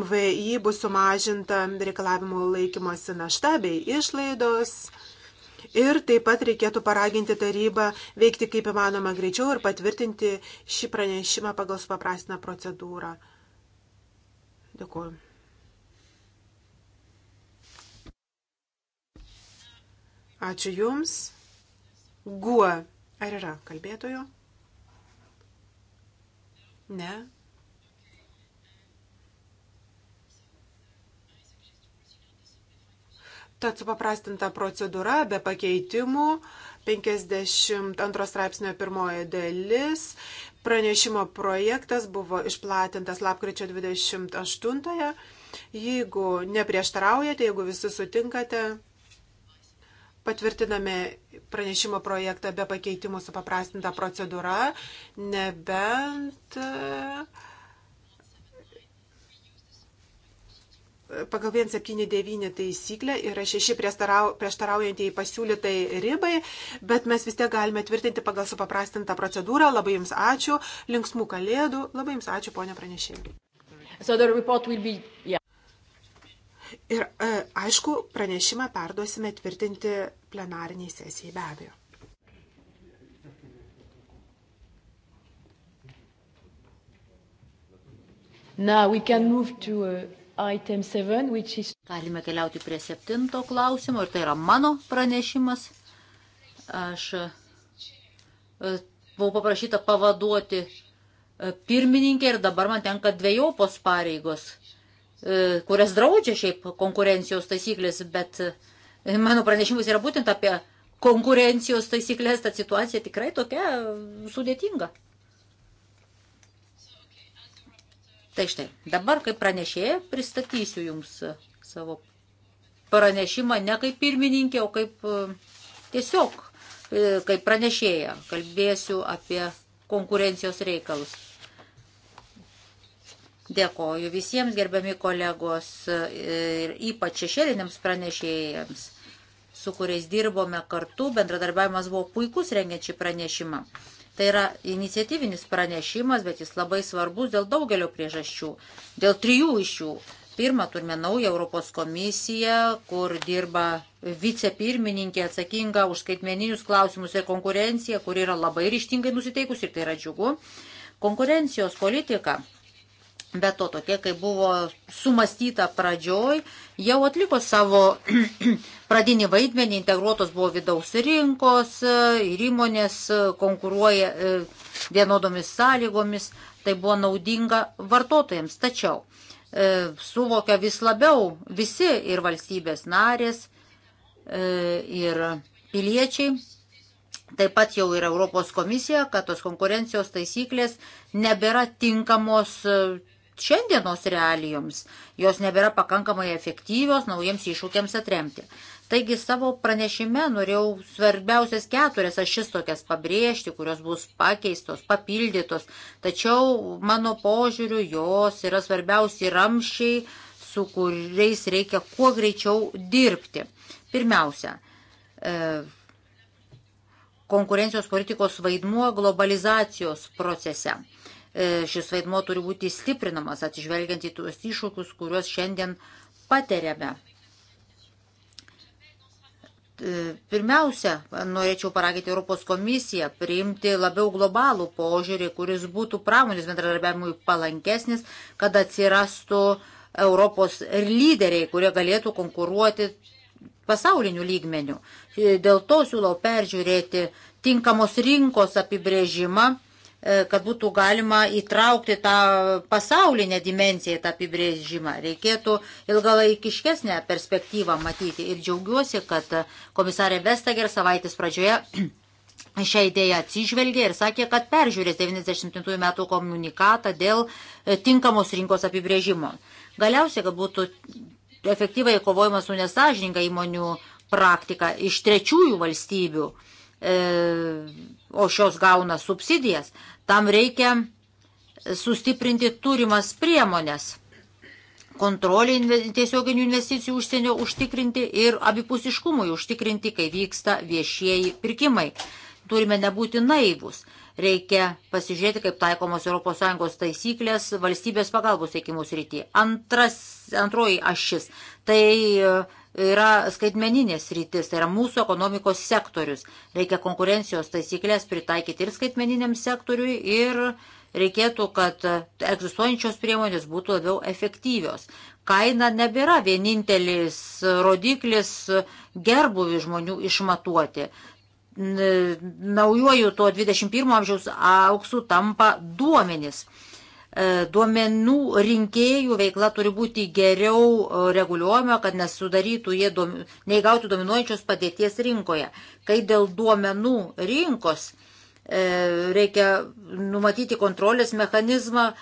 MVI bus sumažinta reikalavimų laikymosi našta bei išlaidos. Ir taip pat reikėtų paraginti tarybą veikti kaip įmanoma greičiau ir patvirtinti šį pranešimą pagal supaprastinę procedūrą. Dėkuoju. Ačiū Jums. Guo Ar yra kalbėtojų? Ne. Tad supaprastinta procedūra be pakeitimų 52 straipsnio pirmoji dalis. Pranešimo projektas buvo išplatintas lapkričio 28. -ąją. Jeigu neprieštaraujate, jeigu visi sutinkate, patvirtiname pranešimo projektą be pakeitimų su paprastinta procedūra, nebent e, pagal 179 taisyklę yra šeši prieštaraujantieji pasiūlytai ribai, bet mes vis tiek galime tvirtinti pagal supaprastintą procedūrą. Labai Jums ačiū, linksmų kalėdų, labai Jums ačiū, ponė pranešėjai. So be, yeah. Ir e, aišku, pranešimą perduosime tvirtinti plenariniai sesijai be abejo. Now we can move to uh, item 7, which is... Galime keliauti prie septinto klausimo ir tai yra mano pranešimas. Aš uh, buvau paprašyta pavaduoti uh, pirmininkę ir dabar man tenka dviejopos pareigos E, kurias draudžia šiaip konkurencijos taisyklės, bet e, mano pranešimas yra būtent apie konkurencijos taisyklės, ta situacija tikrai tokia e, sudėtinga. Tai štai, dabar kaip pranešėja pristatysiu jums savo pranešimą ne kaip pirmininkė, o kaip tiesiog kaip pranešėja kalbėsiu apie konkurencijos reikalus. Dėkoju visiems gerbiami kolegos ir ypač šešėliniams pranešėjams, su kuriais dirbome kartu. Bendradarbiavimas buvo puikus rengiant šį pranešimą. Tai yra iniciatyvinis pranešimas, bet jis labai svarbus dėl daugelio priežasčių. Dėl trijų iš jų. Pirma, turime naują Europos komisiją, kur dirba vicepirmininkė atsakinga už skaitmeninius klausimus ir konkurenciją, kur yra labai ryštingai nusiteikusi ir tai yra džiugu. Konkurencijos politika Bet to tokie, kai buvo sumastyta pradžioj, jau atliko savo *clears throat* pradinį vaidmenį, integruotos buvo vidaus rinkos e, ir įmonės e, konkuruoja e, vienodomis sąlygomis, tai buvo naudinga vartotojams. Tačiau suvokia vis labiau visi ir valstybės narės, ir piliečiai, Taip pat jau ir Europos komisija, kad tos konkurencijos taisyklės nebėra tinkamos šiandienos realijoms. Jos nebėra pakankamai efektyvios naujiems iššūkiams atremti. Taigi savo pranešime norėjau svarbiausias keturias ašis tokias pabrėžti, kurios bus pakeistos, papildytos, tačiau mano požiūriu jos yra svarbiausi ramšiai, su kuriais reikia kuo greičiau dirbti. Pirmiausia, e, konkurencijos politikos vaidmuo globalizacijos procese. E, šis vaidmo turi būti stiprinamas, atsižvelgiant į tuos iššūkius, kuriuos šiandien patiriame. E, pirmiausia, norėčiau paraginti Europos komisiją priimti labiau globalų požiūrį, kuris būtų pramonės bendradarbiavimui palankesnis, kad atsirastų Europos lyderiai, kurie galėtų konkuruoti pasauliniu lygmeniu. E, dėl to siūlau peržiūrėti tinkamos rinkos apibrėžimą E, kad būtų galima įtraukti tą pasaulinę dimenciją, tą apibrėžimą. Reikėtų ilgalaikiškesnę perspektyvą matyti. Ir džiaugiuosi, kad komisarė Vestager savaitės pradžioje *clears throat* šią idėją atsižvelgė ir sakė, kad peržiūrės 90 metų komunikatą dėl e, tinkamos rinkos apibrėžimo. Galiausiai, kad būtų efektyvai kovojama su nesažininga įmonių praktika iš trečiųjų valstybių, e, o šios gauna subsidijas, Tam reikia sustiprinti turimas priemonės kontrolė tiesioginių investicijų užsienio užtikrinti ir abipusiškumui užtikrinti, kai vyksta viešieji pirkimai. Turime nebūti naivus. Reikia pasižiūrėti, kaip taikomos ES taisyklės valstybės pagalbos teikimų srity. Antras, antroji ašis. Tai e, yra skaitmeninės rytis, tai yra mūsų ekonomikos sektorius. Reikia konkurencijos taisyklės pritaikyti ir skaitmeniniam sektoriui, ir reikėtų, kad egzistuojančios priemonės būtų labiau efektyvios. Kaina nebėra vienintelis rodiklis gerbuvi žmonių išmatuoti naujojų to 21 amžiaus auksų tampa duomenys. E, duomenų rinkėjų veikla turi būti geriau e, reguliuojama, kad nesudarytų jie duom, neįgautų dominuojančios padėties rinkoje. Kai dėl duomenų rinkos e, reikia numatyti kontrolės mechanizmą,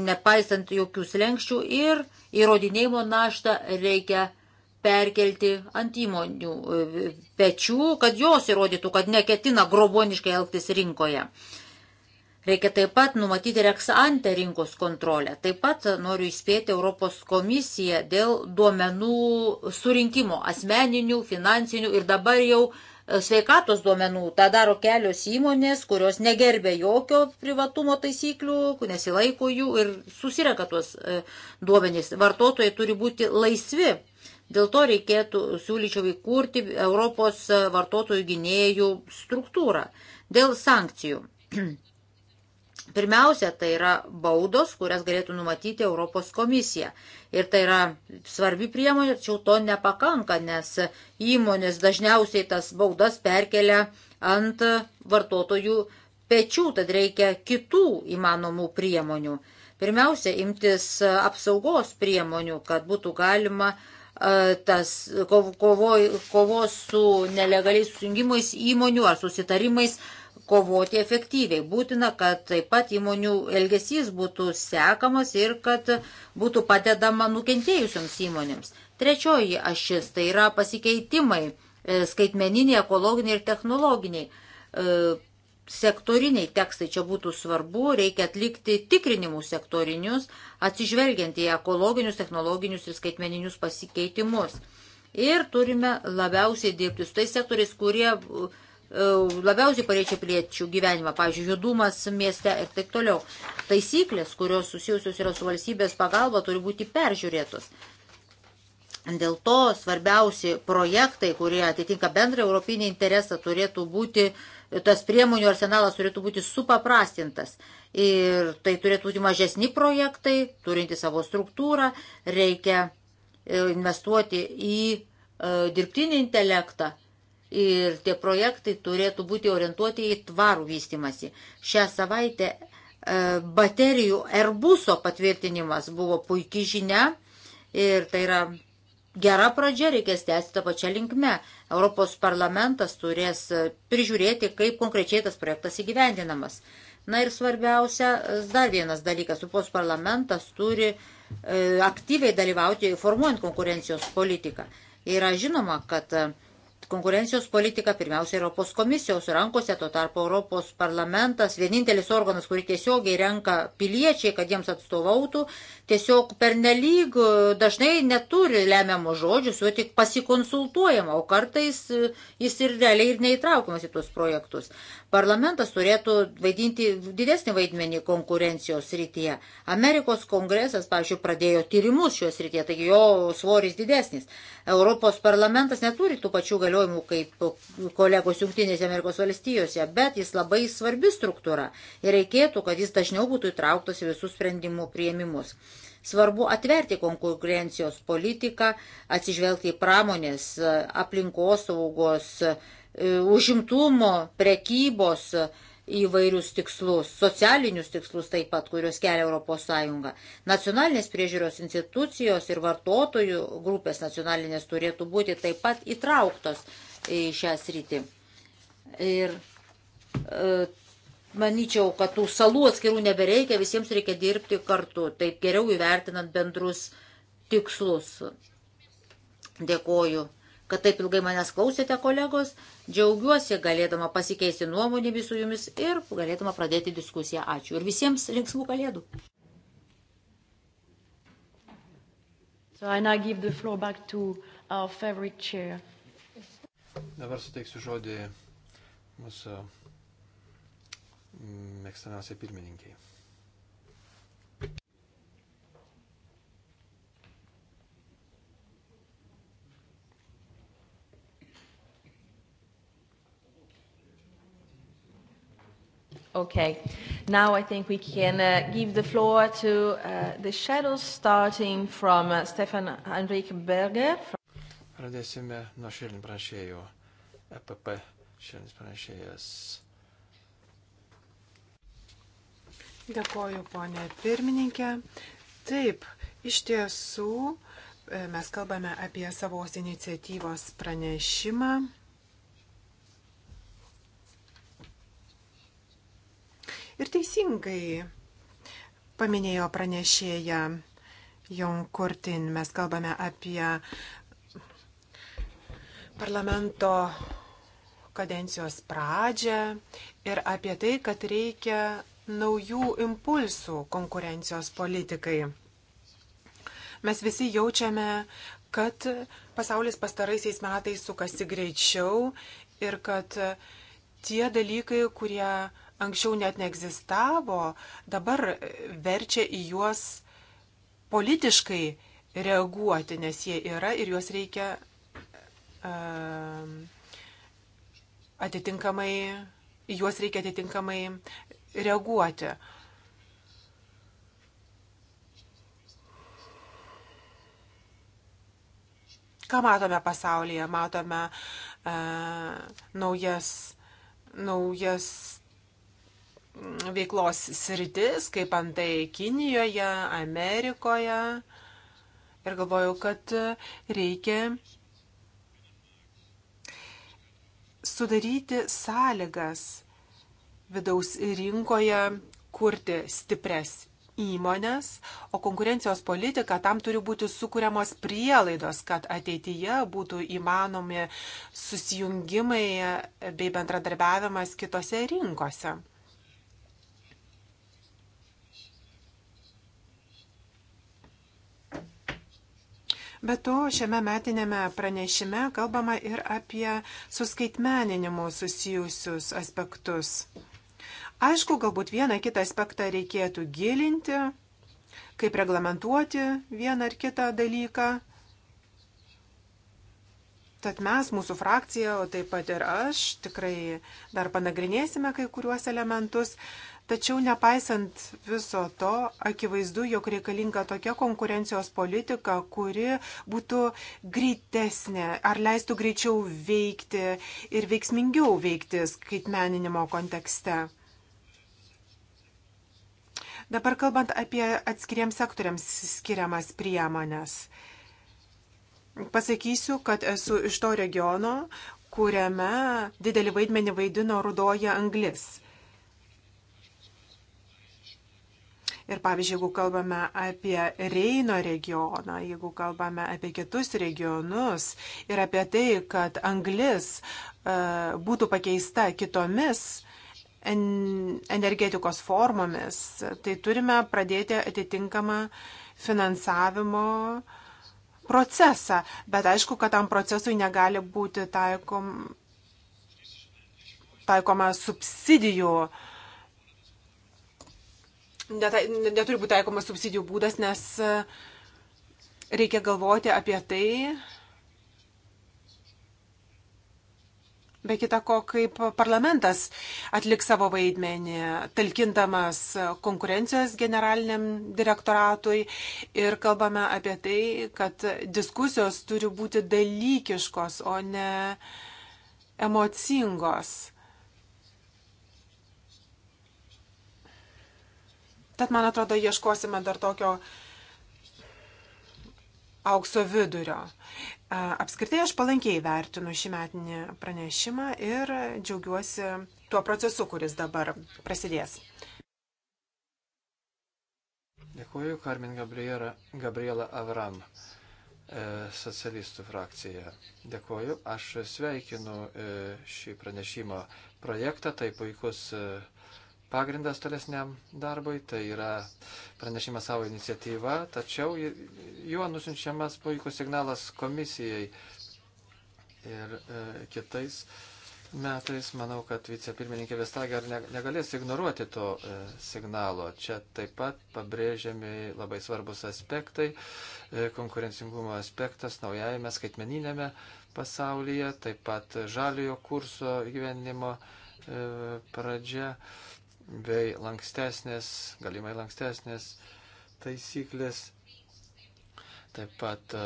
nepaisant jokių slengščių ir įrodinėjimo naštą reikia perkelti ant įmonių e, pečių, kad jos įrodytų, kad neketina groboniškai elgtis rinkoje. Reikia taip pat numatyti reksantę rinkos kontrolę. Taip pat noriu įspėti Europos komisiją dėl duomenų surinkimo asmeninių, finansinių ir dabar jau e, sveikatos duomenų. Ta daro kelios įmonės, kurios negerbė jokio privatumo taisyklių, nesilaiko jų ir susireka tuos e, duomenys. Vartotojai turi būti laisvi Dėl to reikėtų, siūlyčiau įkurti Europos vartotojų gynėjų struktūrą dėl sankcijų. *clears throat* Pirmiausia, tai yra baudos, kurias galėtų numatyti Europos komisija. Ir tai yra svarbi priemonė, tačiau to nepakanka, nes įmonės dažniausiai tas baudas perkelia ant vartotojų pečių, tad reikia kitų įmanomų priemonių. Pirmiausia, imtis apsaugos priemonių, kad būtų galima uh, tas kovoj, kovos su nelegaliais susijungimais įmonių ar susitarimais kovoti efektyviai. Būtina, kad taip pat įmonių elgesys būtų sekamas ir kad būtų padedama nukentėjusiams įmonėms. Trečioji ašis tai yra pasikeitimai e, skaitmeniniai, ekologiniai ir technologiniai e, sektoriniai tekstai čia būtų svarbu, reikia atlikti tikrinimus sektorinius, atsižvelgiant į ekologinius, technologinius ir skaitmeninius pasikeitimus. Ir turime labiausiai dirbti su tais sektoriais, kurie e, labiausiai pareičia piliečių gyvenimą, pavyzdžiui, judumas mieste ir taip toliau. Taisyklės, kurios susijusios yra su valstybės pagalba, turi būti peržiūrėtos. Dėl to svarbiausi projektai, kurie atitinka bendrą europinį interesą, turėtų būti, tas priemonių arsenalas turėtų būti supaprastintas. Ir tai turėtų būti mažesni projektai, turinti savo struktūrą, reikia e, investuoti į e, dirbtinį intelektą. Ir tie projektai turėtų būti orientuoti į tvarų vystimasi. Šią savaitę e, baterijų Airbuso patvirtinimas buvo puikiai žinia ir tai yra gera pradžia, reikės tęsti tą pačią linkmę. Europos parlamentas turės e, prižiūrėti, kaip konkrečiai tas projektas įgyvendinamas. Na ir svarbiausia, e, dar vienas dalykas, Europos parlamentas turi e, aktyviai dalyvauti formuojant konkurencijos politiką. Yra žinoma, kad e, konkurencijos politika pirmiausia Europos komisijos rankose, tuo tarpu Europos parlamentas, vienintelis organas, kurį tiesiogiai renka piliečiai, kad jiems atstovautų, tiesiog pernelyg e, dažnai neturi lemiamo žodžio, su juo tik pasikonsultuojama, o kartais e, jis ir realiai ir neįtraukiamas į tuos projektus. Parlamentas turėtų vaidinti didesnį vaidmenį konkurencijos srityje. Amerikos kongresas, pavyzdžiui, pradėjo tyrimus šios srityje, taigi jo svoris didesnis. Europos parlamentas neturi tų pačių galiojimų kaip kolegos Junktinėse Amerikos valstijose, bet jis labai svarbi struktūra ir reikėtų, kad jis dažniau būtų įtrauktas į visus sprendimų prieimimus. Svarbu atverti konkurencijos politiką, atsižvelgti į pramonės, aplinkosaugos, saugos E, užimtumo, prekybos įvairius tikslus, socialinius tikslus taip pat, kuriuos kelia ES. Nacionalinės priežiūros institucijos ir vartotojų grupės nacionalinės turėtų būti taip pat įtrauktos į šią sritį. Ir e, manyčiau, kad tų salų atskirų nebereikia, visiems reikia dirbti kartu, taip geriau įvertinant bendrus tikslus. Dėkoju kad taip ilgai manęs klausėte, kolegos. Džiaugiuosi galėdama pasikeisti nuomonėmis su jumis ir galėdama pradėti diskusiją. Ačiū. Ir visiems linksmų kalėdų. So I now give the floor back to our favorite chair. Dabar suteiksiu žodį mūsų mm, mėgstamiausiai pirmininkiai. Okay, now I think we can uh, give the floor to uh, the shadows, starting from uh, Stefan Heinrich Berger. From... Pradėsime nuo šiandien pranešėjų. EPP šiandien pranešėjas. Dėkoju, ponė pirmininkė. Taip, iš tiesų e, mes kalbame apie savos iniciatyvos pranešimą ir teisingai paminėjo pranešėja Jon Kurtin. Mes kalbame apie parlamento kadencijos pradžią ir apie tai, kad reikia naujų impulsų konkurencijos politikai. Mes visi jaučiame, kad pasaulis pastaraisiais metais sukasi greičiau ir kad tie dalykai, kurie anksčiau net neegzistavo, dabar verčia į juos politiškai reaguoti, nes jie yra ir juos reikia ehm, atitinkamai, juos reikia atitinkamai reaguoti. Ką matome pasaulyje? Matome uh, naujas, naujas veiklos sritis, kaip antai Kinijoje, Amerikoje. Ir galvojau, kad reikia sudaryti sąlygas vidaus rinkoje kurti stipres įmonės, o konkurencijos politika tam turi būti sukūriamos prielaidos, kad ateityje būtų įmanomi susijungimai bei bendradarbiavimas kitose rinkose. Be to, šiame metinėme pranešime kalbama ir apie suskaitmeninimu susijusius aspektus. Aišku, galbūt vieną kitą aspektą reikėtų gilinti, kaip reglamentuoti vieną ar kitą dalyką. Tad mes, mūsų frakcija, o taip pat ir aš, tikrai dar panagrinėsime kai kuriuos elementus. Tačiau nepaisant viso to, akivaizdu, jog reikalinga tokia konkurencijos politika, kuri būtų greitesnė ar leistų greičiau veikti ir veiksmingiau veikti skaitmeninimo kontekste. Dabar kalbant apie atskiriems sektoriams skiriamas priemonės. Pasakysiu, kad esu iš to regiono, kuriame didelį vaidmenį vaidino rudoja anglis. Ir pavyzdžiui, jeigu kalbame apie Reino regioną, jeigu kalbame apie kitus regionus ir apie tai, kad anglis e, būtų pakeista kitomis energetikos formomis, tai turime pradėti atitinkamą finansavimo procesą. Bet aišku, kad tam procesui negali būti taikom, taikoma subsidijų uh, netai, neturi būti taikomas subsidijų būdas, nes e, reikia galvoti apie tai, be kita ko, kaip parlamentas atliks savo vaidmenį, talkindamas konkurencijos generaliniam direktoratui ir kalbame apie tai, kad diskusijos turi būti dalykiškos, o ne emocingos. Tad, man atrodo, ieškosime dar tokio aukso vidurio. E, apskritai aš palankiai vertinu šį metinį pranešimą ir džiaugiuosi tuo procesu, kuris dabar prasidės. Dėkuoju, Karmin Gabriela, Gabriela Avram, e, socialistų frakcija. Dėkuoju, aš sveikinu e, šį pranešimo projektą, tai puikus pagrindas tolesniam darbui, tai yra pranešimas savo iniciatyva, tačiau juo nusinčiamas puikus signalas komisijai ir e, kitais metais, manau, kad vicepirmininkė Vestager negalės ignoruoti to e, signalo. Čia taip pat pabrėžiami labai svarbus aspektai, e, konkurencingumo aspektas naujajame skaitmeninėme pasaulyje, taip pat žaliojo kurso gyvenimo e, pradžia. E, bei lankstesnės, galimai lankstesnės taisyklės, taip pat e,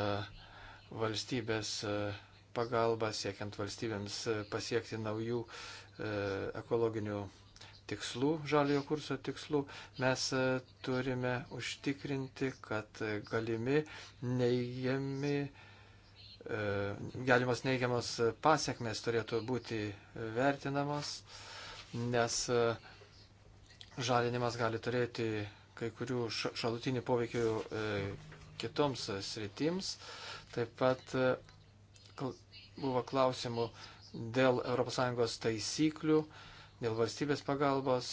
valstybės e, pagalba siekiant valstybėms e, pasiekti naujų ekologinių tikslų, žaliojo kurso tikslų, mes turime užtikrinti, kad galimi neįjami, galimos neįgiamos pasiekmes turėtų būti vertinamos, nes uh, žalinimas gali turėti kai kurių šalutinių poveikių e, kitoms sritims. Taip pat e, buvo klausimų dėl ES taisyklių, dėl valstybės pagalbos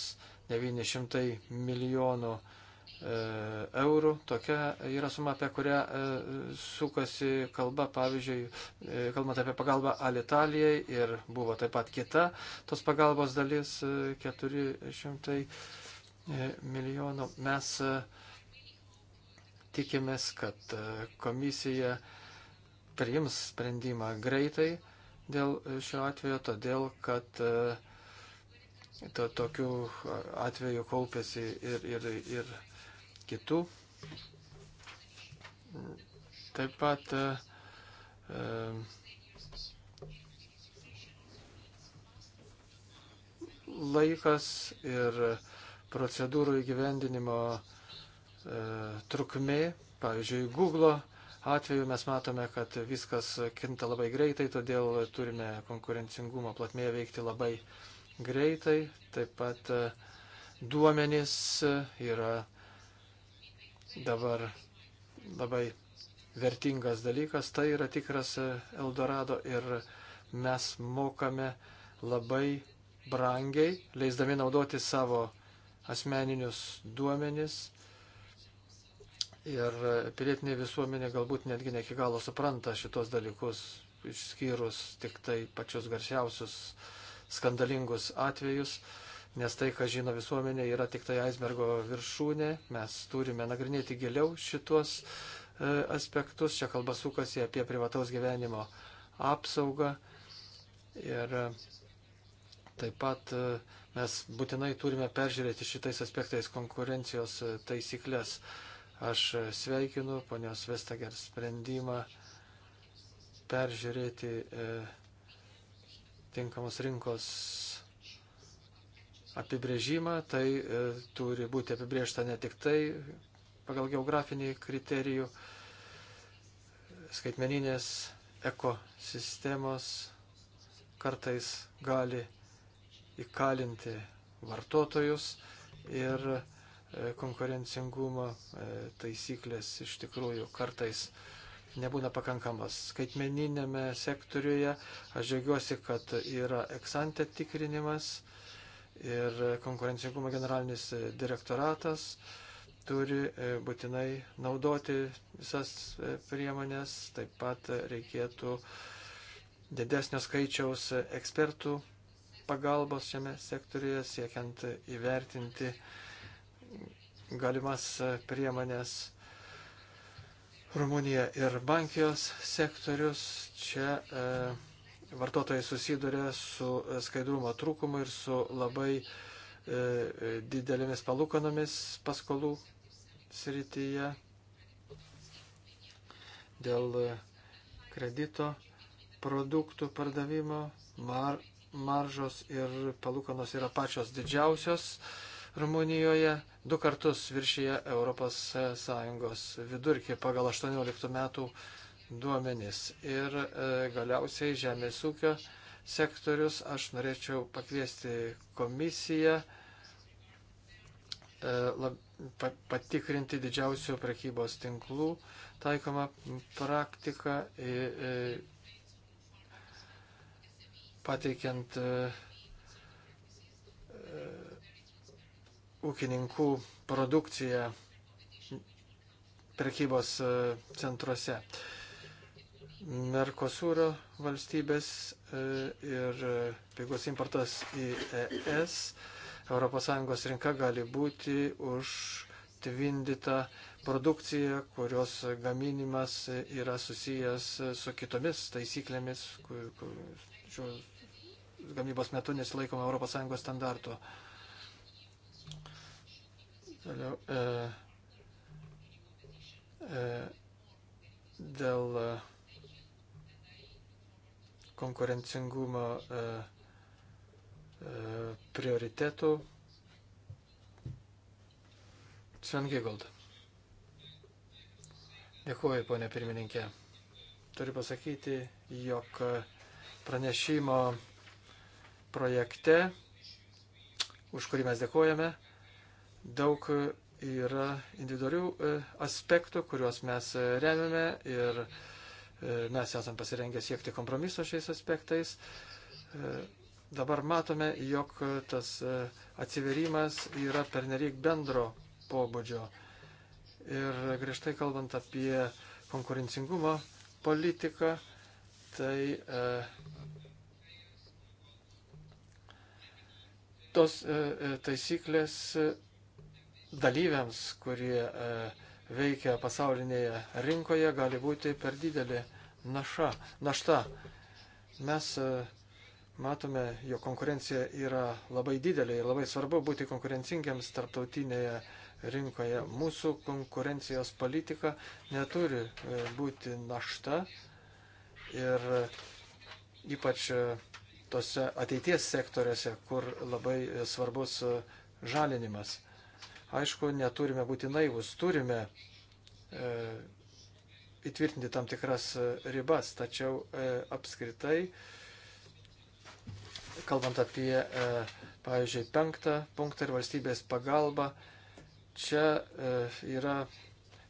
900 milijonų eurų E, eurų. Tokia yra suma, apie kurią e, sukasi kalba, pavyzdžiui, e, kalbant apie pagalbą Alitalijai ir buvo taip pat kita tos pagalbos dalis 400 milijonų. Mes tikimės, kad komisija priims sprendimą greitai dėl šio atvejo, todėl kad to, tokių atvejų kaupėsi ir, ir, ir kitų. Taip pat e, e, laikas ir procedūrų įgyvendinimo e, trukmė. Pavyzdžiui, Google atveju mes matome, kad viskas kinta labai greitai, todėl turime konkurencingumo platmėje veikti labai greitai. Taip pat e, duomenys yra e, dabar labai vertingas dalykas, tai yra tikras Eldorado ir mes mokame labai brangiai, leisdami naudoti savo asmeninius duomenis. Ir pilietinė visuomenė galbūt netgi ne iki galo supranta šitos dalykus, išskyrus tik tai pačius garsiausius skandalingus atvejus. Uh, nes tai, ką žino visuomenė, yra tik tai aisbergo viršūnė. Mes turime nagrinėti giliau šitos e, aspektus. Čia kalba sukasi apie privataus gyvenimo apsaugą. Ir e, taip pat e, mes būtinai turime peržiūrėti šitais aspektais konkurencijos taisyklės. Aš sveikinu ponios Vestager sprendimą peržiūrėti e, tinkamus rinkos apibrėžimą, tai e, turi būti apibrėžta ne tik tai pagal geografinį kriterijų skaitmeninės ekosistemos kartais gali įkalinti vartotojus ir e, konkurencingumo e, taisyklės iš tikrųjų kartais nebūna pakankamas. Skaitmeninėme sektoriuje aš džiaugiuosi, kad yra eksantė tikrinimas ir konkurencingumo generalinis direktoratas turi e, būtinai naudoti visas e, priemonės, taip pat reikėtų didesnio skaičiaus ekspertų pagalbos šiame sektoriuje, siekiant įvertinti galimas priemonės Rumunija ir Bankijos sektorius. Čia e, vartotojai susiduria su e, skaidrumo trūkumu ir su labai e, e didelėmis palūkanomis paskolų srityje dėl e, kredito produktų pardavimo mar, maržos ir palūkanos yra pačios didžiausios Rumunijoje, du kartus viršyje ES vidurkį pagal 18 metų duomenis. Ir e, galiausiai žemės ūkio sektorius aš norėčiau pakviesti komisiją e, patikrinti didžiausių prekybos tinklų taikomą praktiką, pateikiant e, ūkininkų produkciją prekybos centruose. Merkosūro valstybės e, ir e, pigus importas į ES, ES rinka gali būti užtvindyta produkcija, kurios gaminimas yra susijęs su kitomis taisyklėmis, kur, kur šio gamybos metu nesilaikoma ES standarto. Toliau, e, e, dėl e, konkurencingumo e, e, prioritetų. Sven Gigold. Dėkuoju, ponė pirmininkė. Turiu pasakyti, jog pranešimo projekte, už kurį mes dėkojame, daug yra individualių e, aspektų, kuriuos mes remiame ir uh, Mes esam pasirengę siekti kompromiso šiais aspektais. E, dabar matome, jog tas e, atsiverimas yra pernelyg bendro pobūdžio. Ir griežtai kalbant apie konkurencingumo politiką, tai e, tos e, e taisyklės dalyviams, kurie e, veikia pasaulinėje rinkoje, gali būti per didelė naša, našta. Mes e, matome, jo konkurencija yra labai didelė ir labai svarbu būti konkurencingiams tarptautinėje rinkoje. Mūsų konkurencijos politika neturi e, būti našta ir e, ypač tose ateities sektoriuose, kur labai svarbus žalinimas. Aišku, neturime būti naivus, turime e, įtvirtinti tam tikras e, ribas, tačiau e, apskritai, kalbant apie, e, pavyzdžiui, penktą punktą ir valstybės pagalbą, čia e, yra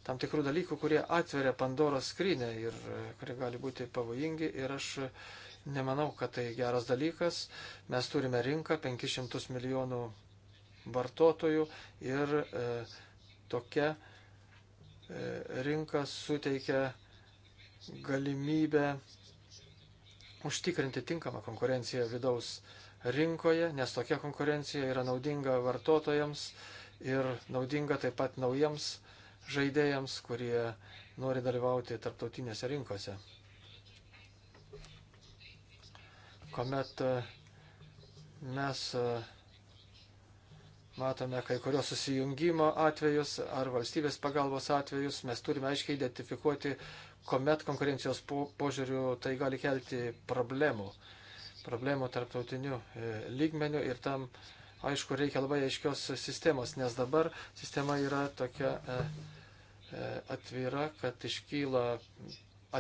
tam tikrų dalykų, kurie atveria Pandoros skrinę ir e, kurie gali būti pavojingi ir aš nemanau, kad tai geras dalykas. Mes turime rinką 500 milijonų vartotojų ir e, tokia e, rinka suteikia galimybę užtikrinti tinkamą konkurenciją vidaus rinkoje, nes tokia konkurencija yra naudinga vartotojams ir naudinga taip pat naujiems žaidėjams, kurie nori dalyvauti tarptautinėse rinkose. Komet e, mes e, Matome kai kurios susijungimo atvejus ar valstybės pagalbos atvejus. Mes turime aiškiai identifikuoti, kuomet konkurencijos po, požiūrių tai gali kelti problemų. Problemų tarptautinių e, lygmenių ir tam, aišku, reikia labai aiškios sistemos, nes dabar sistema yra tokia e, e, atvira, kad iškyla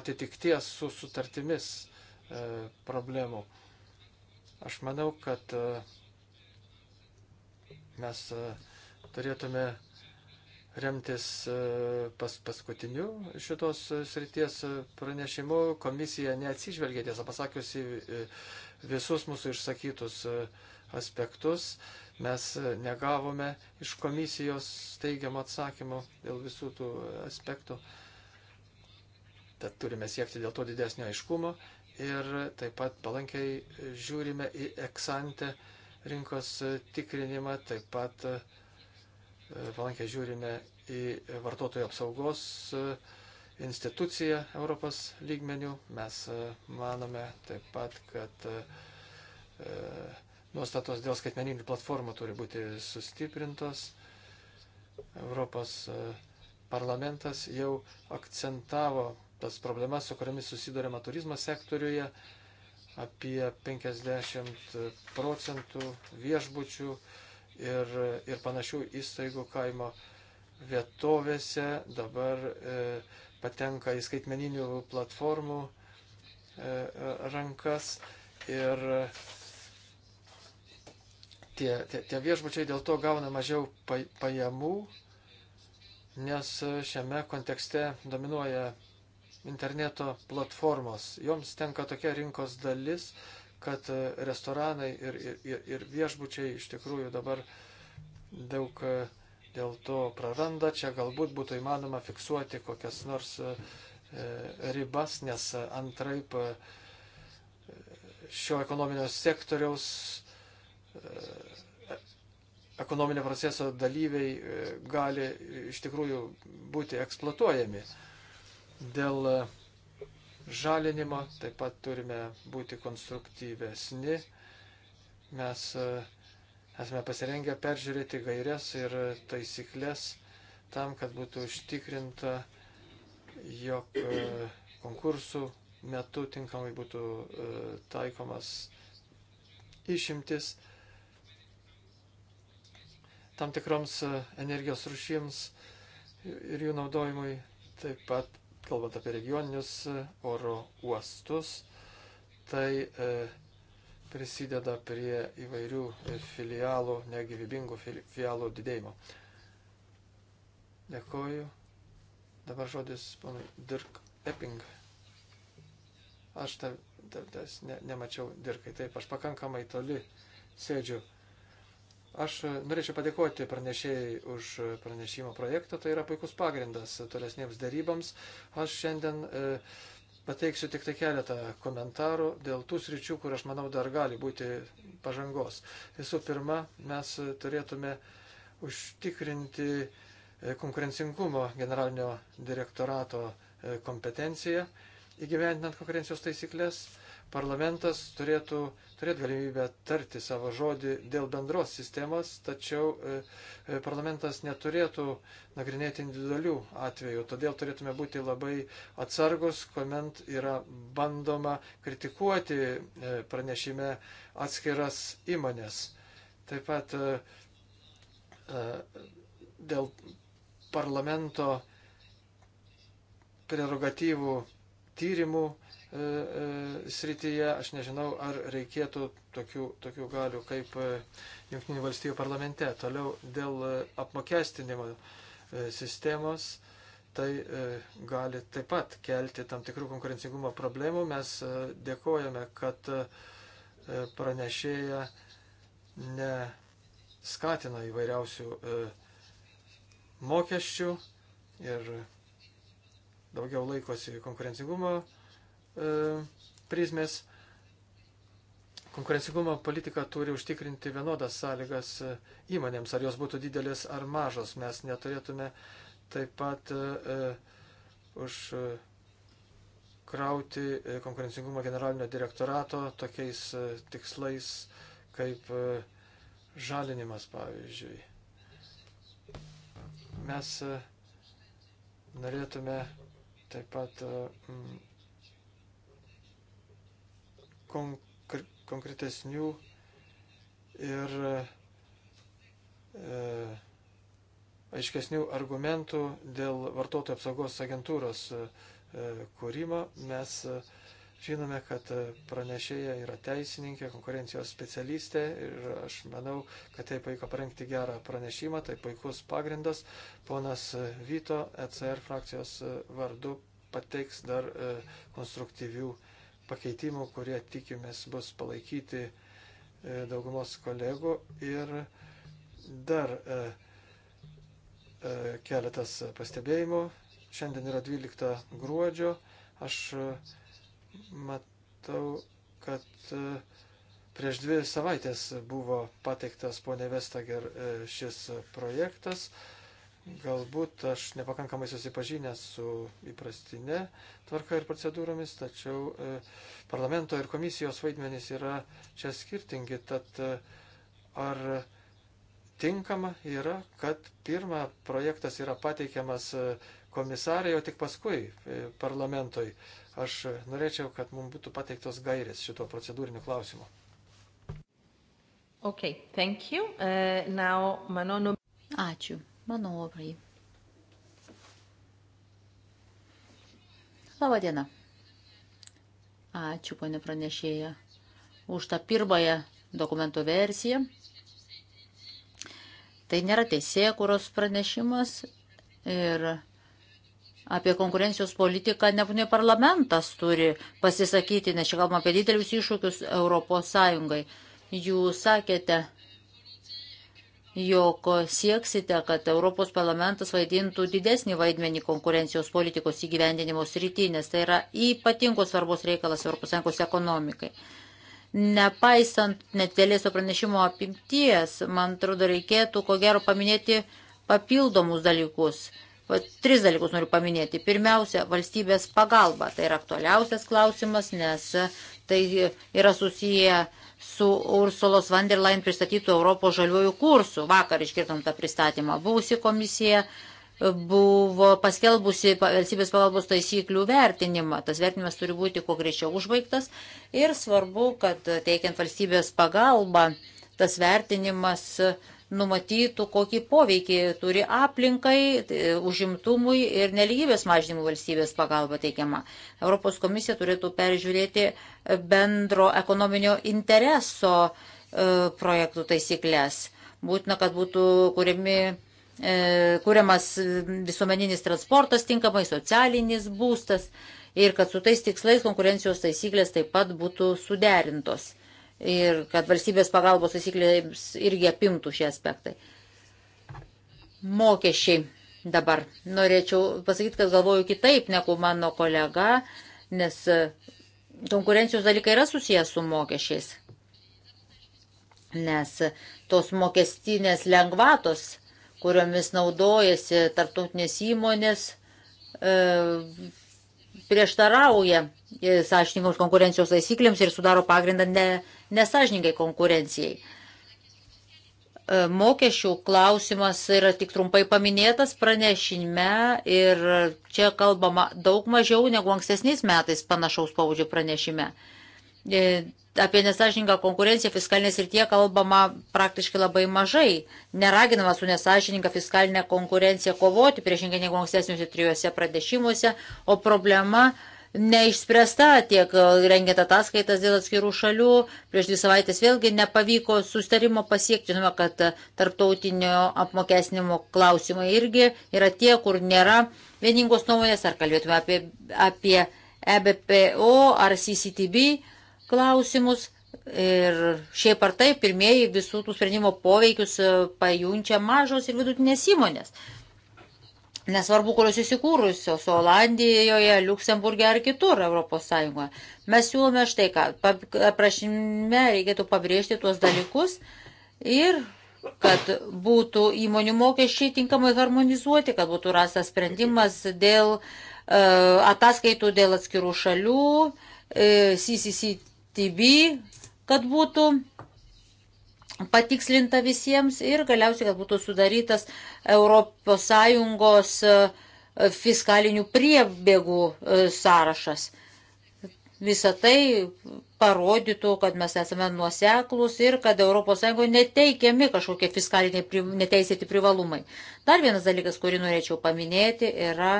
atitikties su sutartimis e, problemų. Aš manau, kad e, Mes e, turėtume remtis e, pas paskutiniu šitos e, srities pranešimu. Komisija neatsižvelgia, tiesą pasakius, į visus mūsų išsakytus aspektus. Mes negavome iš komisijos teigiamą atsakymą dėl visų tų aspektų. Tad turime siekti dėl to didesnio aiškumo ir taip pat palankiai žiūrime į eksantę rinkos tikrinimą, taip pat e, palankiai žiūrime į vartotojų apsaugos e, instituciją Europos lygmenių. Mes e, manome taip pat, kad nuostatos dėl skaitmeninių platformų turi būti sustiprintos. Europos parlamentas jau akcentavo tas problemas, su kuriamis susidurima turizmo sektoriuje apie 50 procentų viešbučių ir, ir panašių įstaigų kaimo vietovėse dabar e, patenka į skaitmeninių platformų e, rankas ir tie, tie, tie viešbučiai dėl to gauna mažiau pajamų, nes šiame kontekste dominuoja interneto platformos. Joms tenka tokia rinkos dalis, kad e, restoranai ir, ir, ir viešbučiai iš tikrųjų dabar daug e, dėl to praranda. Čia galbūt būtų įmanoma fiksuoti kokias nors e, ribas, nes antraip šio ekonominio sektoriaus ekonominio proceso dalyviai gali iš tikrųjų būti eksploatuojami. Dėl e, žalinimo taip pat turime būti konstruktyvesni. Mes e, esame pasirengę peržiūrėti gairias ir taisyklės tam, kad būtų užtikrinta, jog e, konkursų metu tinkamai būtų taikomas išimtis tam tikroms energijos rušims ir jų naudojimui. Taip pat kalbant apie regioninius e, oro uostus, tai e, prisideda prie įvairių e, filialų, negyvybingų filialų didėjimo. Dėkoju. Dabar žodis ponui Dirk Epping. Aš dar, dar, dar ne, nemačiau Dirkai, taip, aš pakankamai toli sėdžiu. Aš e, norėčiau padėkoti pranešėjai už e, pranešimo projektą, tai yra puikus pagrindas tolesniems darybams. Aš šiandien e, pateiksiu tik tai keletą komentarų dėl tų sričių, kur aš manau dar gali būti pažangos. Visų pirma, mes turėtume užtikrinti e, konkurencingumo generalinio direktorato kompetenciją įgyvendinant konkurencijos taisyklės. Parlamentas turėtų turėti galimybę tarti savo žodį dėl bendros sistemos, tačiau e, e, parlamentas neturėtų nagrinėti individualių atvejų. Todėl turėtume būti labai atsargus, kuomet yra bandoma kritikuoti e, pranešime atskiras įmonės. Taip pat dėl parlamento prerogatyvų tyrimų E, e, srityje. Aš nežinau, ar reikėtų tokių, tokių galių kaip e, Junktinių valstybių parlamente. Toliau dėl apmokestinimo sistemos. Tai gali taip pat kelti tam tikrų konkurencingumo problemų. Mes dėkojame, kad pranešėja neskatina įvairiausių mokesčių ir daugiau laikosi konkurencingumo E, prizmės konkurencingumo politika turi užtikrinti vienodas sąlygas e, įmonėms, ar jos būtų didelės ar mažos. Mes neturėtume taip pat e, užkrauti konkurencingumo generalinio direktorato tokiais tikslais kaip žalinimas, pavyzdžiui. Mes norėtume taip pat konkre konkretesnių ir e, aiškesnių argumentų dėl vartotojų apsaugos agentūros e, kūrimo. Mes e, žinome, kad e, pranešėja yra teisininkė, konkurencijos specialistė ir aš manau, kad tai pavyko parengti gerą pranešimą, tai puikus pagrindas. Ponas e, Vyto ECR frakcijos vardu pateiks dar e, konstruktyvių e, pakeitimų, kurie tikimės bus palaikyti e, daugumos kolegų ir dar e, e, keletas pastebėjimų. Šiandien yra 12 gruodžio. Aš matau, kad prieš dvi savaitės buvo pateiktas ponė Vestager šis projektas. Galbūt aš nepakankamai susipažinęs su įprastinė tvarka ir procedūromis, tačiau e, parlamento ir komisijos vaidmenys yra čia skirtingi. Tad e, ar tinkama yra, kad pirmą projektas yra pateikiamas e, komisarai, o tik paskui parlamentoj? Aš norėčiau, kad mums būtų pateiktos gairės šito procedūriniu klausimu. Okay, thank you. Uh, now, Manono. Ačiū manovrai. Labadiena. Ačiū, ponė pranešėja, už tą pirmąją dokumento versiją. Tai nėra teisėkuros pranešimas ir apie konkurencijos politiką nebūtinai parlamentas turi pasisakyti, nes čia kalbam apie didelius iššūkius Europos Sąjungai. Jūs sakėte, jog sieksite, kad Europos parlamentas vaidintų didesnį vaidmenį konkurencijos politikos įgyvendinimo srity, nes tai yra ypatingos svarbos reikalas ES ekonomikai. Nepaisant netėlėsio pranešimo apimties, man atrodo, reikėtų ko gero paminėti papildomus dalykus. Tris dalykus noriu paminėti. Pirmiausia, valstybės pagalba. Tai yra aktualiausias klausimas, nes tai yra susiję su Ursulos van der Leyen pristatytų Europos žaliųjų kursų. Vakar iškirtom tą pristatymą. Buvusi komisija buvo paskelbusi valstybės pagalbos taisyklių vertinimą. Tas vertinimas turi būti kuo greičiau užbaigtas ir svarbu, kad teikiant valstybės pagalbą, tas vertinimas numatytų, kokį poveikį turi aplinkai, e, užimtumui ir neligybės mažinimų valstybės pagalba teikiama. Europos komisija turėtų peržiūrėti bendro ekonominio intereso e, projektų taisyklės. Būtina, kad būtų kuriami, e, kuriamas visuomeninis transportas tinkamai, socialinis būstas ir kad su tais tikslais konkurencijos taisyklės taip pat būtų suderintos ir kad valstybės pagalbos taisyklėms irgi apimtų šie aspektai. Mokesčiai dabar. Norėčiau pasakyti, kad galvoju kitaip negu mano kolega, nes e, konkurencijos dalykai yra susijęs su mokesčiais. Nes e, tos mokestinės lengvatos, kuriomis naudojasi tarptautinės įmonės, e, prieštarauja e, sąžininkoms konkurencijos taisyklėms ir sudaro pagrindą ne, nesažininkai konkurencijai. E, mokesčių klausimas yra tik trumpai paminėtas pranešime ir čia kalbama daug mažiau negu ankstesniais metais panašaus paudžio pranešime. E, apie nesažininką konkurenciją fiskalinės ir tie kalbama praktiškai labai mažai. Neraginama su nesažininką fiskalinę konkurenciją kovoti priešingai negu ankstesniuose trijuose pradešimuose, o problema neišspręsta tiek e, rengiant ataskaitas dėl atskirų šalių. Prieš dvi savaitės vėlgi nepavyko sustarimo pasiekti. Žinoma, kad e, tarptautinio apmokesnimo klausimai irgi yra tie, kur nėra vieningos nuomonės, ar kalbėtume apie, apie EBPO ar CCTB klausimus ir šiaip ar taip pirmieji visų tų sprendimo poveikius e, pajunčia mažos ir vidutinės įmonės. Nesvarbu, kurios įsikūrusios - Olandijoje, Luksemburgė ar kitur ES. Mes siūlome štai ką, prašymė reikėtų pabrėžti tuos dalykus ir kad būtų įmonių mokesčiai tinkamai harmonizuoti, kad būtų rastas sprendimas dėl uh, ataskaitų dėl atskirų šalių, uh, e, CCC TB, kad būtų patikslinta visiems ir galiausiai, kad būtų sudarytas ES e, fiskalinių priebėgų e, sąrašas. Visą tai parodytų, kad mes esame nuoseklus ir kad ES neteikiami kažkokie fiskaliniai neteisėti privalumai. Dar vienas dalykas, kurį norėčiau paminėti, yra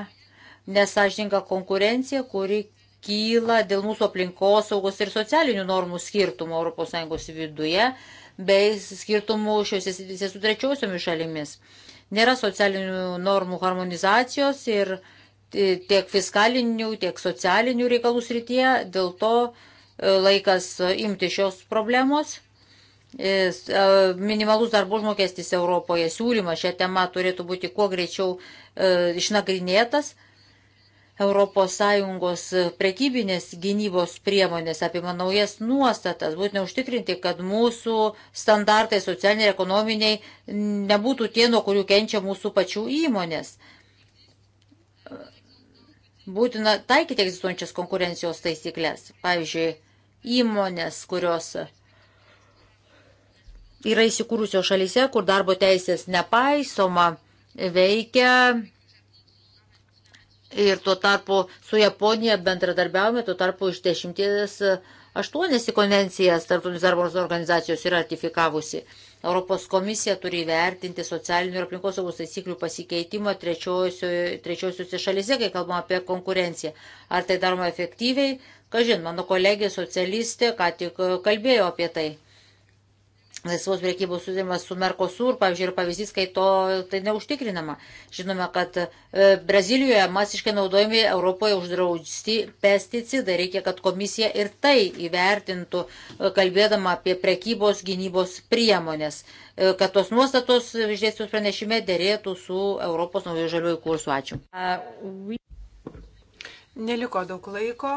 nesažininga konkurencija, kuri kyla dėl mūsų aplinkosaugos ir socialinių normų skirtumų ES viduje bei skirtumų šiuose srityse su trečiosiomis šalimis. Nėra socialinių normų harmonizacijos ir e, tiek fiskalinių, tiek socialinių reikalų srityje, dėl to e, laikas e, imti šios problemos. Minimalus darbo užmokestis Europoje siūlymas šią temą turėtų būti kuo greičiau išnagrinėtas. E, ES e, prekybinės gynybos priemonės apima naujas nuostatas, būtina užtikrinti, kad mūsų standartai socialiniai ir ekonominiai nebūtų tie, nuo kurių kenčia mūsų pačių įmonės. Būtina taikyti egzistuojančias konkurencijos taisyklės. Pavyzdžiui, įmonės, kurios yra įsikūrusios šalyse, kur darbo teisės nepaisoma, veikia Ir tuo tarpu su Japonija bendradarbiavome, tuo tarpu iš dešimties e, aštuonias į konvencijas tarptautinės darbo organizacijos yra ratifikavusi. Europos komisija turi vertinti socialinių ir aplinkos saugos taisyklių pasikeitimą trečiosiuose šalyse, kai kalbam apie konkurenciją. Ar tai daroma efektyviai? Kažin, mano kolegė socialistė ką tik e, kalbėjo apie tai laisvos priekybos sutarimas su Merkosur, pavyzdžiui, ir pavyzdys, kai to tai neužtikrinama. Žinome, kad e, Brazilijoje masiškai naudojami Europoje uždrausti pesticidai. Reikia, kad komisija ir tai įvertintų, e, kalbėdama apie priekybos gynybos priemonės, e, kad tos nuostatos išdėstos pranešime dėrėtų su Europos naujo žaliųjų kursu. Ačiū. Neliko daug laiko,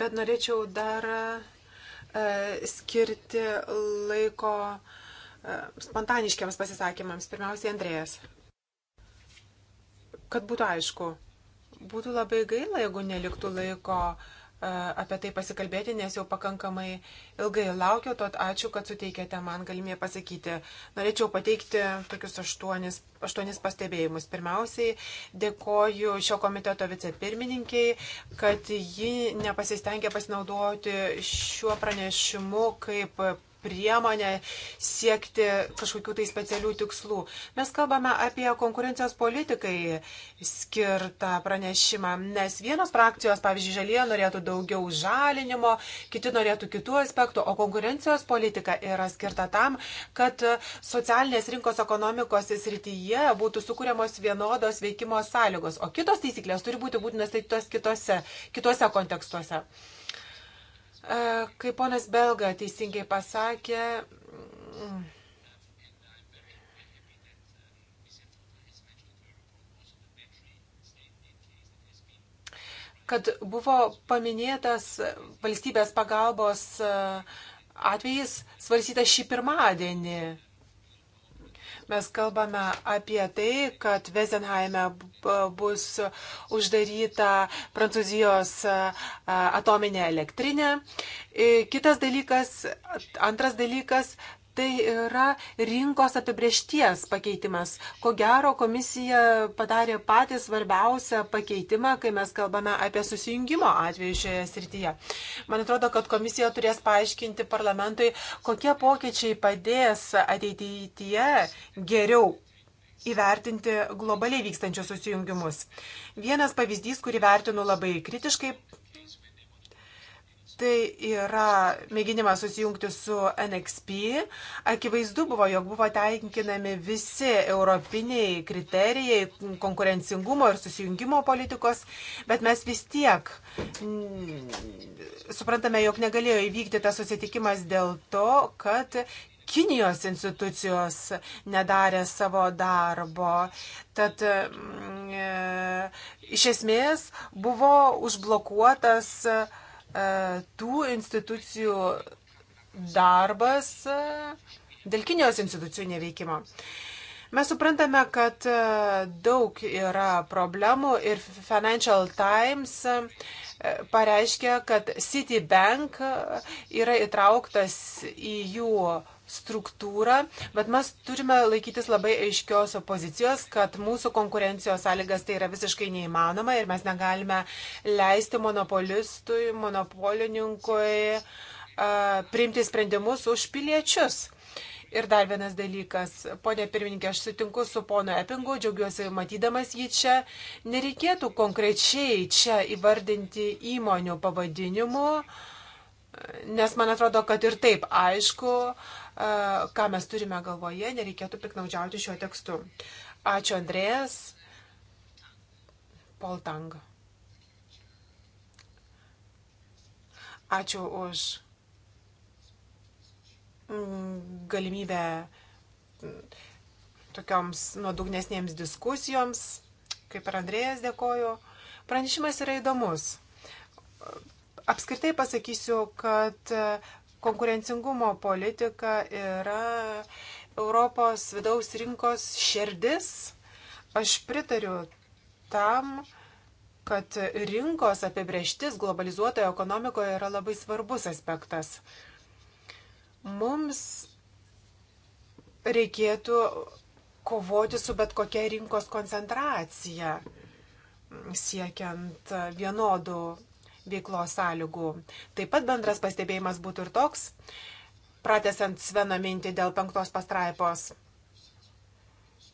bet norėčiau dar. Dara E, skirti laiko e, spontaniškiams pasisakymams. Pirmiausiai, Andrėjas. Kad būtų aišku, būtų labai gaila, jeigu neliktų laiko uh, apie tai pasikalbėti, nes jau pakankamai ilgai laukiu, tad ačiū, kad suteikėte man galimybę pasakyti. Norėčiau pateikti tokius aštuonis, aštuonis pastebėjimus. Pirmiausiai, dėkoju šio komiteto vicepirmininkiai, kad ji nepasistengė pasinaudoti šiuo pranešimu kaip priemonė siekti kažkokių tai specialių tikslų. Mes kalbame apie konkurencijos politikai skirtą pranešimą, nes vienos frakcijos, pavyzdžiui, žalie norėtų daugiau žalinimo, kiti norėtų kitų aspektų, o konkurencijos politika yra skirta tam, kad socialinės rinkos ekonomikos srityje būtų sukūriamos vienodos veikimo sąlygos, o kitos taisyklės turi būti būtinas tai tos kitose, kitose kontekstuose. E, kaip ponas Belga teisingai pasakė, mm, kad buvo paminėtas valstybės pagalbos e, atvejis svarsytas šį pirmadienį. Mes kalbame apie tai, kad Vezenheime bus uždaryta Prancūzijos atominė elektrinė. Kitas dalykas, antras dalykas, Tai yra rinkos apibriešties pakeitimas. Ko gero, komisija padarė patį svarbiausią pakeitimą, kai mes kalbame apie susijungimo atveju šioje srityje. Man atrodo, kad komisija turės paaiškinti parlamentui, kokie pokyčiai padės ateityje geriau įvertinti globaliai vykstančius susijungimus. Vienas pavyzdys, kurį vertinu labai kritiškai, Tai yra mėginimas susijungti su NXP. Akivaizdu buvo, jog buvo tenkinami visi europiniai kriterijai konkurencingumo ir susijungimo politikos, bet mes vis tiek mm, suprantame, jog negalėjo įvykti tas susitikimas dėl to, kad Kinijos institucijos nedarė savo darbo. Tad mm, e, iš esmės buvo užblokuotas e, E, tų institucijų darbas e, dėl Kinijos institucijų neveikimo. Mes suprantame, kad e, daug yra problemų ir Financial Times pareiškia, kad Citibank yra įtrauktas į jų struktūrą, bet mes turime laikytis labai aiškios pozicijos, kad mūsų konkurencijos sąlygas tai yra visiškai neįmanoma ir mes negalime leisti monopolistui, monopolininkui priimti sprendimus už piliečius. Ir dar vienas dalykas, ponė pirmininkė, aš sutinku su pono Epingu, džiaugiuosi matydamas jį čia. Nereikėtų konkrečiai čia įvardinti įmonių pavadinimų, nes man atrodo, kad ir taip aišku, uh, ką mes turime galvoje, nereikėtų piknaudžiauti šiuo tekstu. Ačiū Andrėjas. Poltang. Ačiū už mm, galimybę mm, tokioms nuodugnesnėms diskusijoms. Kaip ir Andrėjas dėkoju. Pranešimas yra įdomus. Apskritai pasakysiu, kad konkurencingumo politika yra Europos vidaus rinkos šerdis. Aš pritariu tam, kad rinkos apibrieštis globalizuotoje ekonomikoje yra labai svarbus aspektas. Mums reikėtų kovoti su bet kokia rinkos koncentracija, siekiant vienodų veiklos sąlygų. Taip pat bendras pastebėjimas būtų ir toks, pratesant Sveno mintį dėl penktos pastraipos.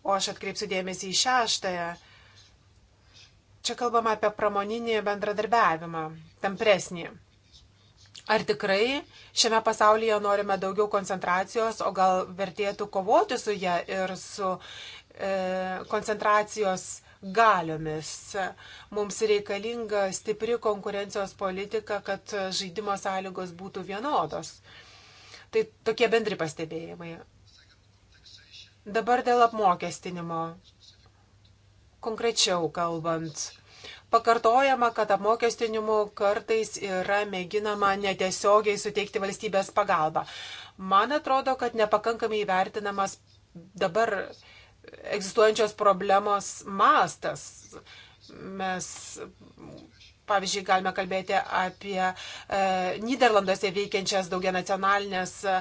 O aš atkreipsiu dėmesį į šeštąją. Čia kalbama apie pramoninį bendradarbiavimą, tampresnį. Ar tikrai šiame pasaulyje norime daugiau koncentracijos, o gal vertėtų kovoti su ją ir su e, koncentracijos galiomis. Mums reikalinga stipri konkurencijos politika, kad žaidimo sąlygos būtų vienodos. Tai tokie bendri pastebėjimai. Dabar dėl apmokestinimo. Konkrečiau kalbant, pakartojama, kad apmokestinimu kartais yra mėginama netiesiogiai suteikti valstybės pagalbą. Man atrodo, kad nepakankamai įvertinamas dabar egzistuojančios problemos mastas. Mes, pavyzdžiui, galime kalbėti apie e, Niderlanduose veikiančias daugia nacionalinės e,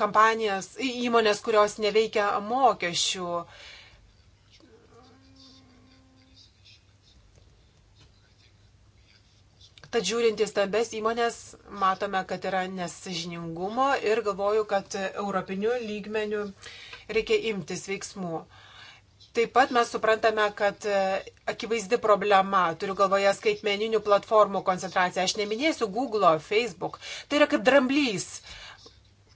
kampanijas, įmonės, kurios neveikia mokesčių. Tad žiūrint į stambes įmonės, matome, kad yra nesažiningumo ir galvoju, kad europiniu lygmeniu uh, reikia imtis veiksmų. Taip pat mes suprantame, kad e, akivaizdi problema, turiu galvoje skaitmeninių platformų koncentraciją, aš neminėsiu Google, Facebook, tai yra kaip dramblys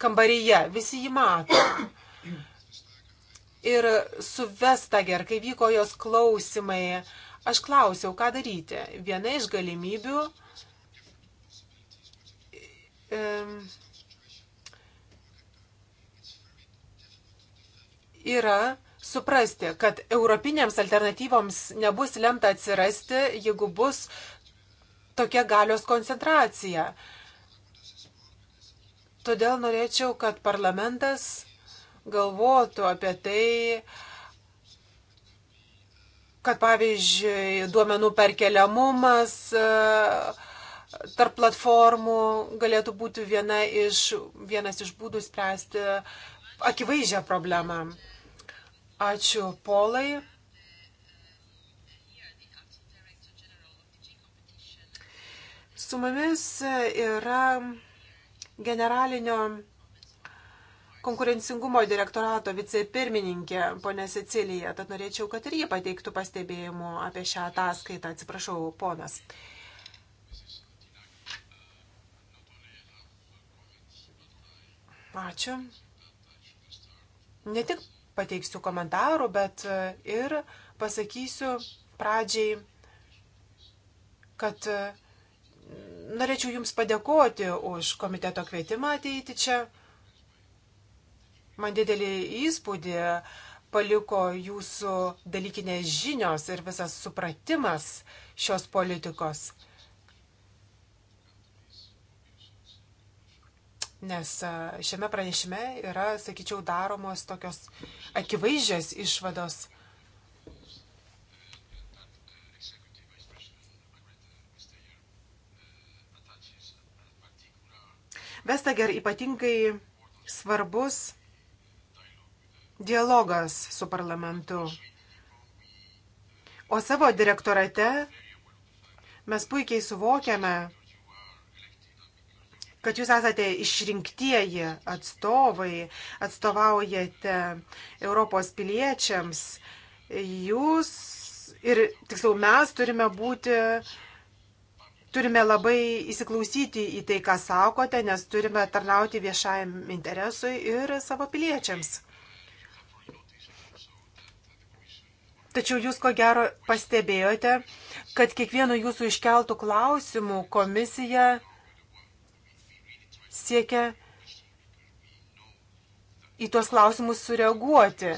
kambaryje, visi jį mato. Ir su Vestager, kai vyko jos klausimai, aš klausiau, ką daryti. Viena iš galimybių. Um, e, yra suprasti, kad europinėms alternatyvoms nebus lemta atsirasti, jeigu bus tokia galios koncentracija. Todėl norėčiau, kad parlamentas galvotų apie tai, kad pavyzdžiui duomenų perkeliamumas e, tarp platformų galėtų būti viena iš, vienas iš būdų spręsti akivaizdžią problemą. Ačiū Polai. Su mumis yra generalinio konkurencingumo direktorato vicepirmininkė ponė Cecilija, tad norėčiau, kad ir ji pateiktų pastebėjimų apie šią ataskaitą. Atsiprašau, ponas. Ačiū. Ne tik pateiksiu komentarų, bet e, ir pasakysiu pradžiai, kad e, norėčiau Jums padėkoti už komiteto kvietimą ateiti čia. Man didelį įspūdį paliko jūsų dalykinės žinios ir visas supratimas šios politikos. Nes šiame pranešime yra, sakyčiau, daromos tokios akivaizdžios išvados. Vestager ypatingai svarbus dialogas su parlamentu. O savo direktorate mes puikiai suvokiame, kad jūs esate išrinktieji atstovai, atstovaujate Europos piliečiams, jūs ir, tiksliau, mes turime būti, turime labai įsiklausyti į tai, ką sakote, nes turime tarnauti viešajam interesui ir savo piliečiams. Tačiau jūs ko gero pastebėjote, kad kiekvienu jūsų iškeltų klausimų komisija siekia į tuos klausimus sureaguoti,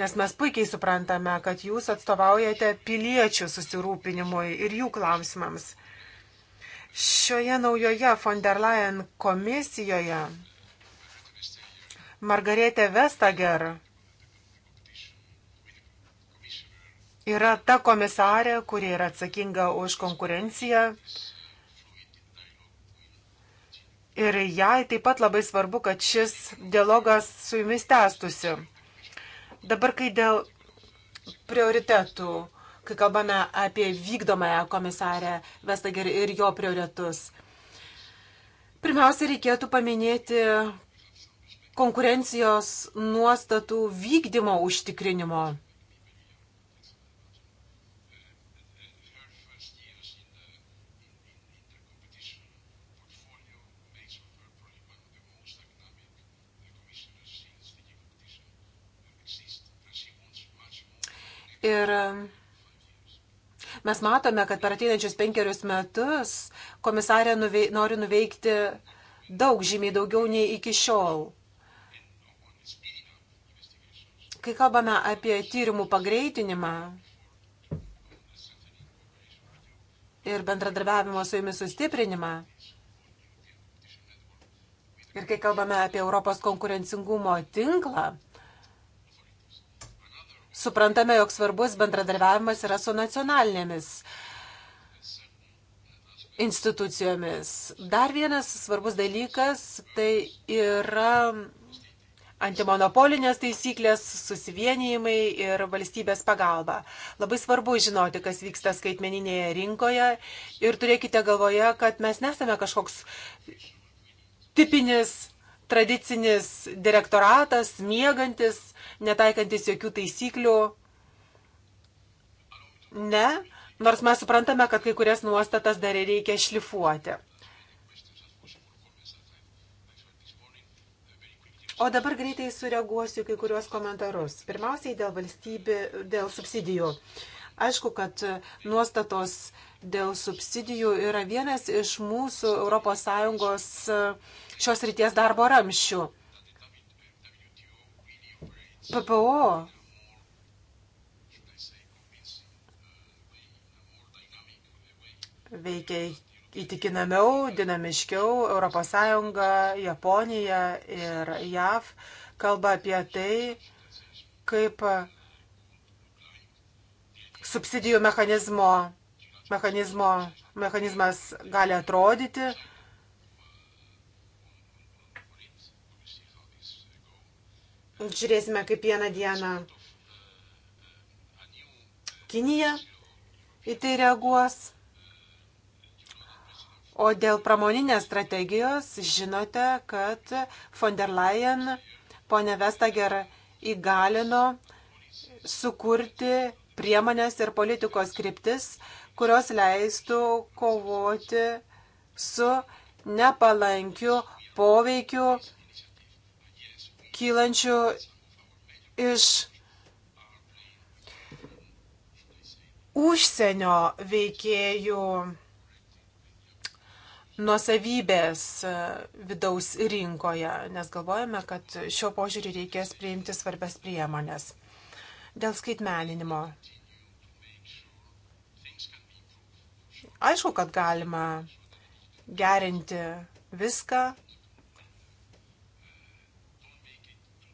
nes mes puikiai suprantame, kad jūs atstovaujate piliečių susirūpinimui ir jų klausimams. Šioje naujoje von der Leyen komisijoje Margarete Vestager yra ta komisarė, kuri yra atsakinga už konkurenciją Ir jai taip pat labai svarbu, kad šis dialogas su jumis tęstusi. Dabar, kai dėl prioritetų, kai kalbame apie vykdomąją komisarę Vestager ir jo prioritetus, pirmiausia, reikėtų paminėti konkurencijos nuostatų vykdymo užtikrinimo Ir um, mes matome, kad per ateinančius penkerius metus komisarė nuvei, nori nuveikti daug, žymiai daugiau nei iki šiol. Kai kalbame apie tyrimų pagreitinimą ir bendradarbiavimo su jumis sustiprinimą, ir kai kalbame apie Europos konkurencingumo tinklą, suprantame, jog svarbus bendradarbiavimas yra su nacionalinėmis institucijomis. Dar vienas svarbus dalykas tai yra antimonopolinės taisyklės, susivienijimai ir valstybės pagalba. Labai svarbu žinoti, kas vyksta skaitmeninėje rinkoje ir turėkite galvoje, kad mes nesame kažkoks tipinis tradicinis direktoratas, miegantis netaikantis jokių taisyklių. Ne, nors mes suprantame, kad kai kurias nuostatas dar reikia šlifuoti. O dabar greitai sureaguosiu kai kuriuos komentarus. Pirmiausiai dėl valstybių, dėl subsidijų. Aišku, kad nuostatos dėl subsidijų yra vienas iš mūsų ES šios ryties darbo ramščių. PPO veikia įtikinamiau, dinamiškiau. ES, Japonija ir JAV kalba apie tai, kaip subsidijų mechanizmo, mechanizmo, mechanizmas gali atrodyti. Žiūrėsime, kaip vieną dieną Kinija į tai reaguos. O dėl pramoninės strategijos žinote, kad von der Leyen ponė Vestager įgalino sukurti priemonės ir politikos kryptis, kurios leistų kovoti su nepalankiu poveikiu kylančių iš užsienio veikėjų nuosavybės e, vidaus rinkoje, nes galvojame, kad šio požiūrį reikės priimti svarbias priemonės. Dėl skaitmeninimo. Aišku, kad galima gerinti viską,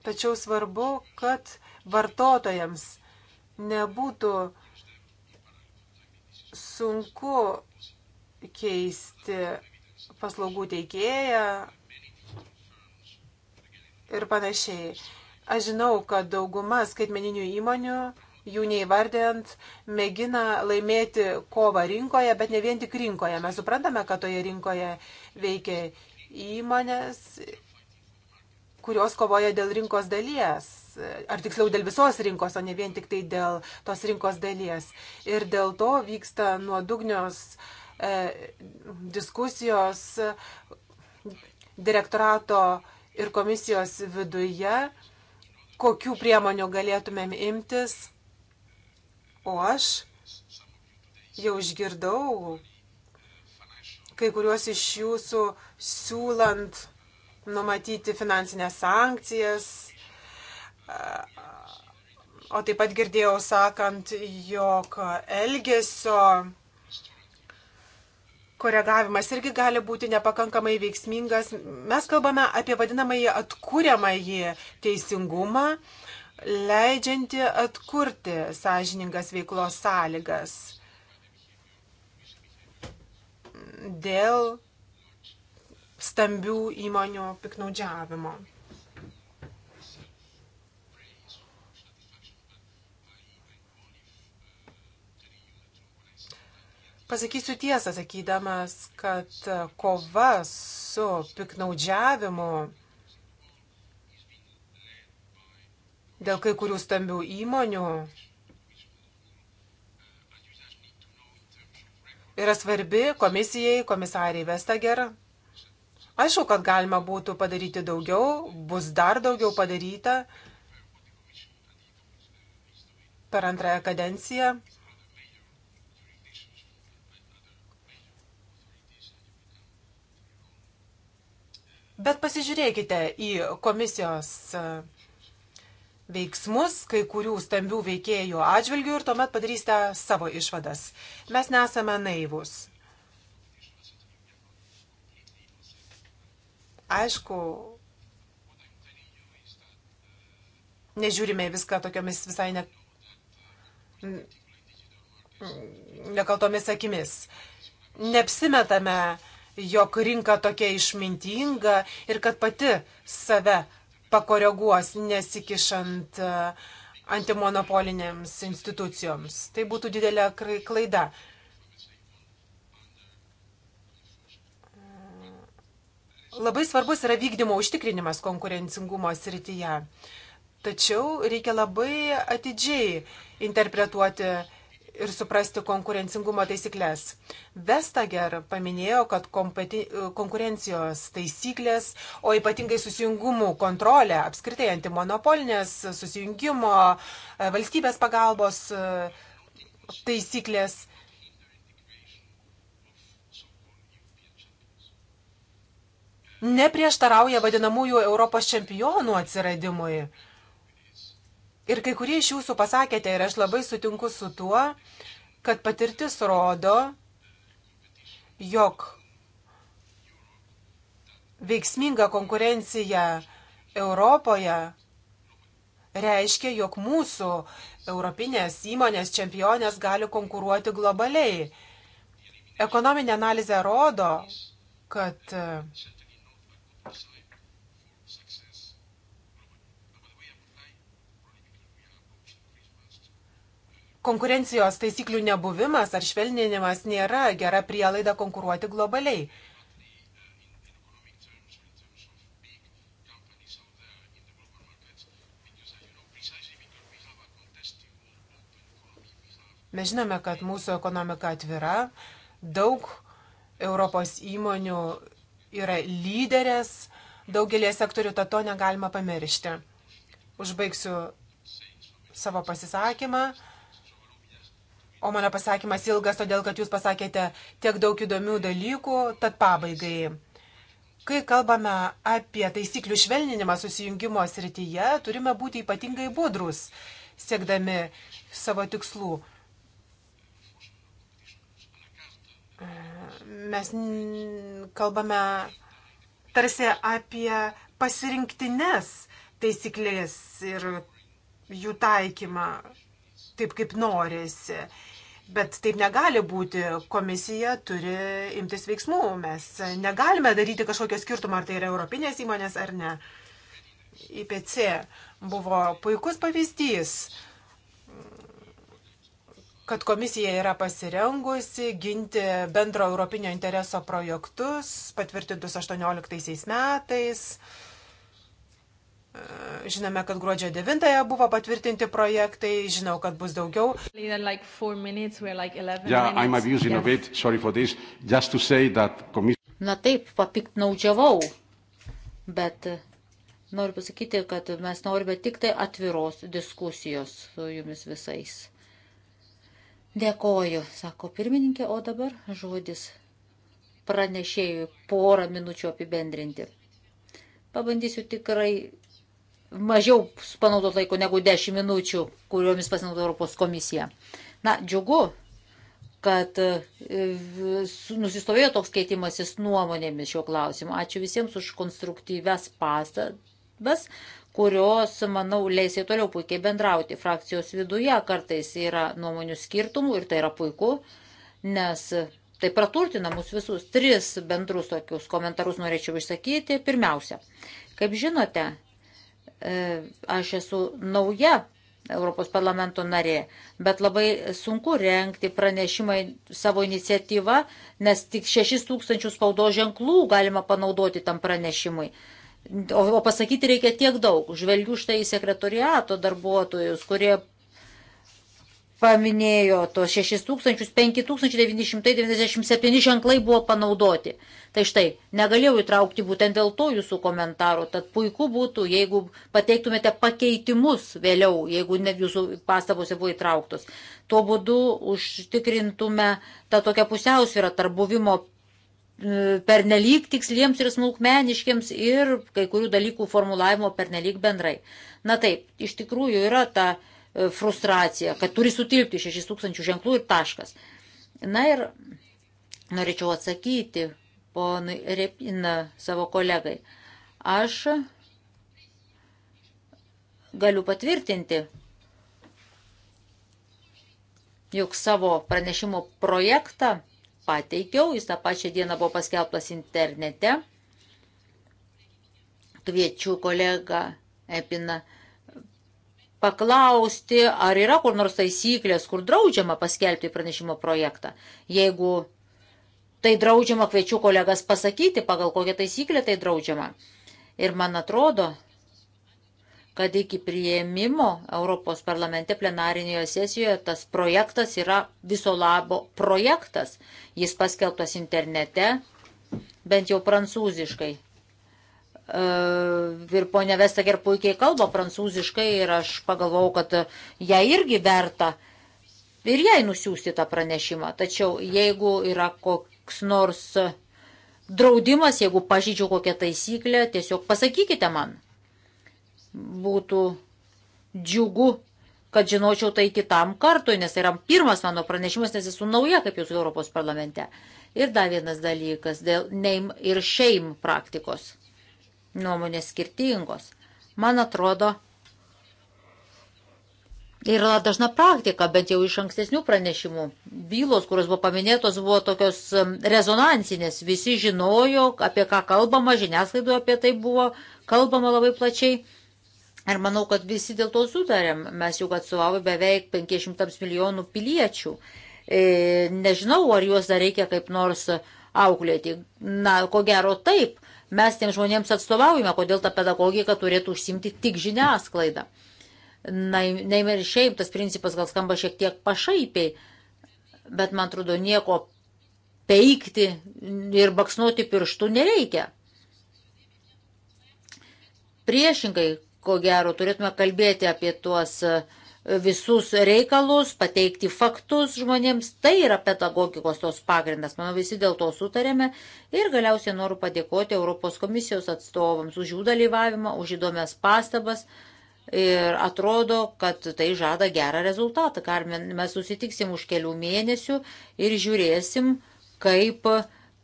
Tačiau svarbu, kad vartotojams nebūtų sunku keisti paslaugų teikėją ir panašiai. Aš žinau, kad dauguma skaitmeninių įmonių, jų neįvardėjant, mėgina laimėti kovą rinkoje, bet ne vien tik rinkoje. Mes suprantame, kad toje rinkoje veikia įmonės kurios kovoja dėl rinkos dalies, ar tiksliau dėl visos rinkos, o ne vien tik tai dėl tos rinkos dalies. Ir dėl to vyksta nuodugnios e, diskusijos direktorato ir komisijos viduje, kokių priemonių galėtumėm imtis. O aš jau išgirdau kai kuriuos iš jūsų siūlant numatyti finansinės sankcijas. O taip pat girdėjau sakant, jog elgesio koregavimas irgi gali būti nepakankamai veiksmingas. Mes kalbame apie vadinamąjį atkūriamąjį teisingumą, leidžianti atkurti sąžiningas veiklos sąlygas dėl stambių įmonių piknaudžiavimo. Pasakysiu tiesą, sakydamas, kad kova su piknaudžiavimu dėl kai kurių stambių įmonių yra svarbi komisijai, komisariai Vestager. Aišku, kad galima būtų padaryti daugiau, bus dar daugiau padaryta per antrąją kadenciją. Bet pasižiūrėkite į komisijos e, veiksmus kai kurių stambių veikėjų atžvilgių ir tuomet padarysite savo išvadas. Mes nesame naivus. Aišku, nežiūrime viską tokiomis visai ne, nekaltomis akimis. Nepsimetame, jog rinka tokia išmintinga ir kad pati save pakoreguos nesikišant e, antimonopolinėms institucijoms. Tai būtų didelė klaida. Labai svarbus yra vykdymo užtikrinimas konkurencingumo srityje. Tačiau reikia labai atidžiai interpretuoti ir suprasti konkurencingumo taisyklės. Vestager paminėjo, kad kompeti, konkurencijos taisyklės, o ypatingai susijungumų kontrolė, apskritai antimonopolinės susijungimo, valstybės pagalbos taisyklės neprieštarauja vadinamųjų Europos čempionų atsiradimui. Ir kai kurie iš jūsų pasakėte, ir aš labai sutinku su tuo, kad patirtis rodo, jog veiksminga konkurencija Europoje reiškia, jog mūsų europinės įmonės čempionės gali konkuruoti globaliai. Ekonominė analizė rodo, kad konkurencijos taisyklių nebuvimas ar švelninimas nėra gera prielaida konkuruoti globaliai. Mes žinome, kad mūsų ekonomika atvira, daug Europos įmonių yra lyderės daugelį sektorių, tad to negalima pamiršti. Užbaigsiu savo pasisakymą O mano pasakymas ilgas, todėl kad jūs pasakėte tiek daug įdomių dalykų, tad pabaigai. Kai kalbame apie taisyklių švelninimą susijungimo srityje, turime būti ypatingai budrus, siekdami savo tikslų. Mes kalbame tarsi apie pasirinktinės taisyklės ir jų taikymą taip, kaip norisi. Bet taip negali būti. Komisija turi imtis veiksmų. Mes negalime daryti kažkokio skirtumo, ar tai yra europinės įmonės ar ne. IPC buvo puikus pavyzdys, kad komisija yra pasirengusi ginti bendro europinio intereso projektus patvirtintus 18 metais Žinome, kad gruodžio 9-ąją buvo patvirtinti projektai, žinau, kad bus daugiau. Na taip, papiktnaudžiavau, bet e, noriu pasakyti, kad mes norime tik tai atviros diskusijos su jumis visais. Dėkoju, sako pirmininkė, o dabar žodis pranešėjui porą minučių apibendrinti. Pabandysiu tikrai mažiau panaudot laiko negu 10 minučių, kuriomis pasinaudo Europos komisija. Na, džiugu, kad e, nusistovėjo toks keitimasis nuomonėmis šiuo klausimu. Ačiū visiems už konstruktyves pastabas, kurios, manau, leis ir toliau puikiai bendrauti. Frakcijos viduje kartais yra nuomonių skirtumų ir tai yra puiku, nes tai praturtina mus visus. Tris bendrus tokius komentarus norėčiau išsakyti. Pirmiausia, kaip žinote, E, aš esu nauja Europos parlamento narė, bet labai sunku renkti pranešimą savo iniciatyvą, nes tik 6000 spaudos ženklų galima panaudoti tam pranešimui. O, o pasakyti reikia tiek daug. Žvelgiu štai į sekretoriato darbuotojus, kurie paminėjo tos 6597 ženklai buvo panaudoti. Tai štai, negalėjau įtraukti būtent dėl to jūsų komentaro, tad puiku būtų, jeigu pateiktumėte pakeitimus vėliau, jeigu net jūsų pastabose buvo įtrauktos. Tuo būdu užtikrintume tą tokią pusiausvyrą tarp buvimo e, pernelyg tiksliems ir smulkmeniškiams ir kai kurių dalykų formulavimo pernelyg bendrai. Na taip, iš tikrųjų yra ta. Ta E, frustracija, kad turi sutilpti 6000 ženklų ir taškas. Na ir norėčiau atsakyti ponui Repina savo kolegai. Aš galiu patvirtinti, jog savo pranešimo projektą pateikiau, jis tą pačią dieną buvo paskelbtas internete. Kviečiu kolegą Epina paklausti, ar yra kur nors taisyklės, kur draudžiama paskelbti pranešimo projektą. Jeigu tai draudžiama, kviečiu kolegas pasakyti, pagal kokią taisyklę tai draudžiama. Ir man atrodo, kad iki prieimimo Europos parlamente plenarinėje sesijoje tas projektas yra viso labo projektas. Jis paskelbtas internete, bent jau prancūziškai. E, ir ponia Vestager puikiai kalba prancūziškai ir aš pagalvojau, kad ją irgi verta ir jai nusiųsti tą pranešimą. Tačiau jeigu yra koks nors draudimas, jeigu pažydžiau kokią taisyklę, tiesiog pasakykite man. Būtų džiugu, kad žinočiau tai kitam kartui, nes tai yra pirmas mano pranešimas, nes esu nauja kaip jūs Europos parlamente. Ir dar vienas dalykas dėl name ir shame praktikos nuomonės skirtingos. Man atrodo, yra dažna praktika, bent jau iš ankstesnių pranešimų. Bylos, kurios buvo paminėtos, buvo tokios rezonansinės. Visi žinojo, apie ką kalbama, žiniasklaidoje apie tai buvo kalbama labai plačiai. Ir manau, kad visi dėl to sutarėm. Mes juk atsuvavome beveik 500 milijonų piliečių. E, nežinau, ar juos dar reikia kaip nors auklėti. Na, ko gero taip mes tiem žmonėms atstovaujame, kodėl ta pedagogika turėtų užsimti tik žiniasklaidą. Naimė ir šiaip tas principas gal skamba šiek tiek pašaipiai, bet man atrodo nieko peikti ir baksnuoti pirštų nereikia. Priešingai, ko gero, turėtume kalbėti apie tuos uh, visus reikalus, pateikti faktus žmonėms. Tai yra pedagogikos tos pagrindas. Manau, visi dėl to sutarėme. Ir galiausiai noriu padėkoti Europos komisijos atstovams už jų dalyvavimą, už įdomias pastabas. Ir atrodo, kad tai žada gerą rezultatą. Karmen, mes susitiksim už kelių mėnesių ir žiūrėsim, kaip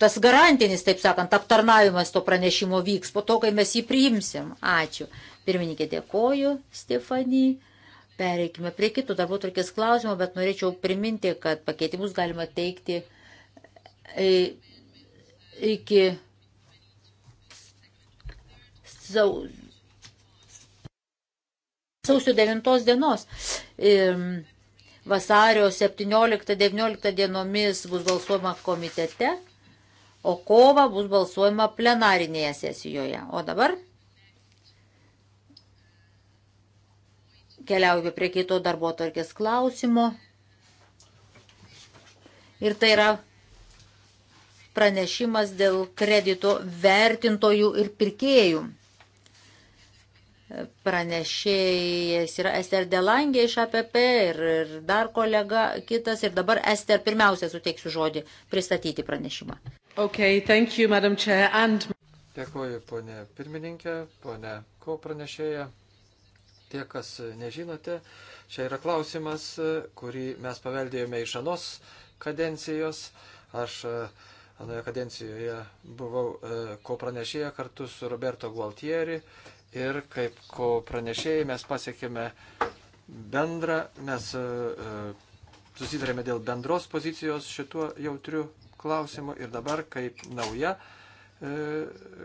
tas garantinis, taip sakant, aptarnavimas to pranešimo vyks po to, kai mes jį priimsim. Ačiū. Pirmininkė, dėkoju, Stefanijai. Pereikime prie kito darbo turkės klausimo, bet norėčiau priminti, kad pakeitimus galima teikti e, iki sausio 9 dienos. Vasario 17-19 dienomis bus balsuojama komitete, o kova bus balsuojama plenarinėje sesijoje. O dabar keliauju prie kito darbo tvarkės klausimo. Ir tai yra pranešimas dėl kredito vertintojų ir pirkėjų. Pranešėjas yra Ester Delangė iš APP ir, ir dar kolega kitas. Ir dabar Ester pirmiausia suteiksiu žodį pristatyti pranešimą. Okay, thank you, Madam Chair. And... Dėkuoju, ponė pirmininkė, ponė ko pranešėja. Tie, kas nežinote, čia yra klausimas, kurį mes paveldėjome iš anos kadencijos. Aš e, anoje kadencijoje buvau e, ko pranešėję kartu su Roberto Gualtieri ir kaip ko pranešėjai mes pasiekėme bendrą, mes e, susidarėme dėl bendros pozicijos šituo jautriu klausimu ir dabar kaip nauja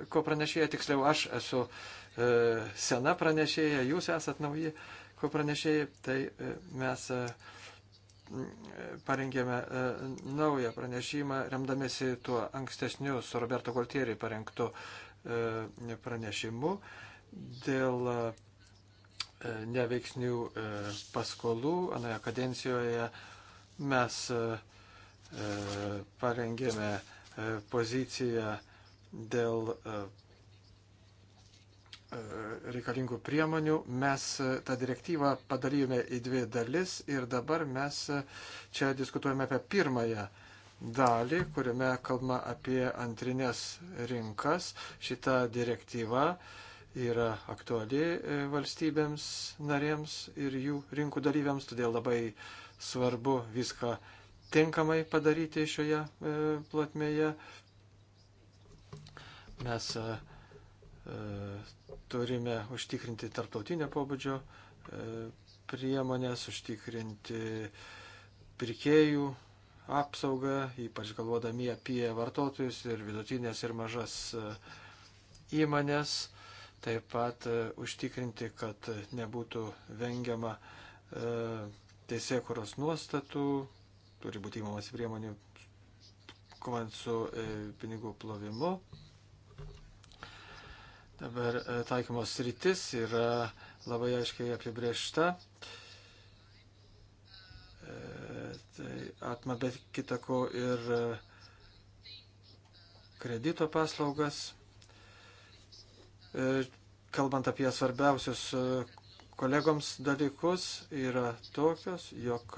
ko pranešėja, tiksliau aš esu E, sena pranešėja, jūs esat nauji ko pranešėjai, tai e, mes e, parengėme naują pranešimą, remdamėsi tuo ankstesniu su Roberto Goltieriai parengtu pranešimu dėl neveiksnių paskolų. Anoje kadencijoje mes parengėme poziciją dėl reikalingų priemonių. Mes e, tą direktyvą padalyjome į dvi dalis ir dabar mes e, čia diskutuojame apie pirmąją dalį, kuriame kalbama apie antrinės rinkas. Šita direktyva yra aktuali e, valstybėms narėms ir jų rinkų dalyviams, todėl labai svarbu viską tinkamai padaryti šioje plotmėje. Mes Turime užtikrinti tarptautinio pobūdžio e, priemonės, užtikrinti pirkėjų apsaugą, ypač galvodami apie vartotojus ir vidutinės ir mažas e, įmonės, taip pat e, užtikrinti, kad nebūtų vengiama teisėkuros nuostatų, turi būti įmamas priemonių kovant su pinigų plovimu. Dabar e, taikymos rytis yra labai aiškiai apibriešta. E, tai atma bet kitako ir e, kredito paslaugas. Kalbant apie svarbiausius kolegoms dalykus yra tokios, jog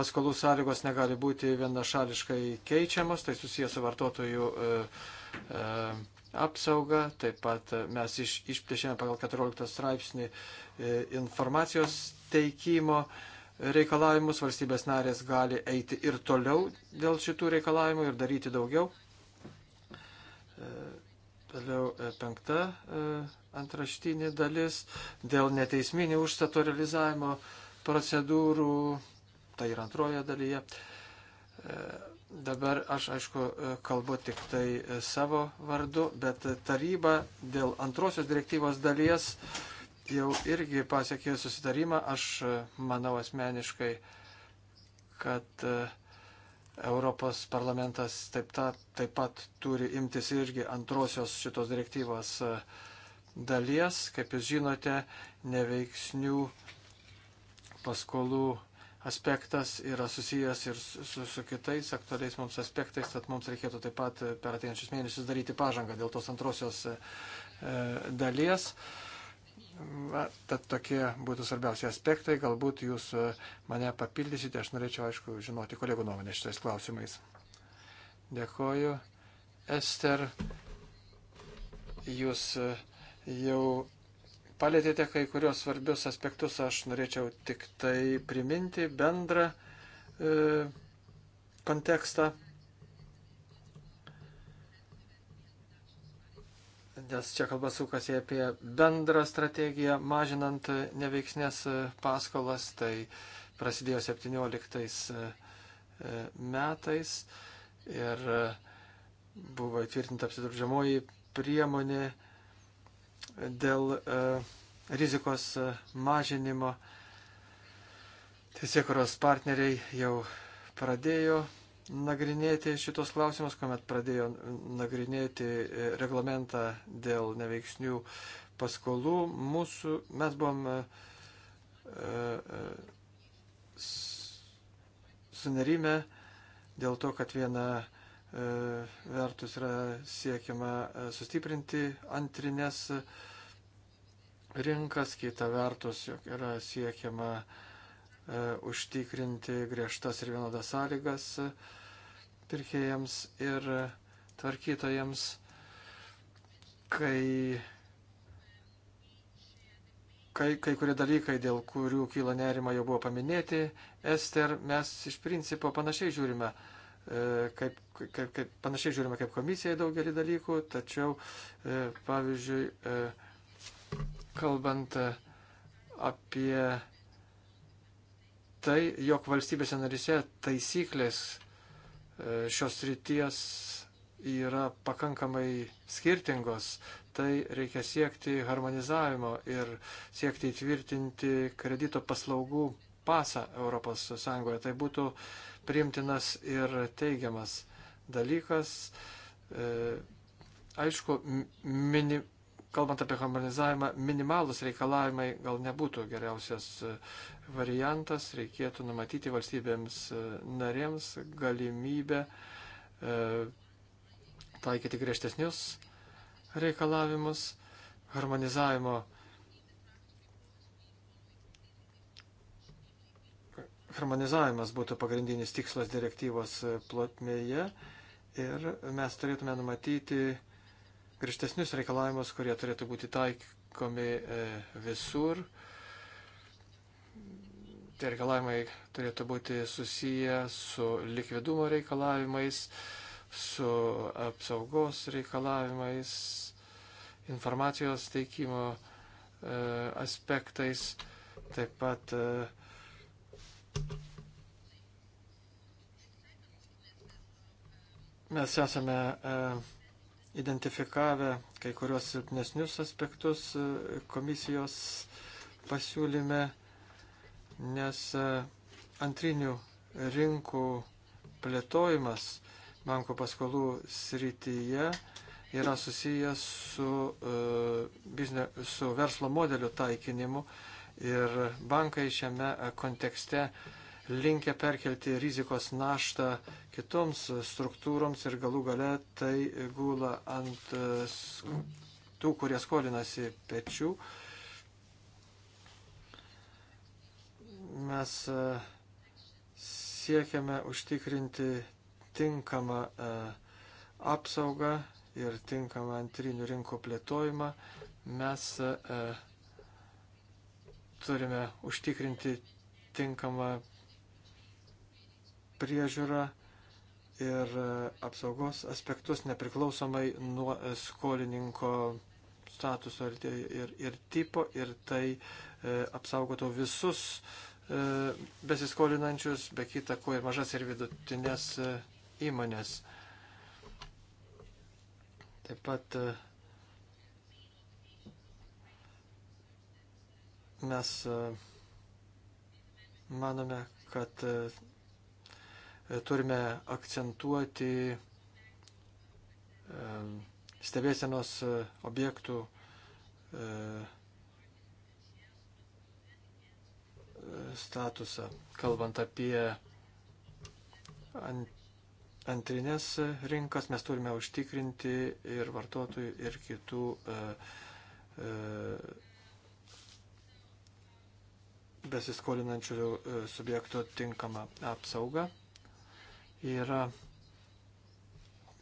paskolų sąlygos negali būti vienašališkai keičiamos, tai susijęs su vartotojų e, e, apsaugą, taip pat mes iš, išplėšėme pagal 14 straipsnį e, informacijos teikimo reikalavimus, valstybės narės gali eiti ir toliau dėl šitų reikalavimų ir daryti daugiau. E, toliau e, penkta antraštinė dalis dėl neteisminio užstato realizavimo procedūrų, tai yra antroje dalyje. Dabar aš, aišku, kalbu tik tai savo vardu, bet taryba dėl antrosios direktyvos dalies jau irgi pasiekė susitarimą. Aš manau asmeniškai, kad e, Europos parlamentas taip, ta, taip pat turi imtis irgi antrosios šitos direktyvos e, dalies. Kaip jūs žinote, neveiksnių paskolų aspektas yra susijęs ir su, su, su kitais aktualiais mums aspektais, tad mums reikėtų taip pat per ateinančius mėnesius daryti pažangą dėl tos antrosios e, dalies. Va, tad tokie būtų svarbiausi aspektai, galbūt jūs e, mane papildysite, aš norėčiau, aišku, žinoti kolegų nuomonę šitais klausimais. Dėkoju. Ester, jūs e, jau palėtėte kai kurios svarbius aspektus, aš norėčiau tik tai priminti bendrą e, kontekstą. Nes čia kalba sukasi apie bendrą strategiją, mažinant neveiksnės e, paskolas, tai prasidėjo 17 e, e, metais ir buvo įtvirtinta apsiduržiamoji priemonė dėl e, rizikos e, mažinimo. Teisėkuros partneriai jau pradėjo nagrinėti šitos klausimus, kuomet pradėjo nagrinėti e, reglamentą dėl neveiksnių paskolų. Mūsų, mes buvom e, sunerime dėl to, kad viena E, vertus yra siekiama e, sustiprinti antrinės rinkas, kita vertus yra siekiama e, užtikrinti griežtas ir vienodas sąlygas pirkėjams ir tvarkytojams, kai, kai, kai kurie dalykai, dėl kurių kyla nerima, jau buvo paminėti. Ester, mes iš principo panašiai žiūrime uh, E, kaip, kaip, kaip panašiai žiūrime kaip komisija į daugelį dalykų, tačiau, e, pavyzdžiui, e, kalbant apie tai, jog valstybėse narise taisyklės šios ryties yra pakankamai skirtingos, tai reikia siekti harmonizavimo ir siekti įtvirtinti kredito paslaugų pasą ES. Tai būtų primtinas ir teigiamas dalykas. E, aišku, mini, kalbant apie harmonizavimą, minimalus reikalavimai gal nebūtų geriausias e, variantas, reikėtų numatyti valstybėms e, narėms galimybę taikyti griežtesnius reikalavimus. Harmonizavimo harmonizavimas būtų pagrindinis tikslas direktyvos plotmėje ir mes turėtume numatyti grįžtesnius reikalavimus, kurie turėtų būti taikomi e, visur. Tie reikalavimai turėtų būti susiję su likvidumo reikalavimais, su apsaugos reikalavimais, informacijos teikimo e, aspektais, taip pat uh, Mes esame e, identifikavę kai kurios silpnesnius aspektus e, komisijos pasiūlyme, nes e, antrinių rinkų plėtojimas banko paskolų srityje yra susijęs su, su verslo modelio taikinimu Ir bankai šiame kontekste linkia perkelti rizikos naštą kitoms struktūroms ir galų gale tai gula ant tų, kurie skolinasi pečių. Mes e, siekiame užtikrinti tinkamą e, apsaugą ir tinkamą antrinių rinkų plėtojimą. Mes uh, Turime užtikrinti tinkamą priežiūrą ir apsaugos aspektus nepriklausomai nuo skolininko statuso ir, ir, ir tipo ir tai e, apsaugotų visus e, besiskolinančius, be kita ko ir mažas ir vidutinės e, įmonės. Taip pat e, Mes e, manome, kad e, turime akcentuoti e, stebėsenos objektų statusą, kalbant apie antrinės rinkas, mes turime užtikrinti ir vartotojų, ir kitų besiskolinančių e, subjektų tinkamą apsaugą. Yra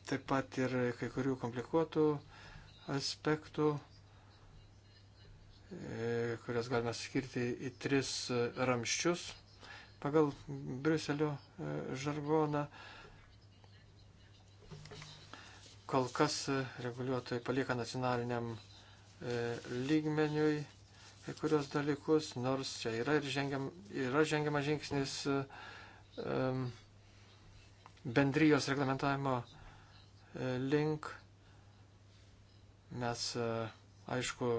taip pat ir kai kurių komplikuotų aspektų, e, kurias galime skirti į tris ramščius pagal Briuselio e, žargoną. Kol kas reguliuotojai palieka nacionaliniam lygmeniui kai kurios dalykus, nors čia yra, žengiam, yra žengiamas žingsnis um, bendrijos reglamentavimo e, link. Mes, e, aišku,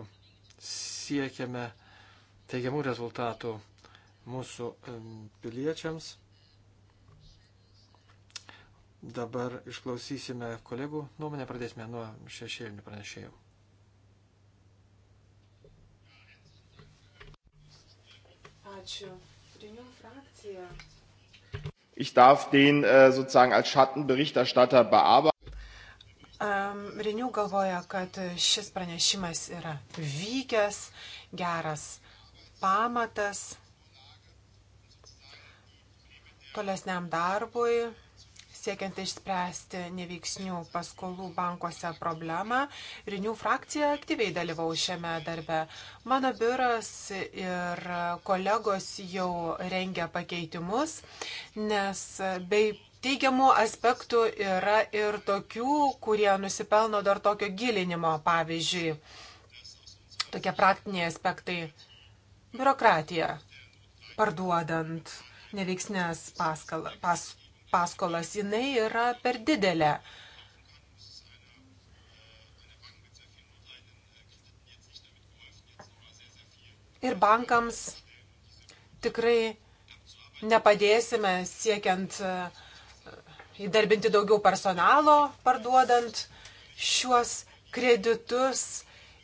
siekiame teigiamų rezultatų mūsų piliečiams. Dabar išklausysime kolegų nuomonę, pradėsime nuo šešėlinių pranešėjų. Ačiū. Renew frakcija. Ich darf den äh, sozusagen als Schattenberichterstatter bearbeiten. Um, Renew galvoja, kad šis pranešimas yra vykęs, geras pamatas tolesniam darbui siekiant išspręsti neveiksnių paskolų bankuose problemą. Rinių frakcija aktyviai dalyvau šiame darbe. Mano biuras ir kolegos jau rengia pakeitimus, nes bei Teigiamų aspektų yra ir tokių, kurie nusipelno dar tokio gilinimo, pavyzdžiui, tokie praktiniai aspektai. Biurokratija, parduodant neveiksnės paskal, pas, paskolas, jinai yra per didelė. Ir bankams tikrai nepadėsime siekiant e, įdarbinti daugiau personalo, parduodant šiuos kreditus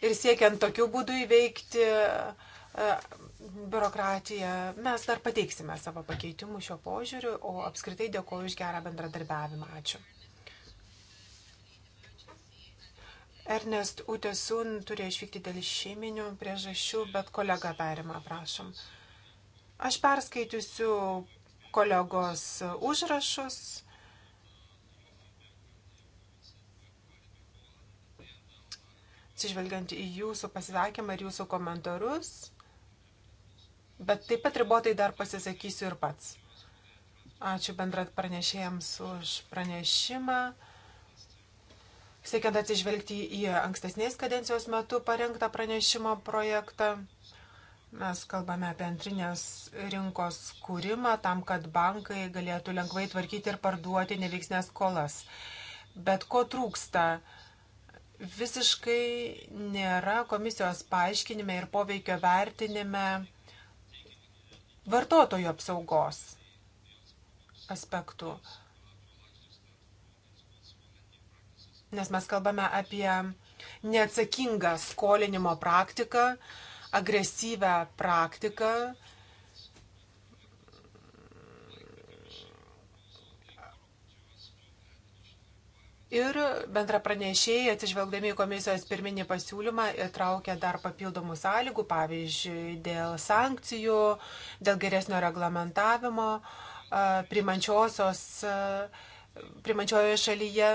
ir siekiant tokiu būdu įveikti e, biurokratiją. Mes dar pateiksime savo pakeitimų šio požiūriu, o apskritai dėkoju už gerą bendradarbiavimą. Ačiū. Ernest Utesun turėjo išvykti dėl šeiminių priežasčių, bet kolega perima, prašom. Aš perskaitysiu kolegos užrašus. atsižvelgiant į jūsų pasisakymą ir jūsų komentarus, bet taip pat ribotai dar pasisakysiu ir pats. Ačiū bendrat pranešėjams už pranešimą. Siekiant atsižvelgti į ankstesnės kadencijos metu parengtą pranešimo projektą, mes kalbame apie antrinės rinkos kūrimą tam, kad bankai galėtų lengvai tvarkyti ir parduoti neveiksnės skolas. Bet ko trūksta? visiškai nėra komisijos paaiškinime ir poveikio vertinime vartotojų apsaugos aspektų. Nes mes kalbame apie neatsakingą skolinimo praktiką, agresyvę praktiką, ir bendra pranešėjai, atsižvelgdami į komisijos pirminį pasiūlymą, įtraukė dar papildomų sąlygų, pavyzdžiui, dėl sankcijų, dėl geresnio reglamentavimo, primančiosios, primančiojoje šalyje.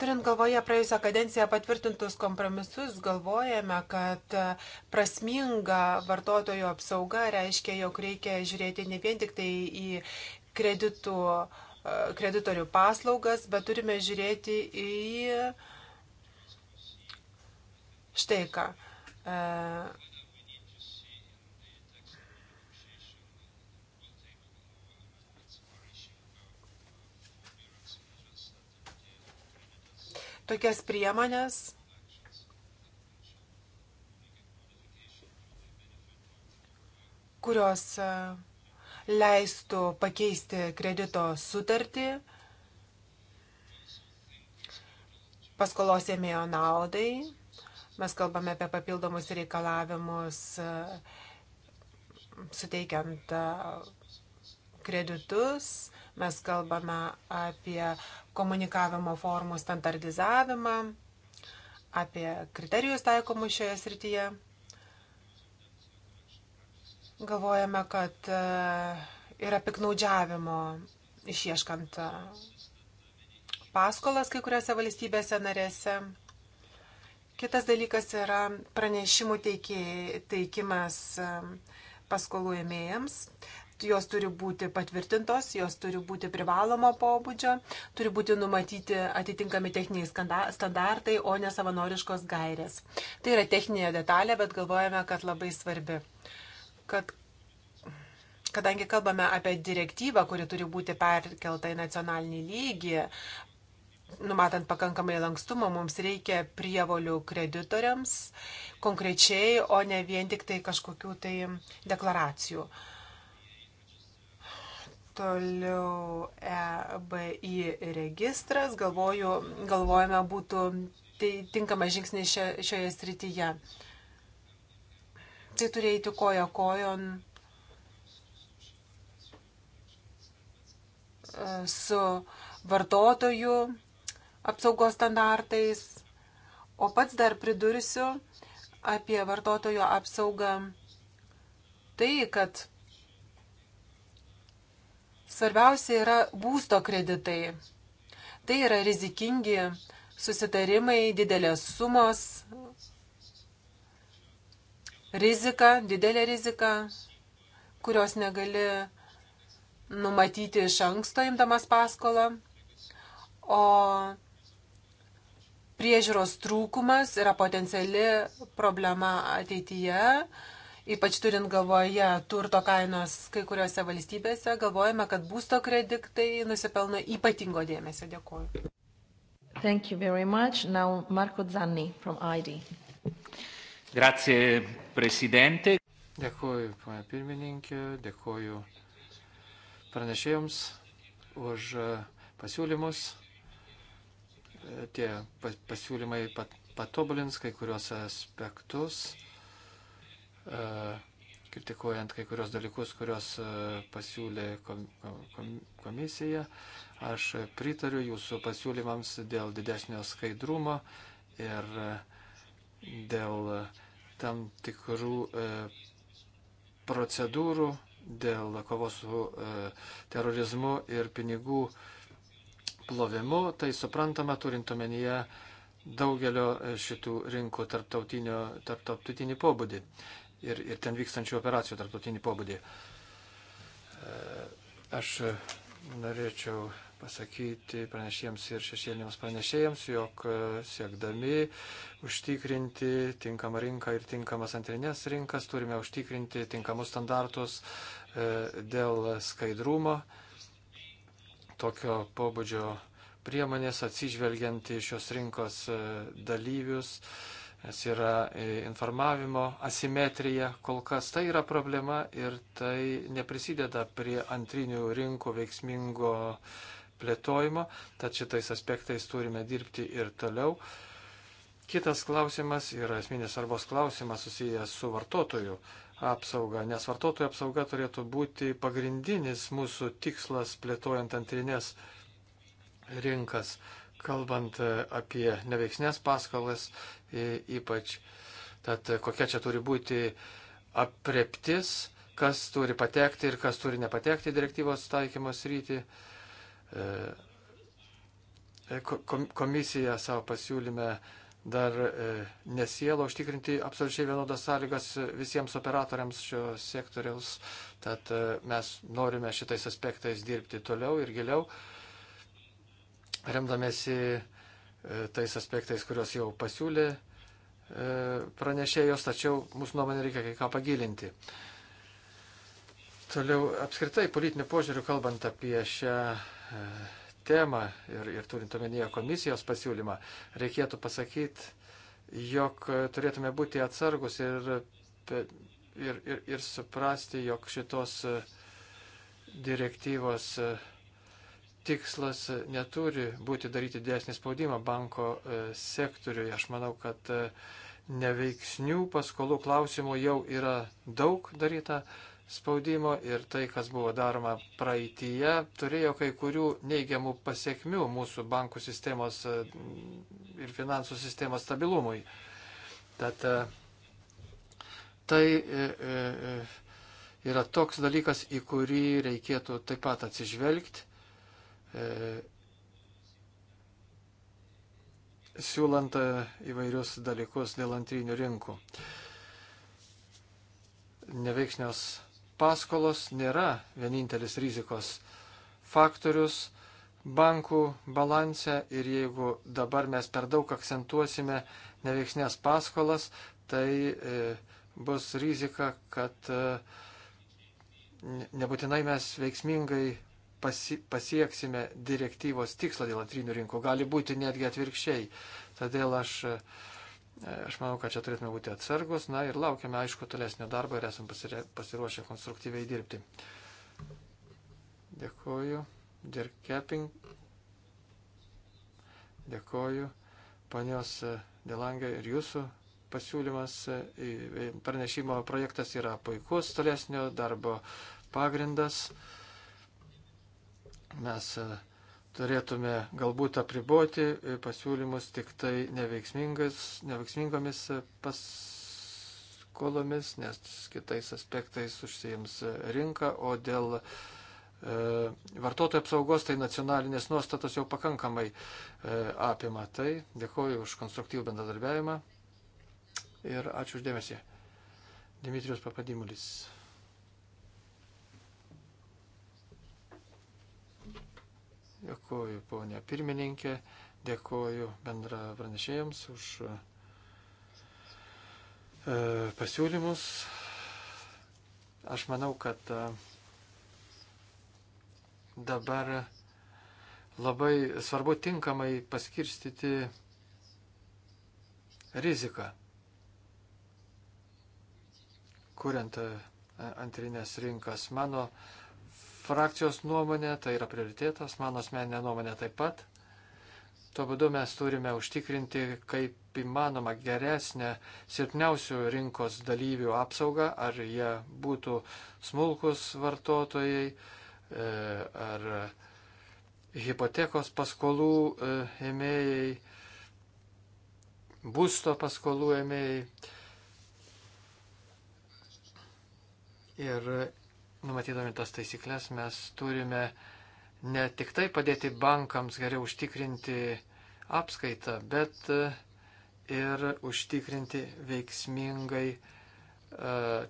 Turint galvoje praėjusią kadenciją patvirtintus kompromisus, galvojame, kad prasminga vartotojų apsauga reiškia, jog reikia žiūrėti ne vien tik tai į kreditų, e, kreditorių paslaugas, bet turime žiūrėti į štai ką. E, tokias priemonės kurios e, leistų pakeisti kredito sutartį paskolos ėmėjo naudai. Mes kalbame apie papildomus reikalavimus e, suteikiant e, kreditus, mes kalbame apie komunikavimo formų standartizavimą, apie kriterijus taikomus šioje srityje. Galvojame, kad e, yra piknaudžiavimo išieškant e, paskolas kai kuriuose valstybėse narėse. Kitas dalykas yra pranešimų teikimas e, paskolų ėmėjams jos turi būti patvirtintos, jos turi būti privalomo pobūdžio, turi būti numatyti atitinkami techniniai standartai, o ne savanoriškos gairės. Tai yra techninė detalė, bet galvojame, kad labai svarbi kad kadangi kalbame apie direktyvą, kuri turi būti perkelta į nacionalinį lygį, numatant pakankamai lankstumo, mums reikia prievolių kreditoriams konkrečiai, o ne vien tik tai kažkokių tai deklaracijų. Toliau EBI registras, galvoju, galvojame, būtų tai tinkamas žingsnis šioje srityje. Tai turi eiti koja kojon e, su vartotojų apsaugos standartais. O pats dar pridursiu apie vartotojo apsaugą tai, kad svarbiausia yra būsto kreditai. Tai yra rizikingi susitarimai, didelės sumos rizika, didelė rizika, kurios negali numatyti iš anksto imdamas paskolą, o priežiūros trūkumas yra potenciali problema ateityje, ypač turint galvoje turto kainos kai kuriuose valstybėse, galvojame, kad būsto kreditai nusipelno ypatingo dėmesio. Dėkuoju. Thank you very much. Now Marco Zanni from ID. Grazie prezidentė. Dėkuoju, ponia pirmininkė, dėkuoju pranešėjams už e, pasiūlymus. E, tie pasiūlymai patobulins kai kurios aspektus, e, kritikuojant kai kurios dalykus, kurios pasiūlė komisija. Aš pritariu jūsų pasiūlymams dėl didesnio skaidrumo ir dėl uh, tam tikrų e, procedūrų dėl kovos su e, terorizmu ir pinigų plovimu. Tai suprantama, turint omenyje daugelio e, šitų rinkų tarptautinį pobūdį ir, ir ten vykstančių operacijų tarptautinį pobūdį. E, aš norėčiau pasakyti pranešėjams ir šešėliniams pranešėjams, jog e, siekdami užtikrinti tinkamą rinką ir tinkamas antrinės rinkas, turime užtikrinti tinkamus standartus e, dėl skaidrumo tokio pobūdžio priemonės atsižvelgiant į šios rinkos e, dalyvius, nes yra informavimo asimetrija, kol kas tai yra problema ir tai neprisideda prie antrinių rinkų veiksmingo uh, plėtojimo, tad šitais aspektais turime dirbti ir toliau. Kitas klausimas yra esminės svarbos klausimas susijęs su vartotojų apsauga, nes vartotojų apsauga turėtų būti pagrindinis mūsų tikslas plėtojant antrinės rinkas, kalbant e, apie neveiksnės paskalas e, ypač. Tad e, kokia čia turi būti apreptis, kas turi patekti ir kas turi nepatekti direktyvos taikymos rytį. E, e, komisija savo pasiūlyme dar e, nesielo užtikrinti absoliučiai vienodas sąlygas visiems operatoriams šio sektoriaus, tad mes norime šitais aspektais dirbti toliau ir giliau, remdamėsi tais aspektais, kuriuos jau pasiūlė pranešėjos, tačiau mūsų nuomonė reikia kai ką pagilinti. Toliau apskritai politinių požiūrių kalbant apie šią temą ir, ir turint omenyje komisijos pasiūlymą, reikėtų pasakyti, jog turėtume būti atsargus ir, ir, ir, ir suprasti, jog šitos direktyvos tikslas neturi būti daryti dėsnį spaudimą banko e, sektoriui. Aš manau, kad e, neveiksnių paskolų klausimų jau yra daug daryta spaudimo ir tai, kas buvo daroma praeitįje, turėjo kai kurių neigiamų pasiekmių mūsų bankų sistemos e, ir finansų sistemos stabilumui. Tad e, tai e, yra toks dalykas, į kurį reikėtų taip pat atsižvelgti, siūlant įvairius dalykus dėl antrinių rinkų. Neveiksnios paskolos nėra vienintelis rizikos faktorius bankų balanse ir jeigu dabar mes per daug akcentuosime neveiksnės paskolas, tai e, bus rizika, kad e, nebūtinai mes veiksmingai pasi, pasieksime direktyvos tikslą dėl antrinių rinkų. Gali būti netgi atvirkščiai. Todėl aš e, Aš manau, kad čia turėtume būti atsargus, na ir laukiame, aišku, tolesnio darbo ir esam pasiruošę konstruktyviai dirbti. Dėkuoju. Dirk Keping. Dėkuoju. Panios Delangė ir jūsų pasiūlymas, e, e, pranešimo projektas yra puikus tolesnio darbo pagrindas. Mes uh, turėtume galbūt apriboti pasiūlymus tik tai neveiksmingomis paskolomis, nes kitais aspektais užsijims rinka, o dėl e, vartotojų apsaugos tai nacionalinės nuostatos jau pakankamai e, apima. Tai dėkoju už konstruktyvų bendradarbiavimą ir ačiū uždėmesį. Dimitrius Papadimulis. Dėkoju ponė pirmininkė, dėkoju bendra pranešėjams už e, pasiūlymus. Aš manau, kad e, dabar labai svarbu tinkamai paskirstyti riziką, kuriant e, antrinės rinkas. Mano e, frakcijos nuomonė, tai yra prioritėtas, mano asmeninė nuomonė taip pat. Tuo būdu mes turime užtikrinti kaip įmanoma geresnę silpniausių rinkos dalyvių apsaugą, ar jie būtų smulkus vartotojai, e, ar hipotekos paskolų e, ėmėjai, būsto paskolų ėmėjai. Ir numatydami tas taisyklės, mes turime ne tik tai padėti bankams geriau užtikrinti apskaitą, bet e, ir užtikrinti veiksmingai e,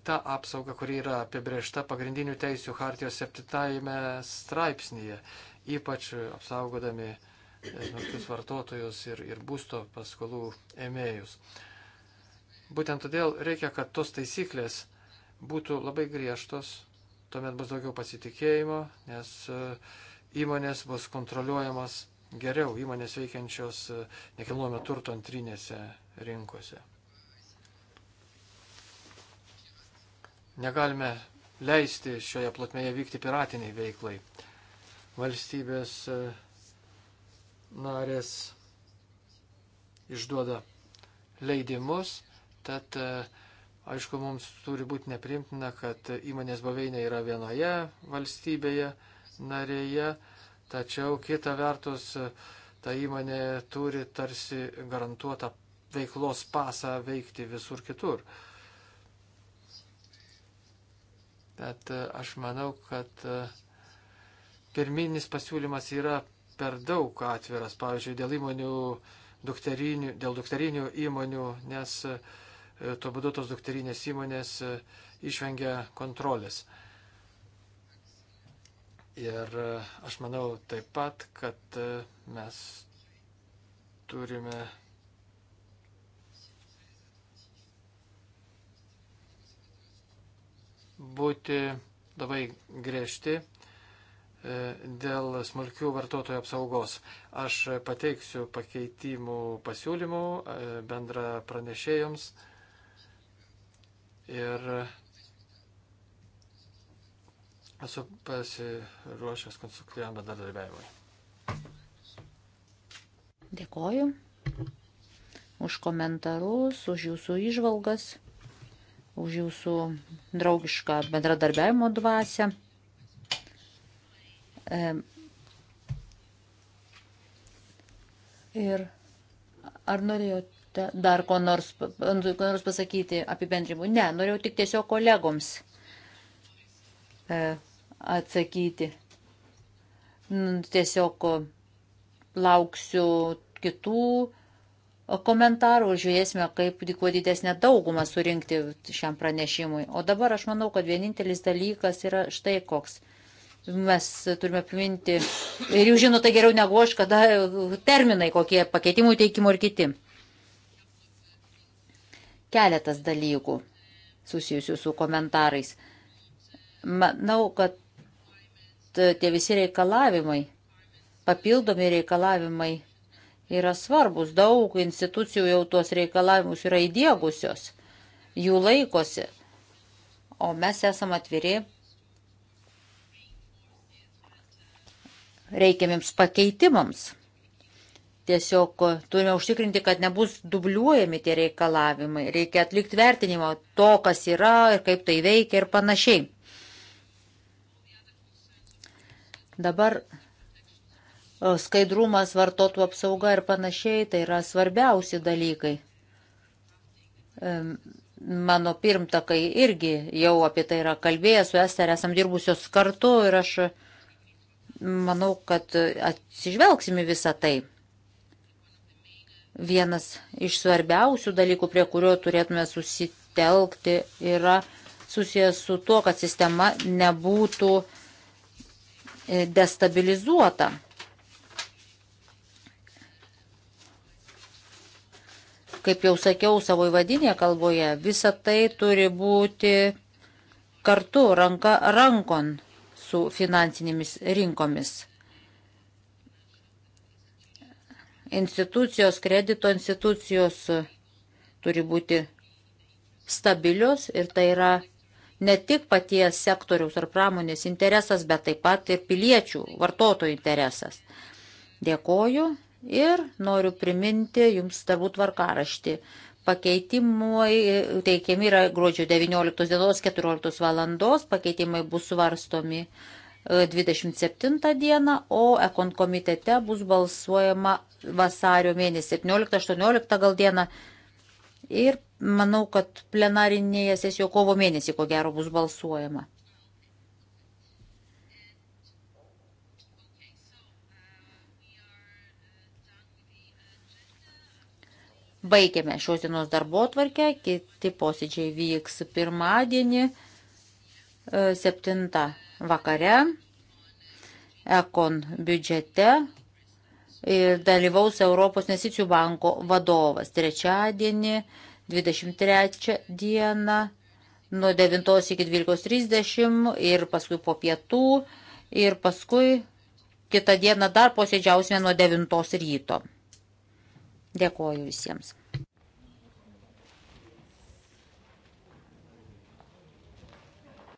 tą apsaugą, kuri yra apibriešta pagrindinių teisių hartijos septintajame straipsnėje, ypač apsaugodami e, smulkius vartotojus ir, ir būsto paskolų ėmėjus. Būtent todėl reikia, kad tos taisyklės būtų labai griežtos tuomet bus daugiau pasitikėjimo, nes e, įmonės bus kontroliuojamos geriau, įmonės veikiančios e, nekilnojamo turto antrinėse rinkose. Negalime leisti šioje plotmėje vykti piratiniai veiklai. Valstybės e, narės išduoda leidimus, tad uh, Aišku, mums turi būti neprimtina, kad įmonės buveinė yra vienoje valstybėje narėje, tačiau kita vertus ta įmonė turi tarsi garantuotą veiklos pasą veikti visur kitur. Bet e, aš manau, kad e, pirminis pasiūlymas yra per daug atviras, pavyzdžiui, dėl įmonių dukterinių, dėl dukterinių įmonių, nes uh, E, tuo būdu tos dukterinės įmonės e, išvengia kontrolės. Ir e, aš manau taip pat, kad mes turime būti labai griežti dėl smulkių vartotojų apsaugos. Aš pateiksiu pakeitimų pasiūlymų bendra pranešėjams ir esu pasiruošęs konstruktyviam bendradarbiavimui. Dėkoju už komentarus, už jūsų išvalgas, už jūsų draugišką bendradarbiavimo dvasę. E, ir ar norėjot norite dar ko nors, ko nors pasakyti apibendrimų? Ne, norėjau tik tiesiog kolegoms e, atsakyti. Tiesiog lauksiu kitų komentarų, žiūrėsime, kaip kuo didesnę daugumą surinkti šiam pranešimui. O dabar aš manau, kad vienintelis dalykas yra štai koks. Mes turime priminti, ir jūs žinote geriau negu aš, kada terminai kokie pakeitimų teikimo ir kiti keletas dalykų susijusių su komentarais. Manau, kad e, tie visi reikalavimai, papildomi reikalavimai yra svarbus. Daug institucijų jau tuos reikalavimus yra įdėgusios, jų laikosi, o mes esame atviri reikiamiems pakeitimams. Tiesiog e, turime užtikrinti, kad nebus dubliuojami tie reikalavimai. Reikia atlikti vertinimą to, kas yra ir kaip tai veikia ir panašiai. Dabar e, skaidrumas, vartotų apsauga ir panašiai, tai yra svarbiausi dalykai. E, mano pirmtakai irgi jau apie tai yra kalbėję, su Ester esam dirbusios kartu ir aš manau, kad atsižvelgsime visą tai. Vienas iš svarbiausių dalykų, prie kurio turėtume susitelkti, yra susijęs su tuo, kad sistema nebūtų e, destabilizuota. Kaip jau sakiau savo įvadinėje kalboje, visa tai turi būti kartu ranka rankon su finansinėmis rinkomis. institucijos, kredito institucijos e, turi būti stabilios ir tai yra ne tik paties sektoriaus ar pramonės interesas, bet taip pat ir piliečių, vartotojų interesas. Dėkoju ir noriu priminti jums turbūt tvarkaraštį. Pakeitimai teikiami yra gruodžio 19 dienos 14 valandos, pakeitimai bus svarstomi 27 dieną, o ekon komitete bus balsuojama vasario mėnesį 17-18 gal dieną. Ir manau, kad plenarinėje sesijoje kovo mėnesį, ko gero, bus balsuojama. Baigėme šios dienos darbo tvarkę, kiti posėdžiai vyks pirmadienį 7 e, vakare Ekon biudžete ir dalyvaus Europos investicijų banko vadovas. Trečiadienį, 23 dieną, nuo 9 iki 12.30 ir paskui po pietų ir paskui kitą dieną dar posėdžiausime nuo 9 ryto. Dėkuoju visiems.